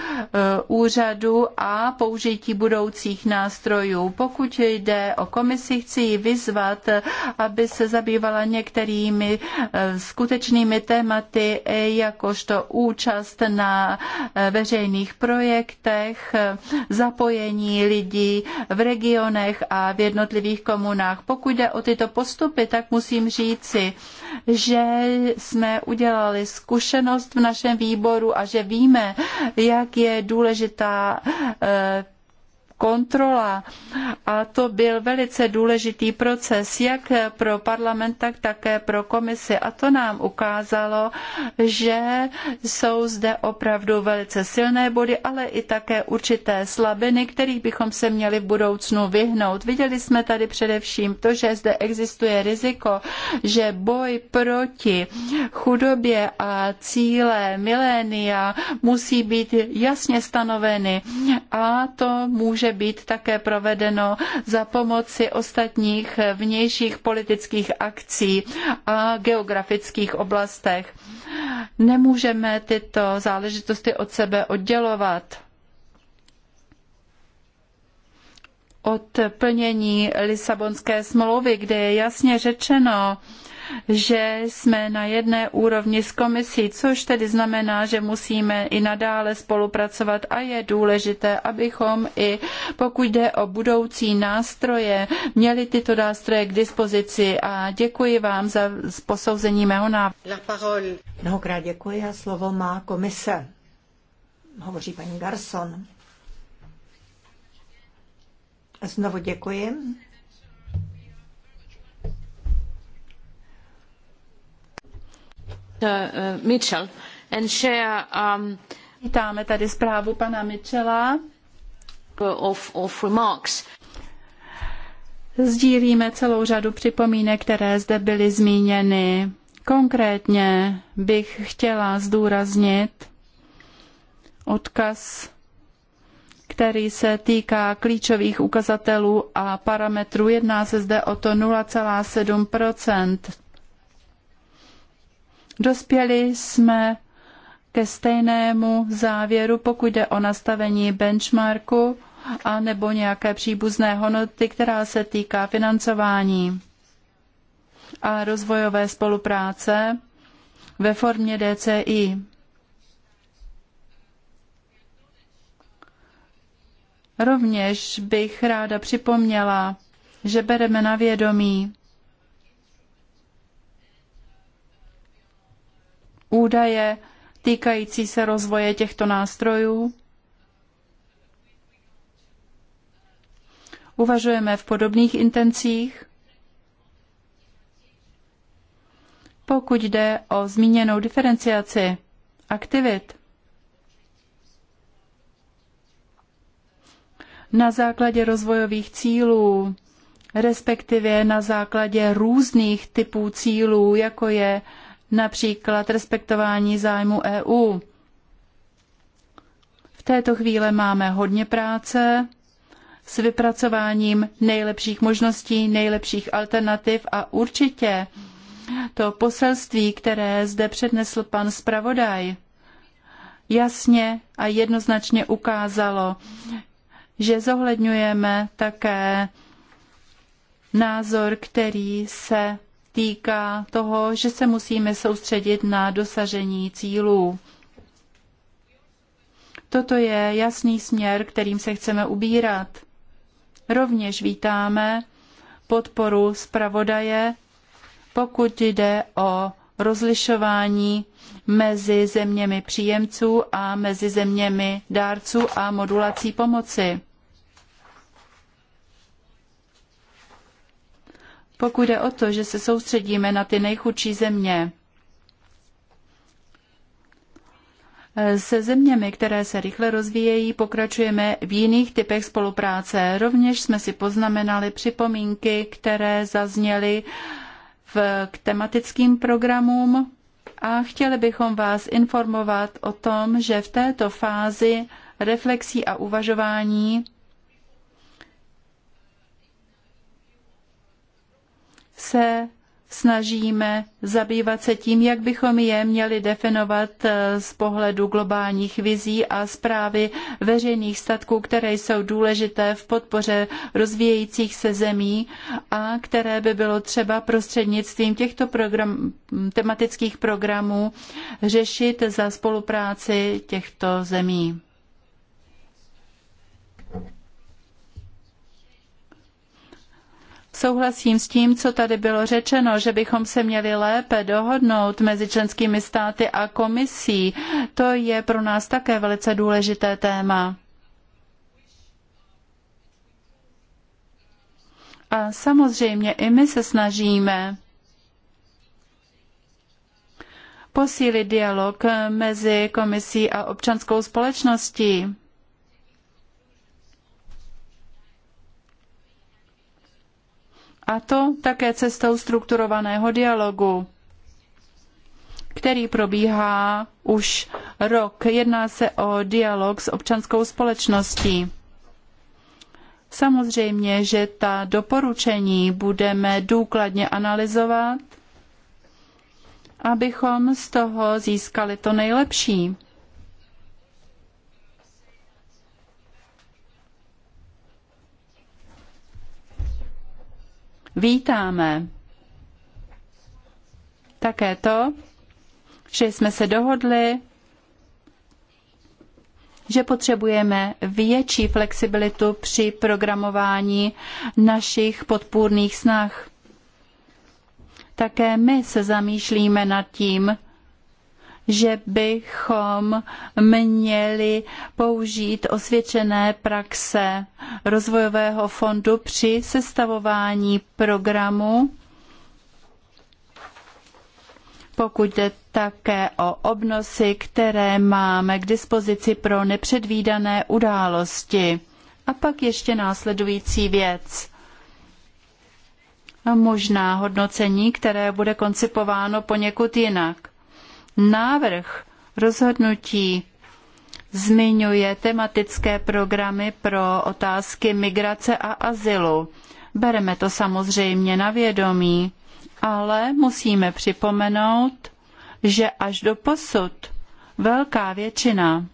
úřadů a použití budoucích nástrojů zdrojů. Pokud jde o komisi, chci ji vyzvat, aby se zabývala některými eh, skutečnými tématy, eh, jakožto účast na eh, veřejných projektech, zapojení lidí v regionech a v jednotlivých komunách. Pokud jde o tyto postupy, tak musím říci, že jsme udělali zkušenost v našem výboru a že víme, jak je důležitá kontrola. A to byl velice důležitý proces, jak pro parlament, tak také pro komisi. A to nám ukázalo, že jsou zde opravdu velice silné body, ale i také určité slabiny, kterých bychom se měli v budoucnu vyhnout. Viděli jsme tady především to, že zde existuje riziko, že boj proti chudobě a cíle milénia musí být jasně stanoveny a to může může být také provedeno za pomoci ostatních vnějších politických akcí a geografických oblastech. Nemůžeme tyto záležitosti od sebe oddělovat. od plnění Lisabonské smlouvy, kde je jasně řečeno, že jsme na jedné úrovni s komisí, což tedy znamená, že musíme i nadále spolupracovat a je důležité, abychom i pokud jde o budoucí nástroje, měli tyto nástroje k dispozici a děkuji vám za posouzení mého návrhu. Mnohokrát děkuji a slovo má komise. Hovoří paní Garson. Znovu děkuji. Mitchell eh, um, Vítáme tady zprávu pana Mitchella. Sdílíme celou řadu připomínek, které zde byly zmíněny. Konkrétně bych chtěla zdůraznit odkaz, který se týká klíčových ukazatelů a parametrů. Jedná se zde o to 0,7 Dospěli jsme ke stejnému závěru, pokud jde o nastavení benchmarku a nebo nějaké příbuzné hodnoty, která se týká financování a rozvojové spolupráce ve formě DCI. Rovněž bych ráda připomněla, že bereme na vědomí údaje týkající se rozvoje těchto nástrojů. Uvažujeme v podobných intencích. Pokud jde o zmíněnou diferenciaci aktivit, na základě rozvojových cílů, respektive na základě různých typů cílů, jako je například respektování zájmu EU. V této chvíli máme hodně práce s vypracováním nejlepších možností, nejlepších alternativ a určitě to poselství, které zde přednesl pan zpravodaj, jasně a jednoznačně ukázalo, že zohledňujeme také názor, který se týká toho, že se musíme soustředit na dosažení cílů. Toto je jasný směr, kterým se chceme ubírat. Rovněž vítáme podporu zpravodaje, pokud jde o rozlišování mezi zeměmi příjemců a mezi zeměmi dárců a modulací pomoci. Pokud jde o to, že se soustředíme na ty nejchudší země, Se zeměmi, které se rychle rozvíjejí, pokračujeme v jiných typech spolupráce. Rovněž jsme si poznamenali připomínky, které zazněly v, k tematickým programům a chtěli bychom vás informovat o tom, že v této fázi reflexí a uvažování se snažíme zabývat se tím, jak bychom je měli definovat eh, z pohledu globálních vizí a zprávy veřejných statků, které jsou důležité v podpoře rozvíjejících se zemí a které by bylo třeba prostřednictvím těchto program, tematických programů řešit za spolupráci těchto zemí. Souhlasím s tím, co tady bylo řečeno, že bychom se měli lépe dohodnout mezi členskými státy a komisí. To je pro nás také velice důležité téma. A samozřejmě i my se snažíme posílit dialog mezi komisí a občanskou společností. A to také cestou strukturovaného dialogu, který probíhá už rok. Jedná se o dialog s občanskou společností. Samozřejmě, že ta doporučení budeme důkladně analyzovat, abychom z toho získali to nejlepší. Vítáme také to, že jsme se dohodli, že potřebujeme větší flexibilitu při programování našich podpůrných snah. Také my se zamýšlíme nad tím, že bychom měli použít osvědčené praxe rozvojového fondu při sestavování programu, pokud jde také o obnosy, které máme k dispozici pro nepředvídané události. A pak ještě následující věc. A možná hodnocení, které bude koncipováno poněkud jinak. Návrh rozhodnutí zmiňuje tematické programy pro otázky migrace a azylu. Bereme to samozřejmě na vědomí, ale musíme připomenout, že až do posud velká většina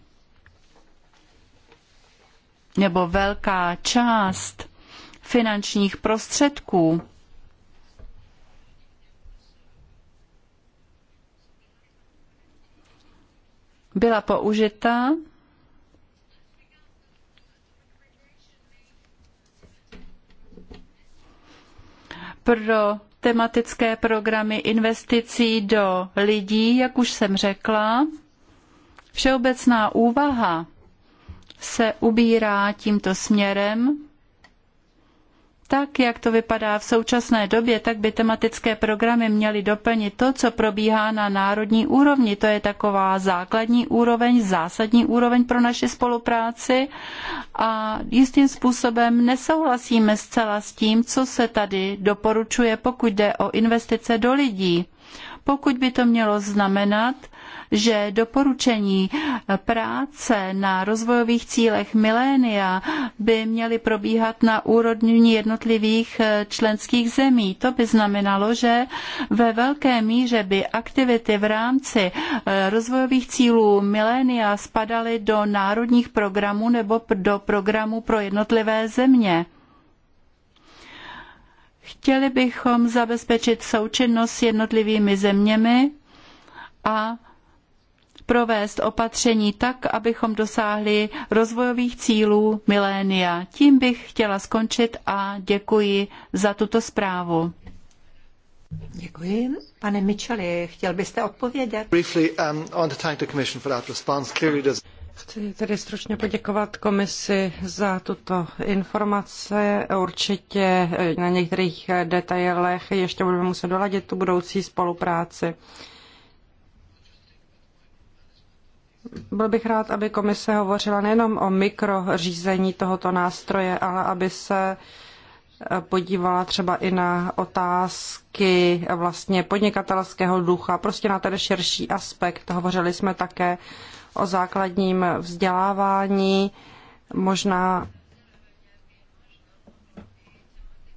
nebo velká část finančních prostředků byla použita pro tematické programy investicí do lidí, jak už jsem řekla. Všeobecná úvaha se ubírá tímto směrem tak, jak to vypadá v současné době, tak by tematické programy měly doplnit to, co probíhá na národní úrovni. To je taková základní úroveň, zásadní úroveň pro naši spolupráci a jistým způsobem nesouhlasíme zcela s tím, co se tady doporučuje, pokud jde o investice do lidí. Pokud by to mělo znamenat, že doporučení práce na rozvojových cílech milénia by měly probíhat na úrovni jednotlivých eh, členských zemí. To by znamenalo, že ve velké míře by aktivity v rámci eh, rozvojových cílů milénia spadaly do národních programů nebo do programů pro jednotlivé země. Chtěli bychom zabezpečit součinnost s jednotlivými zeměmi a provést opatření tak, abychom dosáhli rozvojových cílů milénia. Tím bych chtěla skončit a děkuji za tuto zprávu. Děkuji. Pane Micheli, chtěl byste odpovědět? Briefly, um, I want to thank the Commission for that Chci tedy stručně poděkovat komisi za tuto informace. Určitě eh, na některých detailech ještě budeme muset doladit tu budoucí spolupráci. Byl bych rád, aby komise hovořila nejenom o mikrořízení tohoto nástroje, ale aby se eh, podívala třeba i na otázky eh, vlastně podnikatelského ducha, prostě na ten širší aspekt. Hovořili jsme také o základním vzdělávání, možná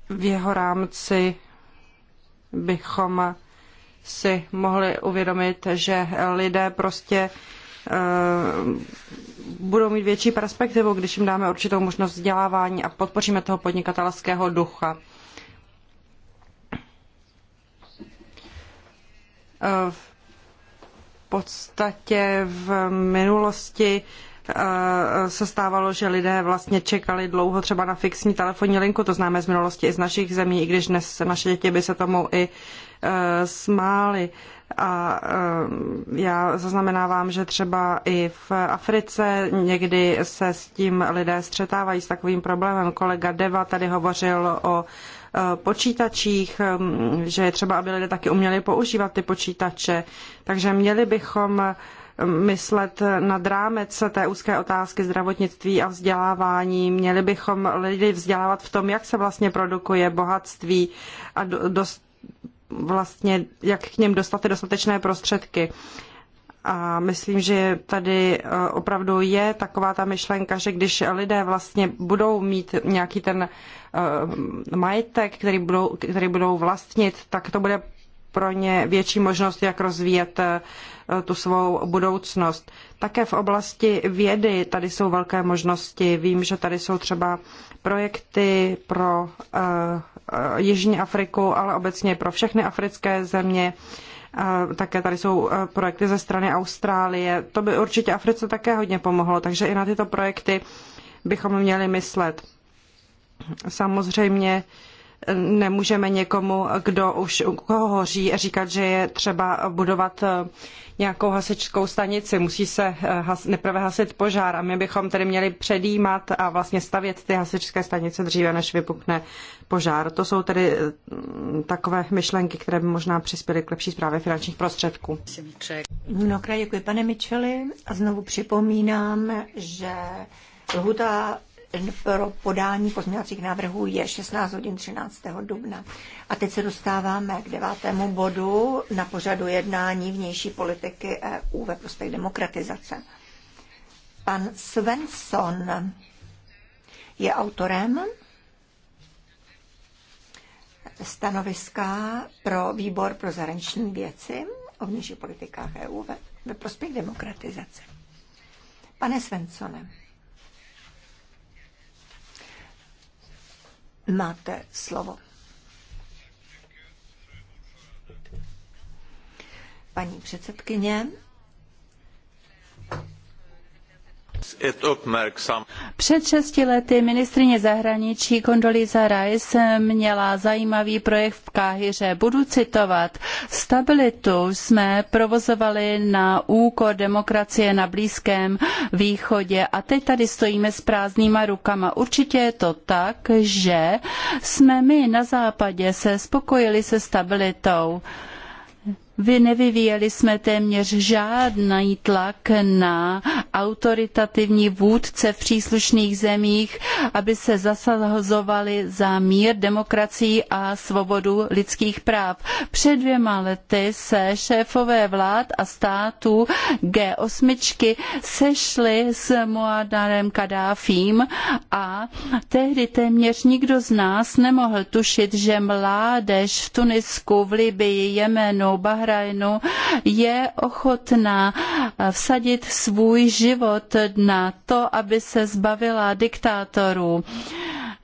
v jeho rámci bychom si mohli uvědomit, že lidé prostě Eh, budou mít větší perspektivu, když jim dáme určitou možnost vzdělávání a podpoříme toho podnikatelského ducha. Eh, v podstatě v minulosti eh, se stávalo, že lidé vlastně čekali dlouho třeba na fixní telefonní linku, to známe z minulosti i z našich zemí, i když dnes naše děti by se tomu i smály a eh, já zaznamenávám, že třeba i v Africe někdy se s tím lidé střetávají s takovým problémem. Kolega Deva tady hovořil o eh, počítačích, mm, že je třeba, aby lidé taky uměli používat ty počítače. Takže měli bychom eh, myslet nad rámec té úzké otázky zdravotnictví a vzdělávání. Měli bychom lidi vzdělávat v tom, jak se vlastně produkuje bohatství a dost vlastně, jak k něm dostat ty dostatečné prostředky. A myslím, že tady eh, opravdu je taková ta myšlenka, že když lidé vlastně budou mít nějaký ten eh, majetek, který budou, který budou vlastnit, tak to bude pro ně větší možnost, jak rozvíjet eh, tu svou budoucnost. Také v oblasti vědy tady jsou velké možnosti. Vím, že tady jsou třeba projekty pro Eh, Jižní Afriku, ale obecně pro všechny africké země. Eh, také tady jsou eh, projekty ze strany Austrálie. To by určitě Africe také hodně pomohlo, takže i na tyto projekty bychom měli myslet. Samozřejmě nemůžeme někomu, kdo už u koho hoří, říkat, že je třeba budovat eh, nějakou hasičskou stanici, musí se eh, has, neprve hasit požár a my bychom tedy měli předjímat a vlastně stavět ty hasičské stanice dříve, než vypukne požár. To jsou tedy mm, takové myšlenky, které by možná přispěly k lepší zprávě finančních prostředků. Mnohokrát děkuji, pane Micheli. A znovu připomínám, že lhuta pro podání pozměňovacích návrhů je 16 hodin 13. dubna. A teď se dostáváme k devátému bodu na pořadu jednání vnější politiky EU ve prospěch demokratizace. Pan Svensson je autorem stanoviska pro výbor pro zahraniční věci o vnějších politikách EU ve, ve prospěch demokratizace. Pane Svensone, Máte slovo. Paní předsedkyně, Před šesti lety ministrině zahraničí Condoleezza Rice měla zajímavý projekt v Káhyře. Budu citovat. Stabilitu jsme provozovali na úkor demokracie na Blízkém východě a teď tady stojíme s prázdnýma rukama. Určitě je to tak, že jsme my na západě se spokojili se stabilitou. Vy nevyvíjeli jsme téměř žádný tlak na autoritativní vůdce v příslušných zemích, aby se zasazovali za mír, demokracii a svobodu lidských práv. Před dvěma lety se šéfové vlád a států G8 sešli s Muadarem Kadáfím a tehdy téměř nikdo z nás nemohl tušit, že mládež v Tunisku, v Libyi, Jemenu, Bahrajnu, Bahrajnu je ochotná vsadit svůj život na to, aby se zbavila diktátorů.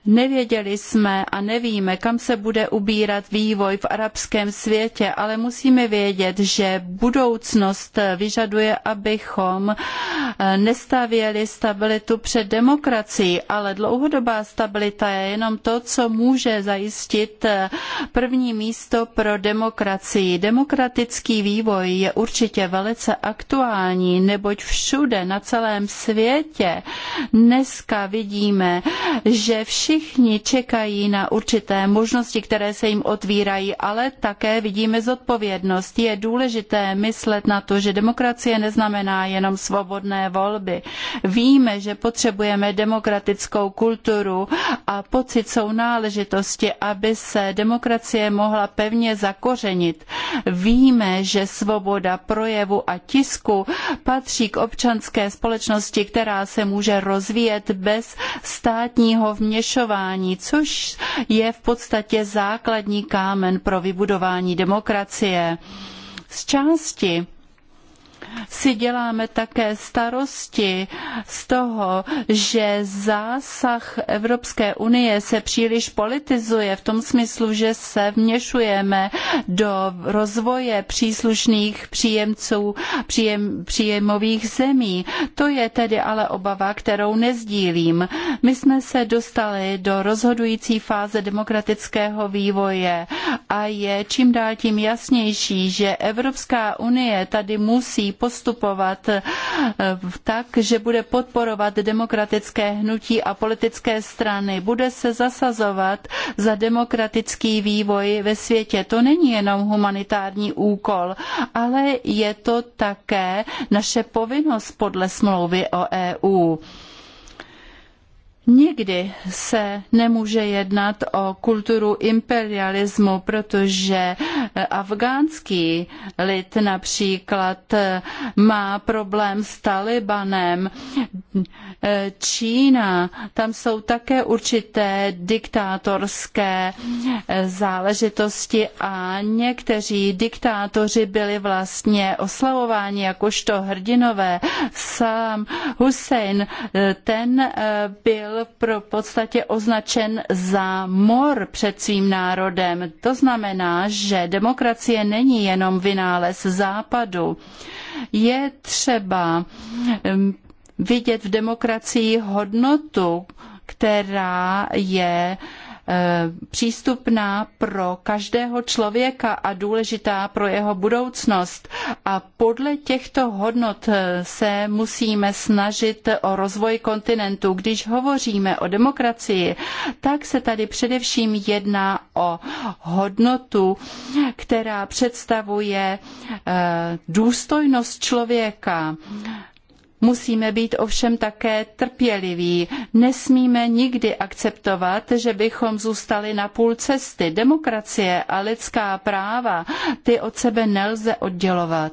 Nevěděli jsme a nevíme, kam se bude ubírat vývoj v arabském světě, ale musíme vědět, že budoucnost vyžaduje, abychom eh, nestavěli stabilitu před demokracií, ale dlouhodobá stabilita je jenom to, co může zajistit eh, první místo pro demokracii. Demokratický vývoj je určitě velice aktuální, neboť všude na celém světě dneska vidíme, že všichni Všichni čekají na určité možnosti, které se jim otvírají, ale také vidíme zodpovědnost. Je důležité myslet na to, že demokracie neznamená jenom svobodné volby. Víme, že potřebujeme demokratickou kulturu a pocit sounáležitosti, aby se demokracie mohla pevně zakořenit. Víme, že svoboda projevu a tisku patří k občanské společnosti, která se může rozvíjet bez státního vměšování vyšetřování, což je v podstatě základní kámen pro vybudování demokracie. Z části si děláme také starosti z toho, že zásah Evropské unie se příliš politizuje v tom smyslu, že se vměšujeme do rozvoje příslušných příjemců příjem, příjemových zemí. To je tedy ale obava, kterou nezdílím. My jsme se dostali do rozhodující fáze demokratického vývoje a je čím dál tím jasnější, že Evropská unie tady musí postupovat eh, tak, že bude podporovat demokratické hnutí a politické strany, bude se zasazovat za demokratický vývoj ve světě. To není jenom humanitární úkol, ale je to také naše povinnost podle smlouvy o EU. Nikdy se nemůže jednat o kulturu imperialismu, protože afgánský lid například má problém s Talibanem. Čína, tam jsou také určité diktátorské záležitosti a někteří diktátoři byli vlastně oslavováni jakožto hrdinové. Sám Hussein, ten byl byl pro podstatě označen za mor před svým národem. To znamená, že demokracie není jenom vynález západu. Je třeba um, vidět v demokracii hodnotu, která je Eh, přístupná pro každého člověka a důležitá pro jeho budoucnost. A podle těchto hodnot eh, se musíme snažit o rozvoj kontinentu. Když hovoříme o demokracii, tak se tady především jedná o hodnotu, která představuje eh, důstojnost člověka. Musíme být ovšem také trpěliví. Nesmíme nikdy akceptovat, že bychom zůstali na půl cesty. Demokracie a lidská práva, ty od sebe nelze oddělovat.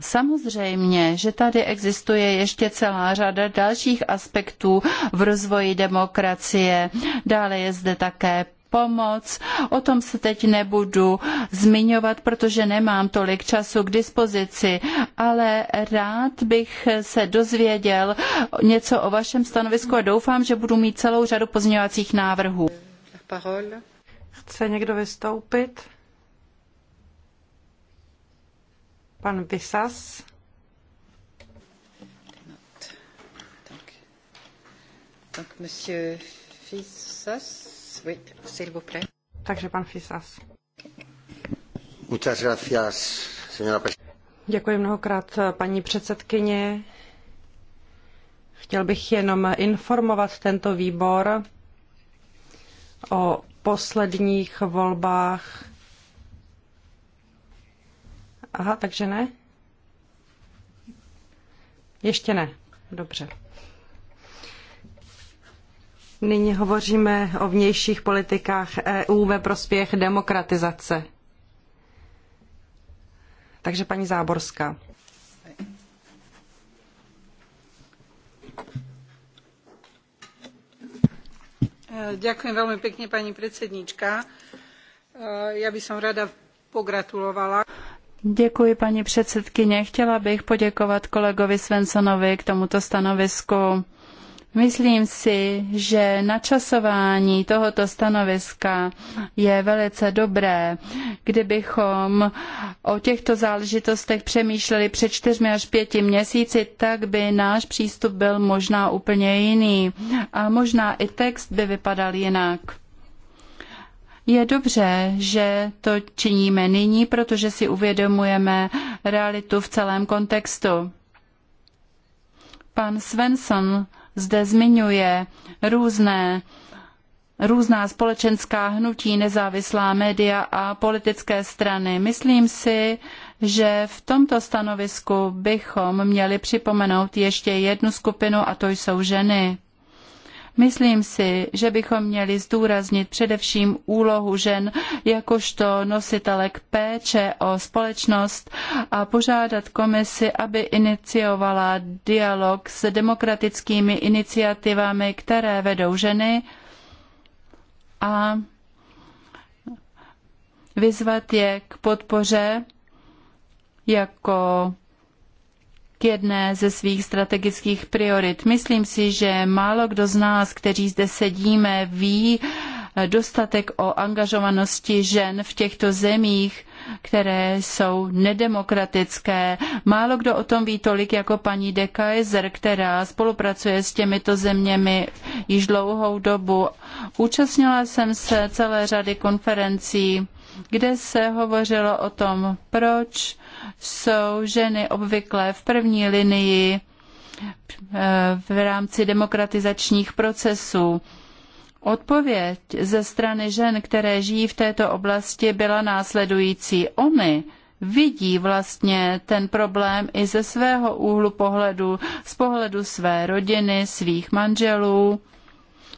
Samozřejmě, že tady existuje ještě celá řada dalších aspektů v rozvoji demokracie. Dále je zde také pomoc. O tom se teď nebudu zmiňovat, protože nemám tolik času k dispozici, ale rád bych se dozvěděl něco o vašem stanovisku a doufám, že budu mít celou řadu pozměňovacích návrhů. Chce někdo vystoupit? Pan Vysas. Donc, monsieur Fissas s'il vous plaît. Takže pan Fisas. Muchas gracias, señora Děkuji mnohokrát, paní předsedkyně. Chtěl bych jenom informovat tento výbor o posledních volbách. Aha, takže ne? Ještě ne. Dobře. Nyní hovoříme o vnějších politikách EU ve prospěch demokratizace. Takže paní Záborská. Ďakujem veľmi pekne, pani predsedníčka. Ja by som rada pogratulovala. Děkuji, paní předsedkyně. Chtěla bych poděkovat kolegovi Svensonovi k tomuto stanovisku. Myslím si, že načasování tohoto stanoviska je velice dobré. Kdybychom o těchto záležitostech přemýšleli před čtyřmi až pěti měsíci, tak by náš přístup byl možná úplně jiný a možná i text by vypadal jinak. Je dobře, že to činíme nyní, protože si uvědomujeme realitu v celém kontextu. Pan Svensson zde zmiňuje různé různá společenská hnutí, nezávislá média a politické strany. Myslím si, že v tomto stanovisku bychom měli připomenout ještě jednu skupinu a to jsou ženy. Myslím si, že bychom měli zdůraznit především úlohu žen jakožto nositelek péče o společnost a požádat komisi, aby iniciovala dialog s demokratickými iniciativami, které vedou ženy a vyzvat je k podpoře jako k jedné ze svých strategických priorit. Myslím si, že málo kdo z nás, kteří zde sedíme, ví eh, dostatek o angažovanosti žen v těchto zemích, které jsou nedemokratické. Málo kdo o tom ví tolik jako paní de Kaiser, která spolupracuje s těmito zeměmi již dlouhou dobu. Účastnila jsem se celé řady konferencí, kde se hovořilo o tom, proč jsou ženy obvykle v první linii eh, v rámci demokratizačních procesů. Odpověď ze strany žen, které žijí v této oblasti, byla následující. Oni vidí vlastně ten problém i ze svého úhlu pohledu, z pohledu své rodiny, svých manželů,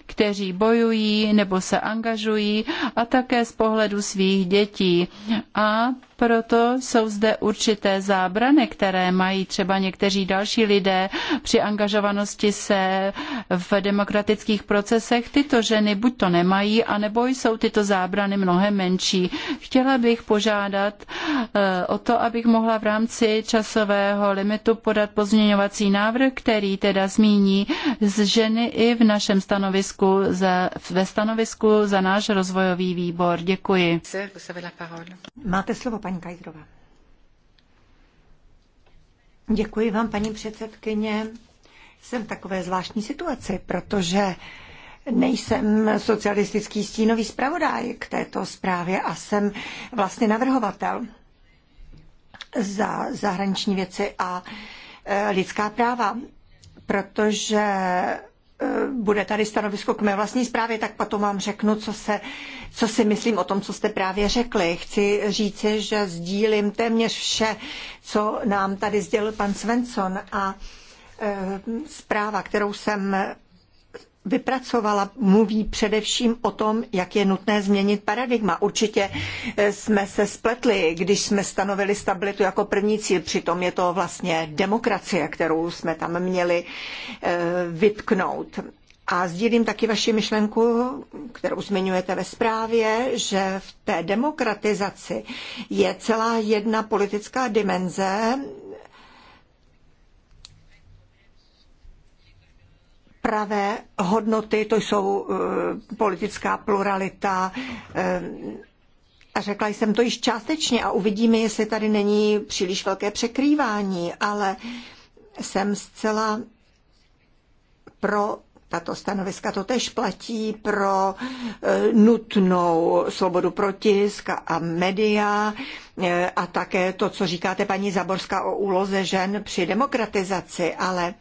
kteří bojují nebo se angažují a také z pohledu svých dětí. A proto jsou zde určité zábrany, které mají třeba někteří další lidé při angažovanosti se v demokratických procesech. Tyto ženy buď to nemají, anebo jsou tyto zábrany mnohem menší. Chtěla bych požádat eh, o to, abych mohla v rámci časového limitu podat pozměňovací návrh, který teda zmíní z ženy i v našem stanovisku, za, ve stanovisku za náš rozvojový výbor. Děkuji. Máte slovo, paní Kajzrová. Děkuji vám, paní předsedkyně. Jsem v takové zvláštní situaci, protože nejsem socialistický stínový zpravodaj k této zprávě a jsem vlastně navrhovatel za zahraniční věci a e, lidská práva, protože Eh, bude tady stanovisko k mé vlastní zprávě, tak potom vám řeknu, co, se, co si myslím o tom, co jste právě řekli. Chci říci, že sdílím téměř vše, co nám tady sdělil pan Svensson a eh, zpráva, kterou jsem vypracovala, mluví především o tom, jak je nutné změnit paradigma. Určitě eh, jsme se spletli, když jsme stanovili stabilitu jako první cíl, přitom je to vlastně demokracie, kterou jsme tam měli eh, vytknout. A sdílím taky vaši myšlenku, kterou zmiňujete ve zprávě, že v té demokratizaci je celá jedna politická dimenze, pravé hodnoty, to jsou eh, politická pluralita. Eh, a řekla jsem to již částečně a uvidíme, jestli tady není příliš velké překrývání, ale jsem zcela pro tato stanoviska. To tež platí pro eh, nutnou svobodu protisk a média a také to, co říkáte paní Zaborská o úloze žen při demokratizaci, ale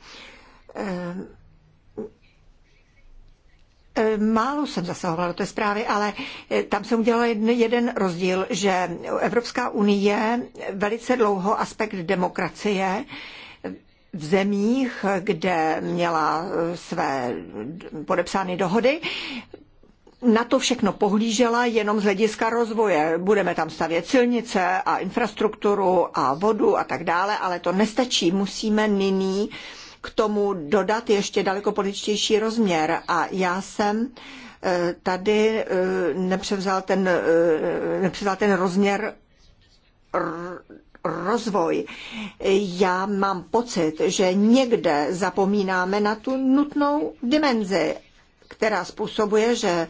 Eh, málo jsem zasahovala do té zprávy, ale eh, tam jsem udělala jeden rozdíl, že Evropská unie velice dlouho aspekt demokracie eh, v zemích, kde měla své podepsány dohody, na to všechno pohlížela jenom z hlediska rozvoje. Budeme tam stavět silnice a infrastrukturu a vodu a tak dále, ale to nestačí. Musíme nyní uh, k tomu dodat ještě daleko političtější rozměr. A já jsem eh, tady eh, nepřevzal ten, eh, nepřevzal ten rozměr rozvoj. Já mám pocit, že někde zapomínáme na tu nutnou dimenzi která způsobuje, že,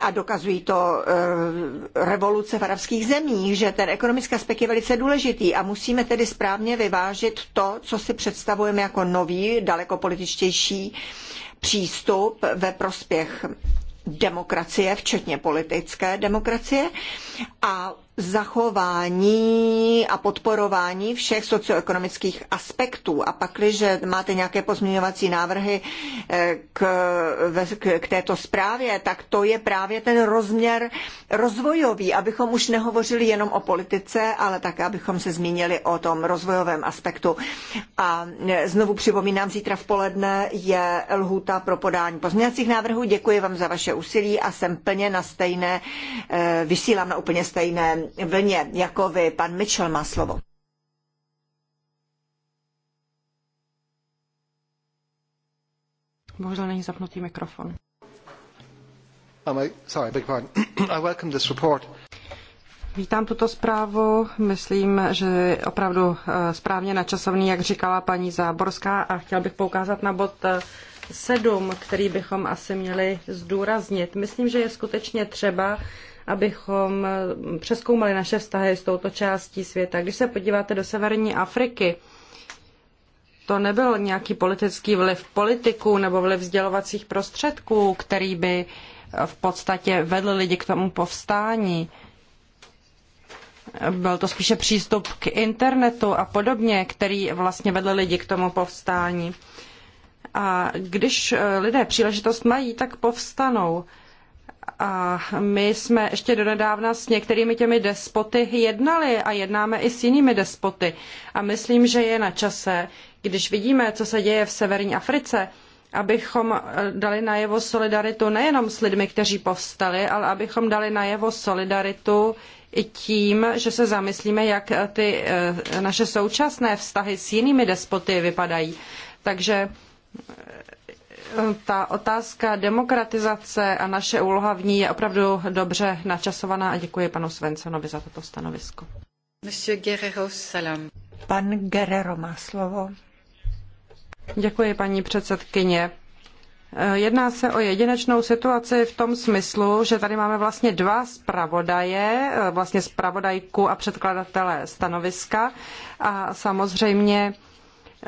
a dokazují to eh, revoluce v arabských zemích, že ten ekonomický aspekt je velice důležitý a musíme tedy správně vyvážit to, co si představujeme jako nový, daleko političtější přístup ve prospěch demokracie, včetně politické demokracie a zachování a podporování všech socioekonomických aspektů. A pakliže máte nějaké pozměňovací návrhy eh, k, k této zprávě, tak to je právě ten rozměr rozvojový, abychom už nehovořili jenom o politice, ale také abychom se zmínili o tom rozvojovém aspektu. A eh, znovu připomínám, zítra v poledne je lhůta pro podání pozměňovacích návrhů. Děkuji vám za vaše úsilí a jsem plně na stejné, eh, vysílám na úplně stejné Eh, vlně, jako vy. Pan Mitchell má slovo. Bohužel není zapnutý mikrofon. [CLEARS THROAT] Vítám tuto zprávu. Myslím, že je opravdu eh, správně načasovný, jak říkala paní Záborská, a chtěl bych poukázat na bod 7, eh, který bychom asi měli zdůraznit. Myslím, že je skutečně třeba abychom eh, přeskoumali naše vztahy s touto částí světa. Když se podíváte do severní Afriky, to nebyl nějaký politický vliv politiků nebo vliv vzdělovacích prostředků, který by eh, v podstatě vedl lidi k tomu povstání. Byl to spíše přístup k internetu a podobně, který vlastně vedl lidi k tomu povstání. A když eh, lidé příležitost mají, tak povstanou. A my jsme ještě donedávna s některými těmi despoty jednali a jednáme i s jinými despoty. A myslím, že je na čase, když vidíme, co se děje v severní Africe, abychom eh, dali najevo solidaritu nejenom s lidmi, kteří povstali, ale abychom dali najevo solidaritu i tím, že se zamyslíme, jak eh, ty eh, naše současné vztahy s jinými despoty vypadají. Takže ta otázka demokratizace a naše úloha v ní je opravdu dobře načasovaná a děkuji panu Svensonovi za toto stanovisko. Monsieur Guerrero Salam. Pan Guerrero má slovo. Děkuji, paní předsedkyně. Jedná se o jedinečnou situaci v tom smyslu, že tady máme vlastně dva zpravodaje, vlastně zpravodajku a předkladatele stanoviska a samozřejmě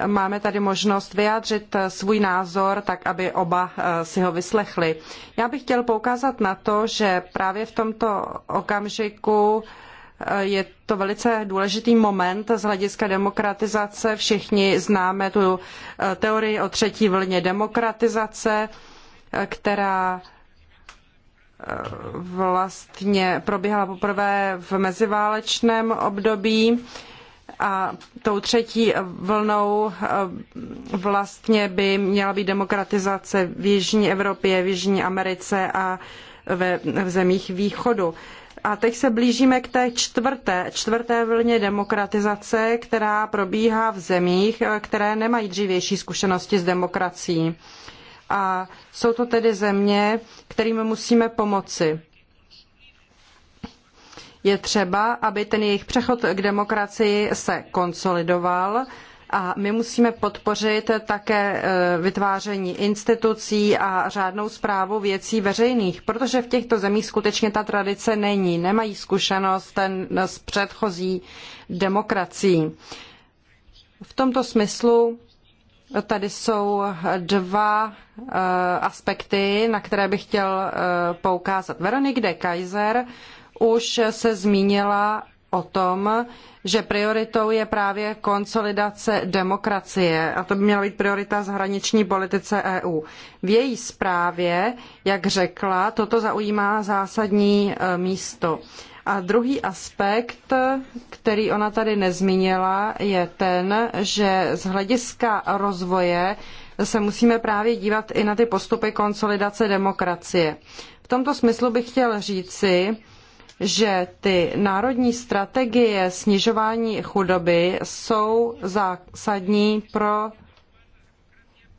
Máme tady možnost vyjádřit eh, svůj názor tak, aby oba eh, si ho vyslechli. Já bych chtěl poukázat na to, že právě v tomto okamžiku eh, je to velice důležitý moment z hlediska demokratizace. Všichni známe tu teorii o třetí vlně demokratizace, která vlastně probíhala poprvé v meziválečném období a tou třetí vlnou eh, vlastně by měla být demokratizace v Jižní Evropě, v Jižní Americe a ve, v zemích východu. A teď se blížíme k té čtvrté, čtvrté vlně demokratizace, která probíhá v zemích, eh, které nemají dřívější zkušenosti s demokracií. A jsou to tedy země, kterým musíme pomoci. Je třeba, aby ten jejich přechod k demokracii se konsolidoval a my musíme podpořit také e, vytváření institucí a řádnou správu věcí veřejných, protože v těchto zemích skutečně ta tradice není, nemají zkušenost ten s předchozí demokracií. V tomto smyslu tady jsou dva e, aspekty, na které bych chtěl e, poukázat. Veronique de Kaiser už se zmínila o tom, že prioritou je právě konsolidace demokracie a to by měla být priorita zahraniční politice EU. V její zprávě, jak řekla, toto zaujímá zásadní e, místo. A druhý aspekt, který ona tady nezmínila, je ten, že z hlediska rozvoje se musíme právě dívat i na ty postupy konsolidace demokracie. V tomto smyslu bych chtěl říci, že ty národní strategie snižování chudoby jsou zásadní pro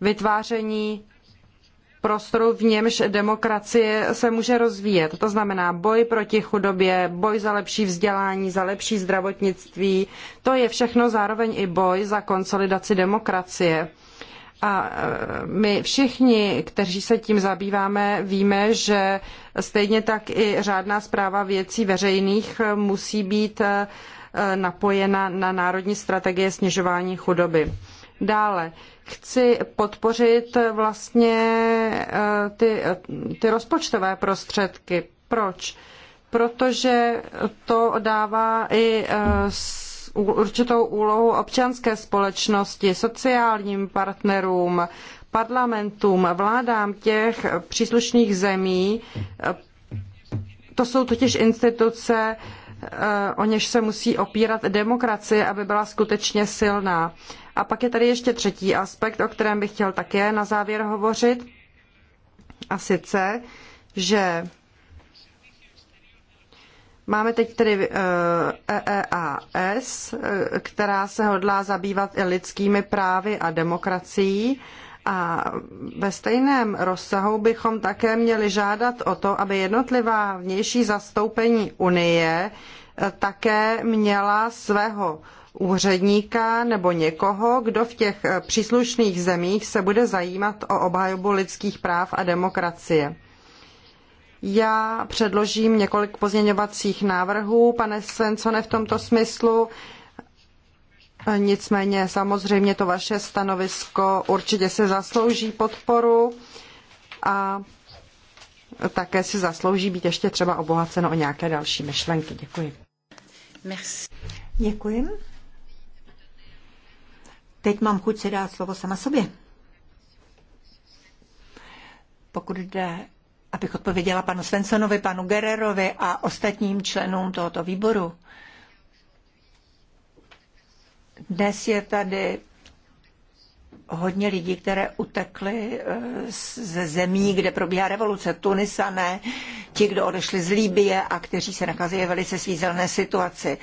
vytváření prostoru, v němž demokracie se může rozvíjet. To znamená boj proti chudobě, boj za lepší vzdělání, za lepší zdravotnictví. To je všechno zároveň i boj za konsolidaci demokracie. A e, my všichni, kteří se tím zabýváme, víme, že stejně tak i řádná zpráva věcí veřejných musí být e, napojena na národní strategie snižování chudoby. Dále chci podpořit vlastně e, ty, ty rozpočtové prostředky. Proč? Protože to dává i určitou úlohu občanské společnosti, sociálním partnerům, parlamentům, vládám těch příslušných zemí. To jsou totiž instituce, eh, o něž se musí opírat demokracie, aby byla skutečně silná. A pak je tady ještě třetí aspekt, o kterém bych chtěl také na závěr hovořit. A sice, že Máme teď tedy EEAS, eh, e eh, která se hodlá zabývat i lidskými právy a demokracií. A ve stejném rozsahu bychom také měli žádat o to, aby jednotlivá vnější zastoupení Unie eh, také měla svého úředníka nebo někoho, kdo v těch příslušných zemích se bude zajímat o obhajobu lidských práv a demokracie. Já předložím několik pozměňovacích návrhů, pane Svensone, v tomto smyslu. Nicméně samozřejmě to vaše stanovisko určitě se zaslouží podporu a také si zaslouží být ještě třeba obohaceno o nějaké další myšlenky. Děkuji. Merci. Děkuji. Teď mám chuť si dát slovo sama sobě. Pokud jde abych odpověděla panu Svensonovi, panu Gererovi a ostatním členům tohoto výboru. Dnes je tady hodně lidí, které utekly eh, ze zemí, kde probíhá revoluce. Tunisané, ti, kdo odešli z Líbie a kteří se nacházejí v velice svízelné situaci.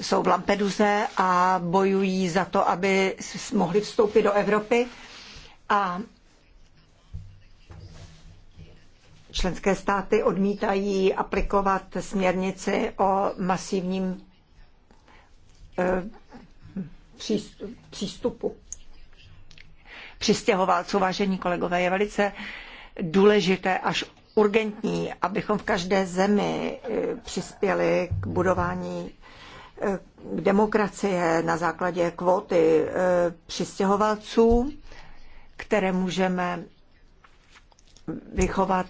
Jsou v Lampeduze a bojují za to, aby mohli vstoupit do Evropy. A Členské státy odmítají aplikovat směrnici o masivním eh, přístupu přistěhovalců, vážení kolegové, je velice důležité až urgentní, abychom v každé zemi eh, přispěli k budování eh, demokracie na základě kvóty přistěhovalců, které můžeme vychovat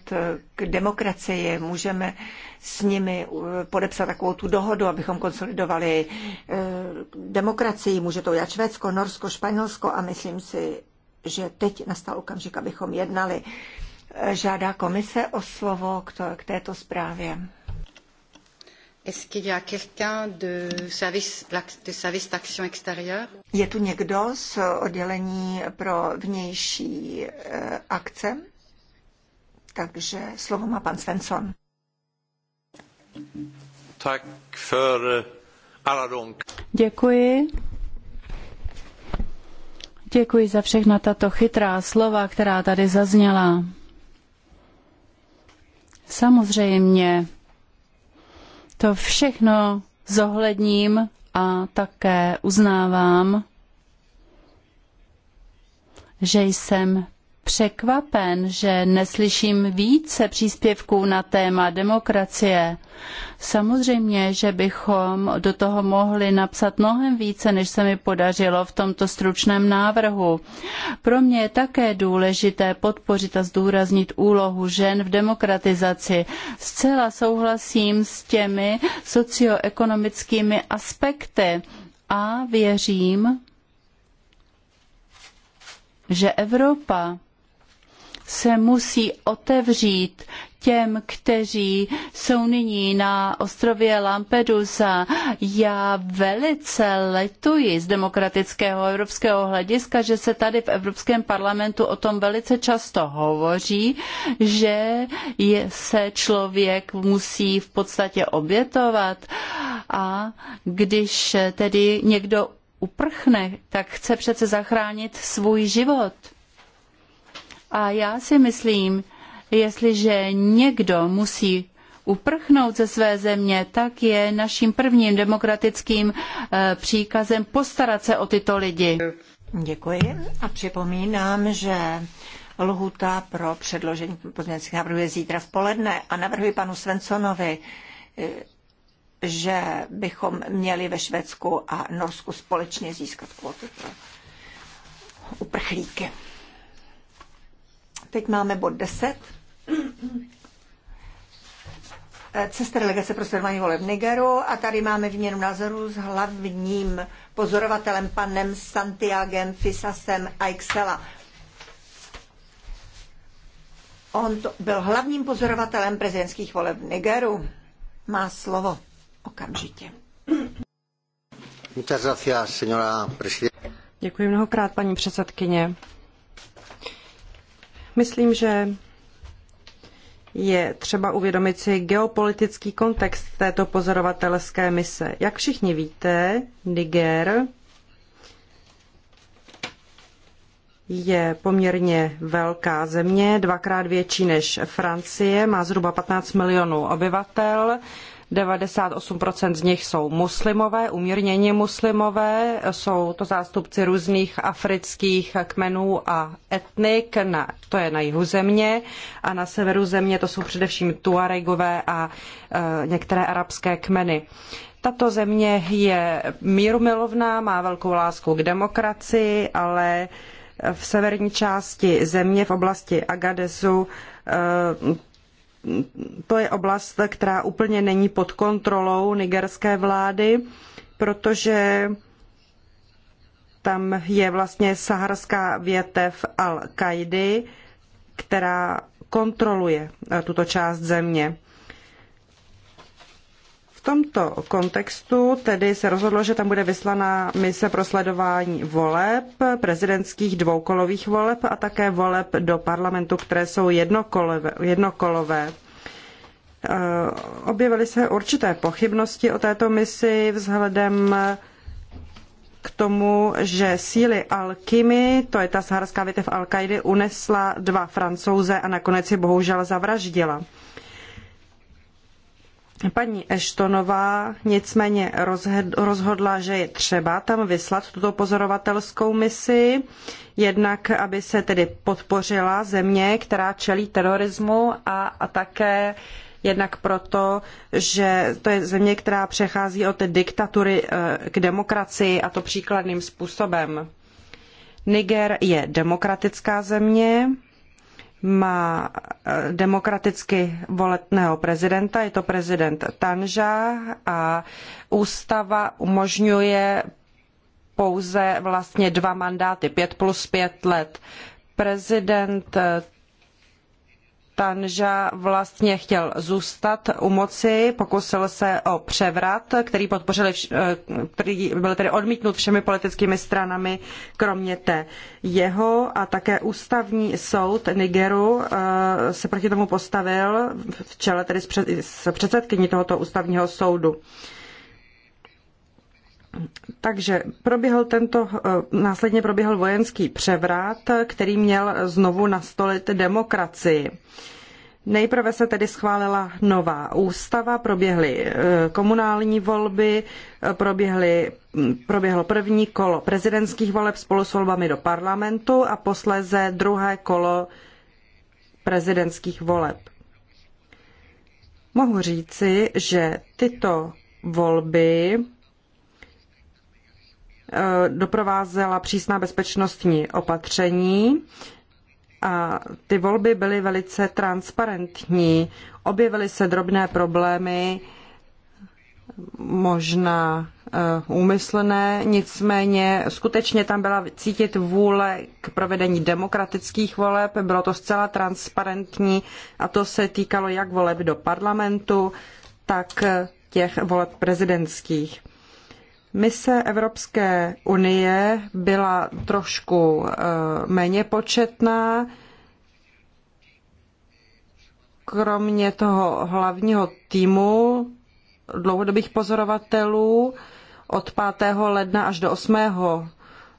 k demokracii, můžeme s nimi eh, podepsat takovou tu dohodu, abychom konsolidovali eh, demokracii. Může to udělat Švédsko, Norsko, Španělsko a myslím si, že teď nastal okamžik, abychom jednali. Žádá komise o slovo k, této zprávě. Je tu někdo z oddělení pro vnější eh, akce? takže slovo má pan Svensson. Tak för eh, alla Děkuji. Děkuji za všechna tato chytrá slova, která tady zazněla. Samozřejmě, to všechno zohledním a také uznávám, že jsem překvapen, že neslyším více příspěvků na téma demokracie. Samozřejmě, že bychom do toho mohli napsat mnohem více, než se mi podařilo v tomto stručném návrhu. Pro mě je také důležité podpořit a zdůraznit úlohu žen v demokratizaci. Zcela souhlasím s těmi socioekonomickými aspekty a věřím, že Evropa se musí otevřít těm, kteří jsou nyní na ostrově Lampedusa. Já velice letuji z demokratického evropského hlediska, že se tady v Evropském parlamentu o tom velice často hovoří, že se člověk musí v podstatě obětovat a když tedy někdo uprchne, tak chce přece zachránit svůj život. A já si myslím, jestliže někdo musí uprchnout ze své země, tak je naším prvním demokratickým eh, příkazem postarat se o tyto lidi. Děkuji a připomínám, že lhuta pro předložení pozměňovacích návrhů je zítra v poledne a navrhuji panu Svensonovi, eh, že bychom měli ve Švédsku a Norsku společně získat kvóty pro uprchlíky. Teď máme bod 10. Cesta delegace pro sledování voleb Nigeru a tady máme výměnu názoru s hlavním pozorovatelem panem Santiagem Fisasem Aixela. On to byl hlavním pozorovatelem prezidentských voleb v Nigeru. Má slovo okamžitě. Děkuji mnohokrát, paní předsedkyně. Myslím, že je třeba uvědomit si geopolitický kontext této pozorovatelské mise. Jak všichni víte, Niger je poměrně velká země, dvakrát větší než Francie, má zhruba 15 milionů obyvatel 98% z nich jsou muslimové, umírnění muslimové, jsou to zástupci různých afrických kmenů a etnik, na, to je na jihu země a na severu země to jsou především Tuaregové a e, některé arabské kmeny. Tato země je mírumilovná, má velkou lásku k demokracii, ale v severní části země, v oblasti Agadezu, e, to je oblast, která úplně není pod kontrolou nigerské vlády, protože tam je vlastně saharská větev Al-Kaidi, která kontroluje eh, tuto část země. V tomto kontextu tedy se rozhodlo, že tam bude vyslaná mise pro sledování voleb, prezidentských dvoukolových voleb a také voleb do parlamentu, které jsou jednokolové. jednokolové. Eh, objevily se určité pochybnosti o této misi vzhledem k tomu, že síly Al-Kimi, to je ta saharská větev Al-Kaidy, unesla dva francouze a nakonec je bohužel zavraždila. Paní Eštonová nicméně rozhodla, že je třeba tam vyslat tuto pozorovatelskou misi, jednak aby se tedy podpořila země, která čelí terorismu a, a také jednak proto, že to je země, která přechází od diktatury eh, k demokracii a to příkladným způsobem. Niger je demokratická země, má eh, demokraticky voletného prezidenta, je to prezident Tanža a ústava umožňuje pouze vlastně dva mandáty, pět plus pět let. Prezident eh, Tanža vlastně chtěl zůstat u moci, pokusil se o převrat, který, podpořili, eh, který byl tedy odmítnut všemi politickými stranami, kromě té jeho a také ústavní soud Nigeru eh, se proti tomu postavil v čele tedy s předsedkyní tohoto ústavního soudu. Takže proběhl tento, eh, následně proběhl vojenský převrat, který měl znovu nastolit demokracii. Nejprve se tedy schválila nová ústava, proběhly eh, komunální volby, eh, proběhly, hm, proběhlo první kolo prezidentských voleb spolu s volbami do parlamentu a posléze druhé kolo prezidentských voleb. Mohu říci, že tyto volby Eh, doprovázela přísná bezpečnostní opatření a ty volby byly velice transparentní. Objevily se drobné problémy, možná eh, úmyslné, nicméně skutečně tam byla cítit vůle k provedení demokratických voleb, bylo to zcela transparentní a to se týkalo jak voleb do parlamentu, tak eh, těch voleb prezidentských. Mise Evropské unie byla trošku eh, méně početná. Kromě toho hlavního týmu dlouhodobých pozorovatelů od 5. ledna až do 8.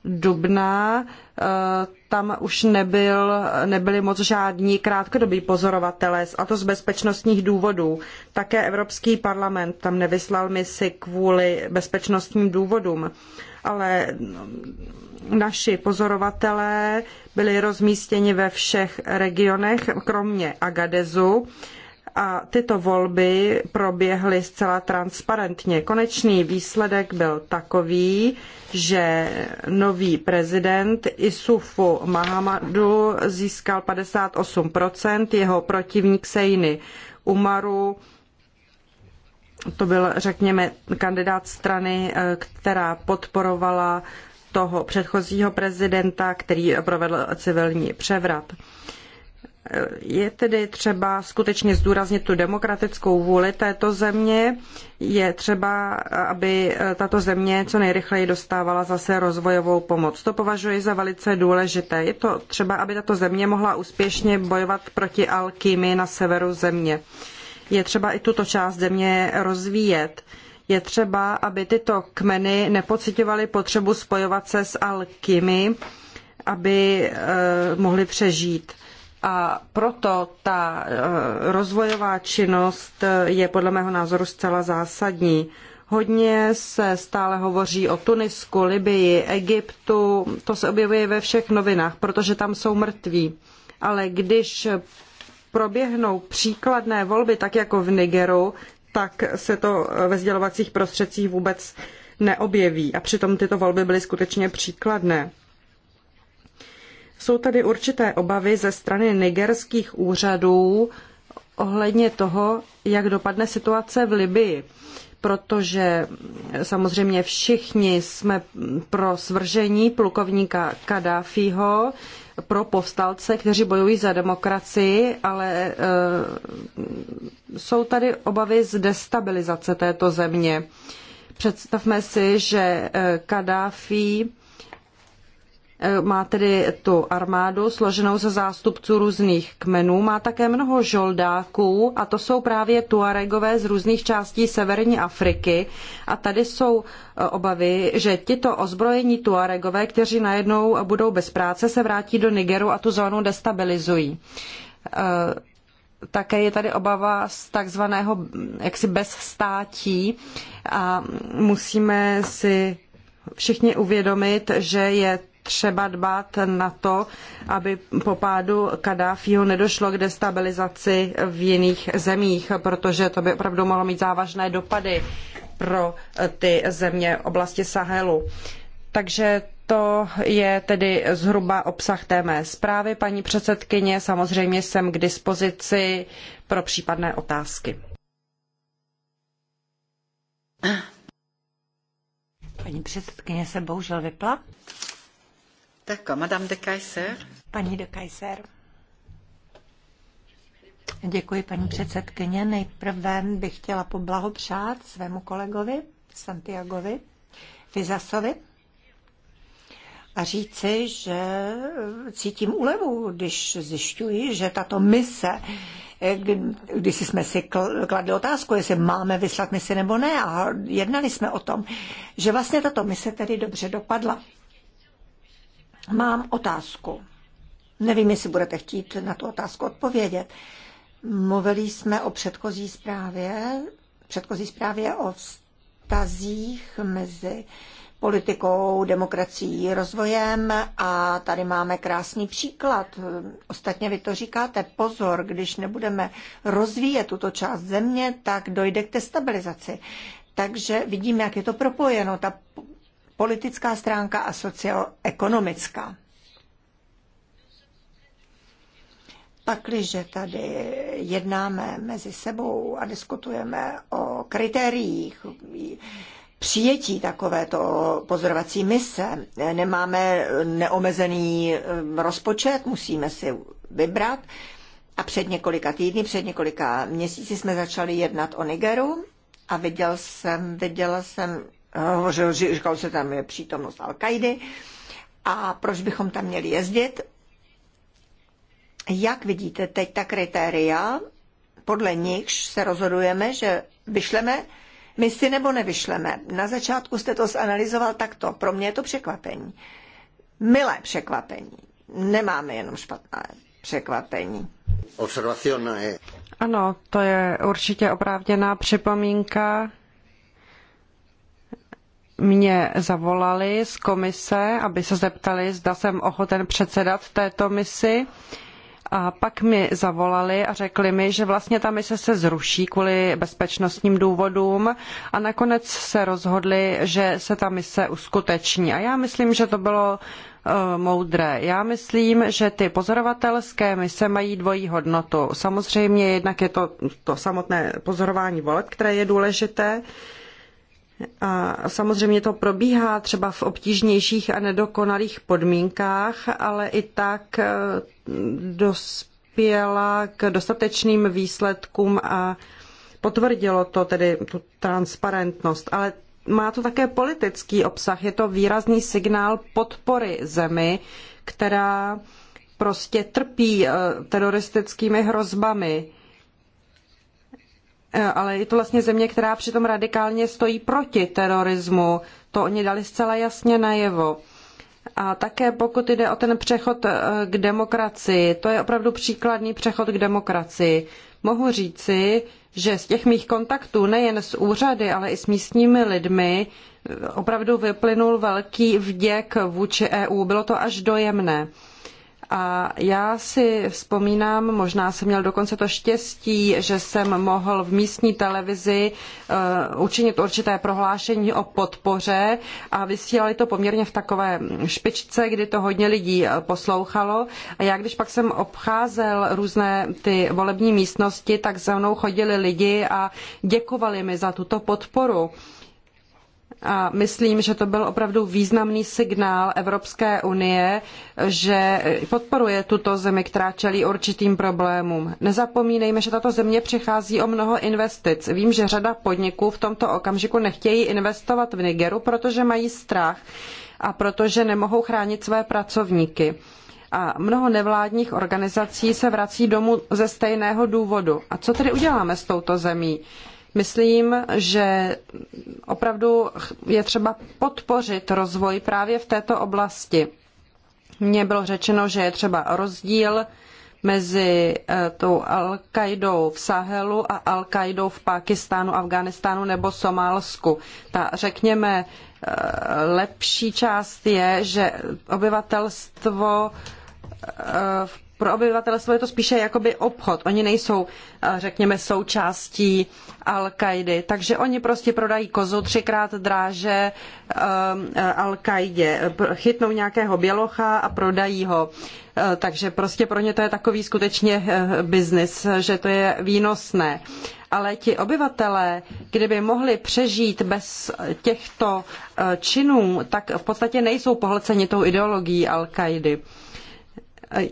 dubna eh, tam už nebyl, nebyli moc žádní krátkodobí pozorovatelé, a to z bezpečnostních důvodů. Také Evropský parlament tam nevyslal misi kvůli bezpečnostním důvodům, ale no, naši pozorovatelé byli rozmístěni ve všech regionech, kromě Agadezu a tyto volby proběhly zcela transparentně. Konečný výsledek byl takový, že nový prezident Isufu Mahamadu získal 58%, jeho protivník Sejny Umaru to byl, řekněme, kandidát strany, eh, která podporovala toho předchozího prezidenta, který provedl civilní převrat. Uh, je tedy třeba skutečně zdůraznit tu demokratickou vůli této země. Je třeba, aby tato země co nejrychleji dostávala zase rozvojovou pomoc. To považuji za velice důležité. Je to třeba, aby tato země mohla úspěšně bojovat proti Alkými na severu země. Je třeba i tuto část země rozvíjet. Je třeba, aby tyto kmeny nepocitovaly potřebu spojovat se s alkymy, aby eh, mohly přežít a proto ta eh, rozvojová činnost eh, je podle mého názoru zcela zásadní. Hodně se stále hovoří o Tunisku, Libyi, Egyptu, to se objevuje ve všech novinách, protože tam jsou mrtví. Ale když proběhnou příkladné volby, tak jako v Nigeru, tak se to eh, ve sdělovacích prostředcích vůbec neobjeví. A přitom tyto volby byly skutečně příkladné. Jsou tady určité obavy ze strany nigerských úřadů ohledně toho, jak dopadne situace v Libii protože samozřejmě všichni jsme pro svržení plukovníka Kadáfího, pro povstalce, kteří bojují za demokracii, ale e, jsou tady obavy z destabilizace této země. Představme si, že eh, Kadáfí Eh, má tedy tu armádu složenou ze zástupců různých kmenů, má také mnoho žoldáků a to jsou právě tuaregové z různých částí severní Afriky. A tady jsou eh, obavy, že tito ozbrojení tuaregové, kteří najednou budou bez práce, se vrátí do Nigeru a tu zónu destabilizují. Eh, také je tady obava z takzvaného mm, jaksi bezstátí a musíme si všichni uvědomit, že je třeba dbát na to, aby po pádu Kadáfího nedošlo k destabilizaci v jiných zemích, protože to by opravdu mohlo mít závažné dopady pro eh, ty země oblasti Sahelu. Takže to je tedy zhruba obsah té mé zprávy. Paní předsedkyně, samozřejmě jsem k dispozici pro případné otázky. Paní předsedkyně se bohužel vypla. Tako, Madame de Kaiser. Paní de Kaiser. Děkuji, paní předsedkyně. Nejprve bych chtěla poblahopřát svému kolegovi Santiagovi Fizasovi a říci, že cítím úlevu, když zjišťuji, že tato mise, když jsme si kladli otázku, jestli máme vyslat misi nebo ne, a jednali jsme o tom, že vlastně tato mise tedy dobře dopadla. Mám otázku. Nevím, jestli budete chtít na tu otázku odpovědět. Mluvili jsme o předchozí zprávě, předchozí zprávě o vztazích mezi politikou, demokracií, rozvojem a tady máme krásný příklad. Ostatně vy to říkáte, pozor, když nebudeme rozvíjet tuto část země, tak dojde k destabilizaci. Takže vidíme, jak je to propojeno. Ta politická stránka a socioekonomická. Pakliže tady jednáme mezi sebou a diskutujeme o kritériích, přijetí takovéto pozorovací mise. Nemáme neomezený rozpočet, musíme si vybrat. A před několika týdny, před několika měsíci jsme začali jednat o Nigeru a viděl jsem, viděla jsem, Eh, hovořil, že říkal se tam je přítomnost al kaidy a proč bychom tam měli jezdit. Jak vidíte teď ta kritéria, podle nichž se rozhodujeme, že vyšleme misi nebo nevyšleme? Na začátku jste to zanalizoval takto. Pro mě je to překvapení. Milé překvapení. Nemáme jenom špatné překvapení. Eh. Ano, to je určitě oprávněná připomínka mě zavolali z komise, aby se zeptali, zda jsem ochoten předsedat této misi. A pak mi zavolali a řekli mi, že vlastně ta mise se zruší kvůli bezpečnostním důvodům a nakonec se rozhodli, že se ta mise uskuteční. A já myslím, že to bylo eh, moudré. Já myslím, že ty pozorovatelské mise mají dvojí hodnotu. Samozřejmě jednak je to to samotné pozorování voleb, které je důležité, a samozřejmě to probíhá třeba v obtížnějších a nedokonalých podmínkách, ale i tak eh, dospěla k dostatečným výsledkům a potvrdilo to tedy tu transparentnost. Ale má to také politický obsah. Je to výrazný signál podpory zemi, která prostě trpí eh, teroristickými hrozbami Eh, ale je to vlastně země, která přitom radikálně stojí proti terorismu. To oni dali zcela jasně najevo. A také pokud jde o ten přechod eh, k demokracii, to je opravdu příkladný přechod k demokracii. Mohu říci, že z těch mých kontaktů nejen s úřady, ale i s místními lidmi eh, opravdu vyplynul velký vděk vůči EU. Bylo to až dojemné. A já si vzpomínám, možná jsem měl dokonce to štěstí, že jsem mohl v místní televizi eh, učinit určité prohlášení o podpoře a vysílali to poměrně v takové špičce, kdy to hodně lidí eh, poslouchalo. A já, když pak jsem obcházel různé ty volební místnosti, tak za mnou chodili lidi a děkovali mi za tuto podporu. A myslím, že to byl opravdu významný signál Evropské unie, že podporuje tuto zemi, která čelí určitým problémům. Nezapomínejme, že tato země přichází o mnoho investic. Vím, že řada podniků v tomto okamžiku nechtějí investovat v Nigeru, protože mají strach a protože nemohou chránit své pracovníky a mnoho nevládních organizací se vrací domů ze stejného důvodu. A co tedy uděláme s touto zemí? Myslím, že opravdu je třeba podpořit rozvoj právě v této oblasti. Mně bylo řečeno, že je třeba rozdíl mezi eh, tou Al-Kaidou v Sahelu a Al-Kaidou v Pákistánu, Afganistánu nebo Somálsku. Ta, řekněme, eh, lepší část je, že obyvatelstvo eh, v pro obyvatelstvo je to spíše jakoby obchod. Oni nejsou, eh, řekněme, součástí Al-Kaidy, takže oni prostě prodají kozu třikrát dráže eh, eh, Al-Kaidě. Chytnou nějakého bělocha a prodají ho. Takže prostě pro ně to je takový skutečně biznis, že to je výnosné. Ale ti obyvatelé, kdyby mohli přežít bez těchto činů, tak v podstatě nejsou pohlceni tou ideologií Al-Kaidy.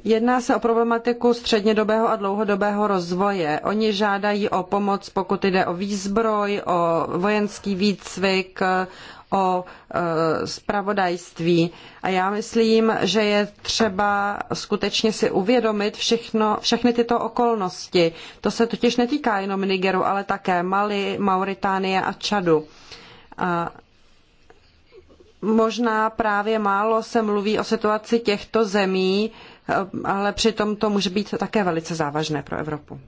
Jedná se o problematiku střednědobého a dlouhodobého rozvoje. Oni žádají o pomoc, pokud jde o výzbroj, o vojenský výcvik, o spravodajství. E, a já myslím, že je třeba skutečně si uvědomit všechno, všechny tyto okolnosti. To se totiž netýká jenom Nigeru, ale také Mali, Mauritánie a Čadu. A možná právě málo se mluví o situaci těchto zemí, Ehm, ale přitom to může být také velice závažné pro Evropu.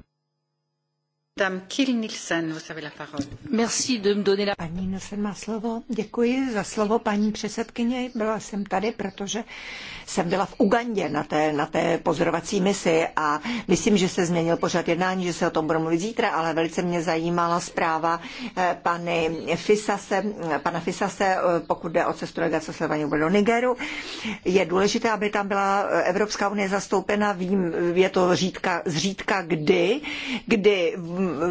Merci de me donner la... Paní Nielsen slovo. Děkuji za slovo, paní předsedkyně. Byla jsem tady, protože jsem byla v Ugandě na té, na té pozorovací misi a myslím, že se změnil pořad jednání, že se o tom budu mluvit zítra, ale velice mě zajímala zpráva eh, pany Fisase, pana Fisase, eh, pokud jde o cestu delegace Slovanu do Nigeru. Je důležité, aby tam byla eh, Evropská unie zastoupena, vím, je to řídka, zřídka kdy, kdy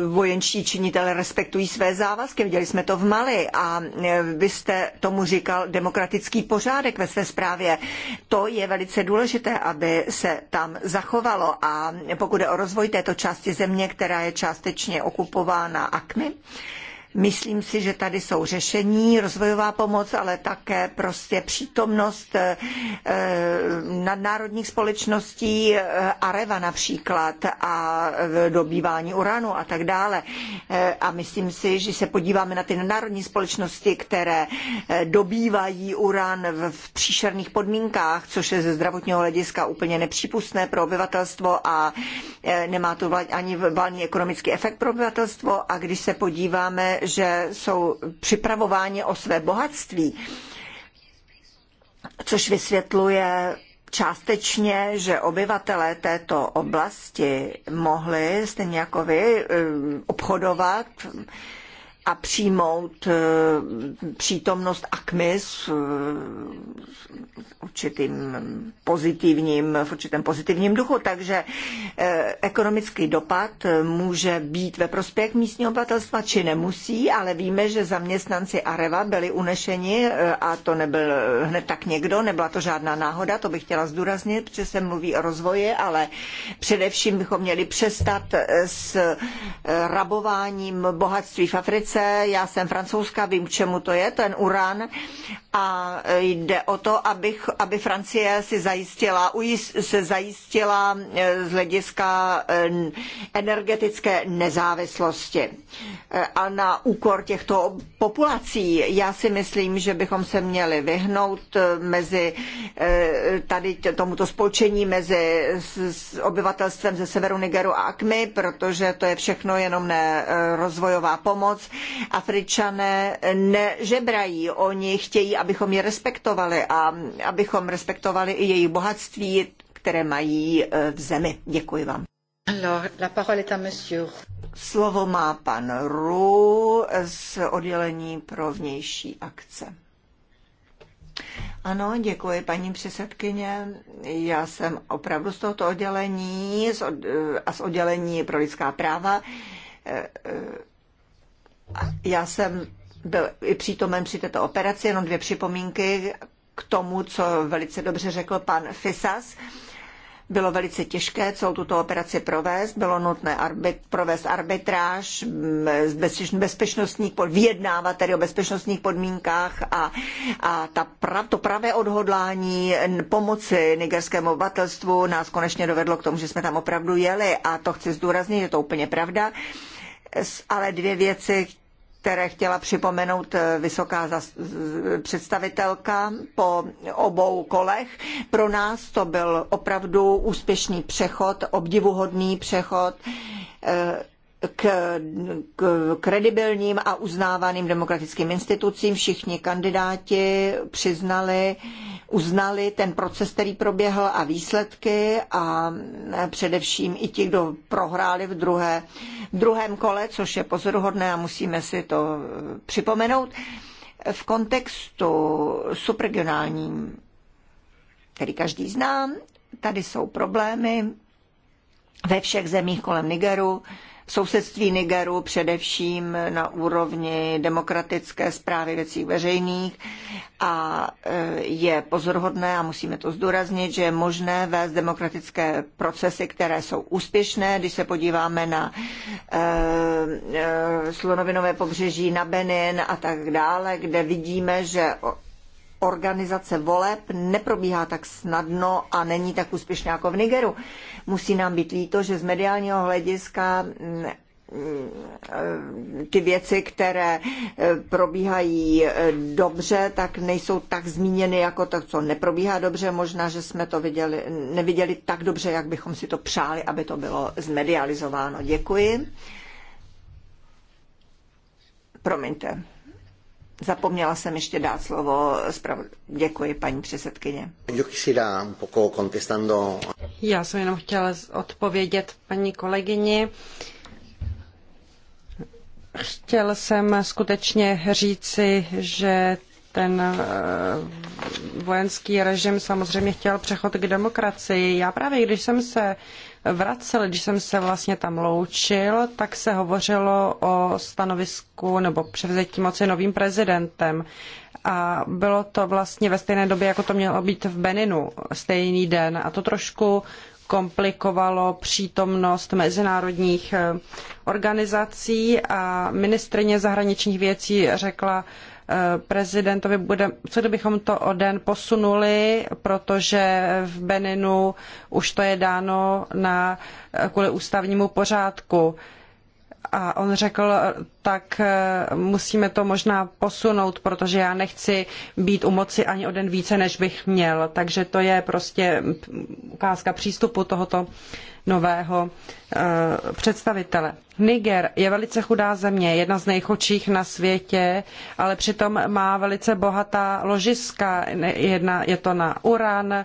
vojenští činitelé respektují své závazky. Viděli jsme to v Mali a e, vy jste tomu říkal demokratický pořádek ve své zprávě. To je velice důležité, aby se tam zachovalo. A pokud je o rozvoj této části země, která je částečně okupována AKMI, Myslím si, že tady jsou řešení, rozvojová pomoc, ale také prostě přítomnost eh, eh, nadnárodních společností eh, Areva například a dobývání uranu a tak dále. A myslím si, že se podíváme na ty nadnárodní společnosti, které dobývají uran v příšerných podmínkách, což je ze zdravotního hlediska úplně nepřípustné pro obyvatelstvo a nemá to ani valný ekonomický efekt pro obyvatelstvo. A když se podíváme že jsou připravováni o své bohatství, což vysvětluje částečně, že obyvatelé této oblasti mohli, stejně jako vy, eh, obchodovat a přijmout eh, přítomnost ACMI eh, s určitým pozitivním, v určitém pozitivním duchu. Takže eh, ekonomický dopad může být ve prospěch místního obyvatelstva, či nemusí, ale víme, že zaměstnanci Areva byli unešeni a to nebyl hned tak někdo, nebyla to žádná náhoda, to bych chtěla zdůraznit, protože se mluví o rozvoji, ale především bychom měli přestat s rabováním bohatství v Africe, velice, já jsem francouzská, vím, k čemu to je, ten uran, a jde o to, abych, aby Francie si zajistila, se zajistila eh, z hlediska eh, energetické nezávislosti. Eh, a na úkor těchto populací, já si myslím, že bychom se měli vyhnout mezi tady tomuto spolčení mezi obyvatelstvem ze severu Nigeru a Akmy, protože to je všechno jenom ne rozvojová pomoc. Afričané nežebrají, oni chtějí, abychom je respektovali a abychom respektovali i jejich bohatství, které mají e, v zemi. Děkuji vám. Slovo má pan Ru z oddělení pro vnější akce. Ano, děkuji, paní předsedkyně. Já jsem opravdu z tohoto oddělení e, a z oddělení pro lidská práva. E, já jsem byl i přítomen při této operaci, jenom dvě připomínky k tomu, co velice dobře řekl pan Fisas. Bylo velice těžké celou tuto operaci provést, bylo nutné arbit, provést arbitráž, mm, bezpečnostních, vyjednávat tedy o bezpečnostních podmínkách a, a ta prav, to pravé odhodlání pomoci nigerskému obyvatelstvu nás konečně dovedlo k tomu, že jsme tam opravdu jeli a to chci zdůraznit, je to úplně pravda ale dvě věci, které chtěla připomenout eh, vysoká představitelka po obou kolech. Pro nás to byl opravdu úspěšný přechod, obdivuhodný přechod eh, k, k kredibilním a uznávaným demokratickým institucím. Všichni kandidáti přiznali, uznali ten proces, který proběhl a výsledky a především i ti, kdo prohráli v, druhé, v druhém kole, což je pozoruhodné a musíme si to připomenout. V kontextu subregionálním, který každý zná, tady jsou problémy ve všech zemích kolem Nigeru, sousedství Nigeru, především na úrovni demokratické zprávy věcí veřejných a e, je pozorhodné a musíme to zdůraznit, že je možné vést demokratické procesy, které jsou úspěšné. Když se podíváme na e, e, slonovinové pobřeží, na Benin a tak dále, kde vidíme, že organizace voleb neprobíhá tak snadno a není tak úspěšná jako v Nigeru. Musí nám být líto, že z mediálního hlediska mm, mm, ty věci, které e, probíhají e, dobře, tak nejsou tak zmíněny jako to, co neprobíhá dobře. Možná, že jsme to viděli, neviděli tak dobře, jak bychom si to přáli, aby to bylo zmedializováno. Děkuji. Promiňte. Zapomněla jsem ještě dát slovo. Děkuji, paní předsedkyně. Já jsem jenom chtěla odpovědět paní kolegyni. Chtěl jsem skutečně říci, že ten eh, vojenský režim samozřejmě chtěl přechod k demokracii. Já právě, když jsem se vracel, když jsem se vlastně tam loučil, tak se hovořilo o stanovisku nebo převzetí moci novým prezidentem. A bylo to vlastně ve stejné době, jako to mělo být v Beninu, stejný den. A to trošku komplikovalo přítomnost mezinárodních eh, organizací a ministrině zahraničních věcí řekla, prezidentovi, bude, co kdybychom to o den posunuli, protože v Beninu už to je dáno na, kvůli ústavnímu pořádku. A on řekl, tak eh, musíme to možná posunout, protože já nechci být u moci ani o den více, než bych měl. Takže to je prostě ukázka přístupu tohoto nového eh, představitele. Niger je velice chudá země, jedna z nejchudších na světě, ale přitom má velice bohatá ložiska. Jedna, je to na uran,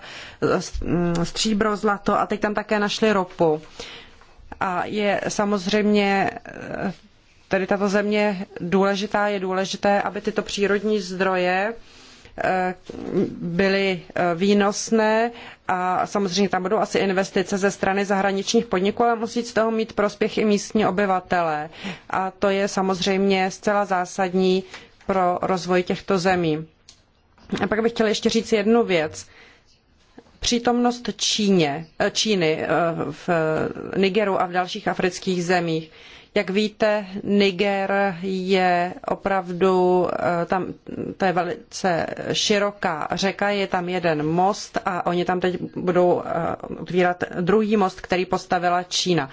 mm, stříbro, zlato a teď tam také našli ropu. A je samozřejmě eh, tedy tato země důležitá, je důležité, aby tyto přírodní zdroje Eh, byly eh, výnosné a samozřejmě tam budou asi investice ze strany zahraničních podniků, ale musí z toho mít prospěch i místní obyvatelé. A to je samozřejmě zcela zásadní pro rozvoj těchto zemí. A pak bych chtěla ještě říct jednu věc. Přítomnost Číně, eh, Číny v Nigeru a v dalších afrických zemích jak víte, Niger je opravdu, eh, tam, to je velice široká řeka, je tam jeden most a oni tam teď budou eh, otvírat druhý most, který postavila Čína.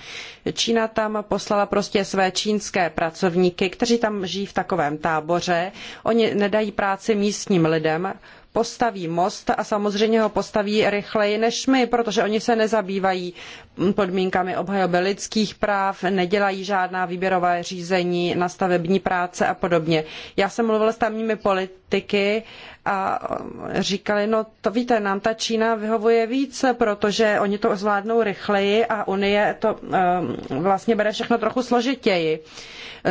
Čína tam poslala prostě své čínské pracovníky, kteří tam žijí v takovém táboře. Oni nedají práci místním lidem, postaví most a samozřejmě ho postaví rychleji než my, protože oni se nezabývají podmínkami obhajoby lidských práv, nedělají žádná výběrová řízení na stavební práce a podobně. Já jsem mluvila s tamními politiky a říkali, no to víte, nám ta Čína vyhovuje více, protože oni to zvládnou rychleji a Unie to ehm, vlastně bere všechno trochu složitěji.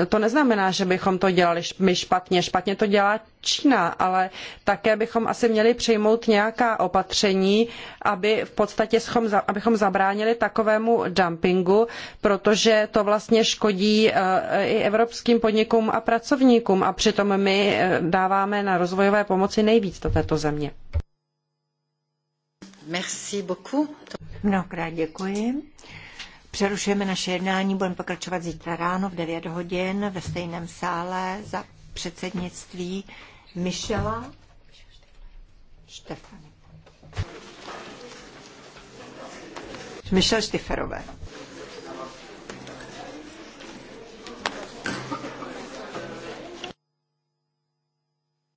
To neznamená, že bychom to dělali my špatně. Špatně to dělá Čína, ale také bychom asi měli přejmout nějaká opatření, aby v podstatě schom, abychom zabránili takovému dumpingu, protože to vlastně škodí eh, i evropským podnikům a pracovníkům a přitom my eh, dáváme na rozvojové pomoci nejvíc do této země. Merci beaucoup. Mnohokrát děkuji. Přerušujeme naše jednání, budeme pokračovat zítra ráno v 9 hodin ve stejném sále za předsednictví Michela Štefany. Michel Štiferové.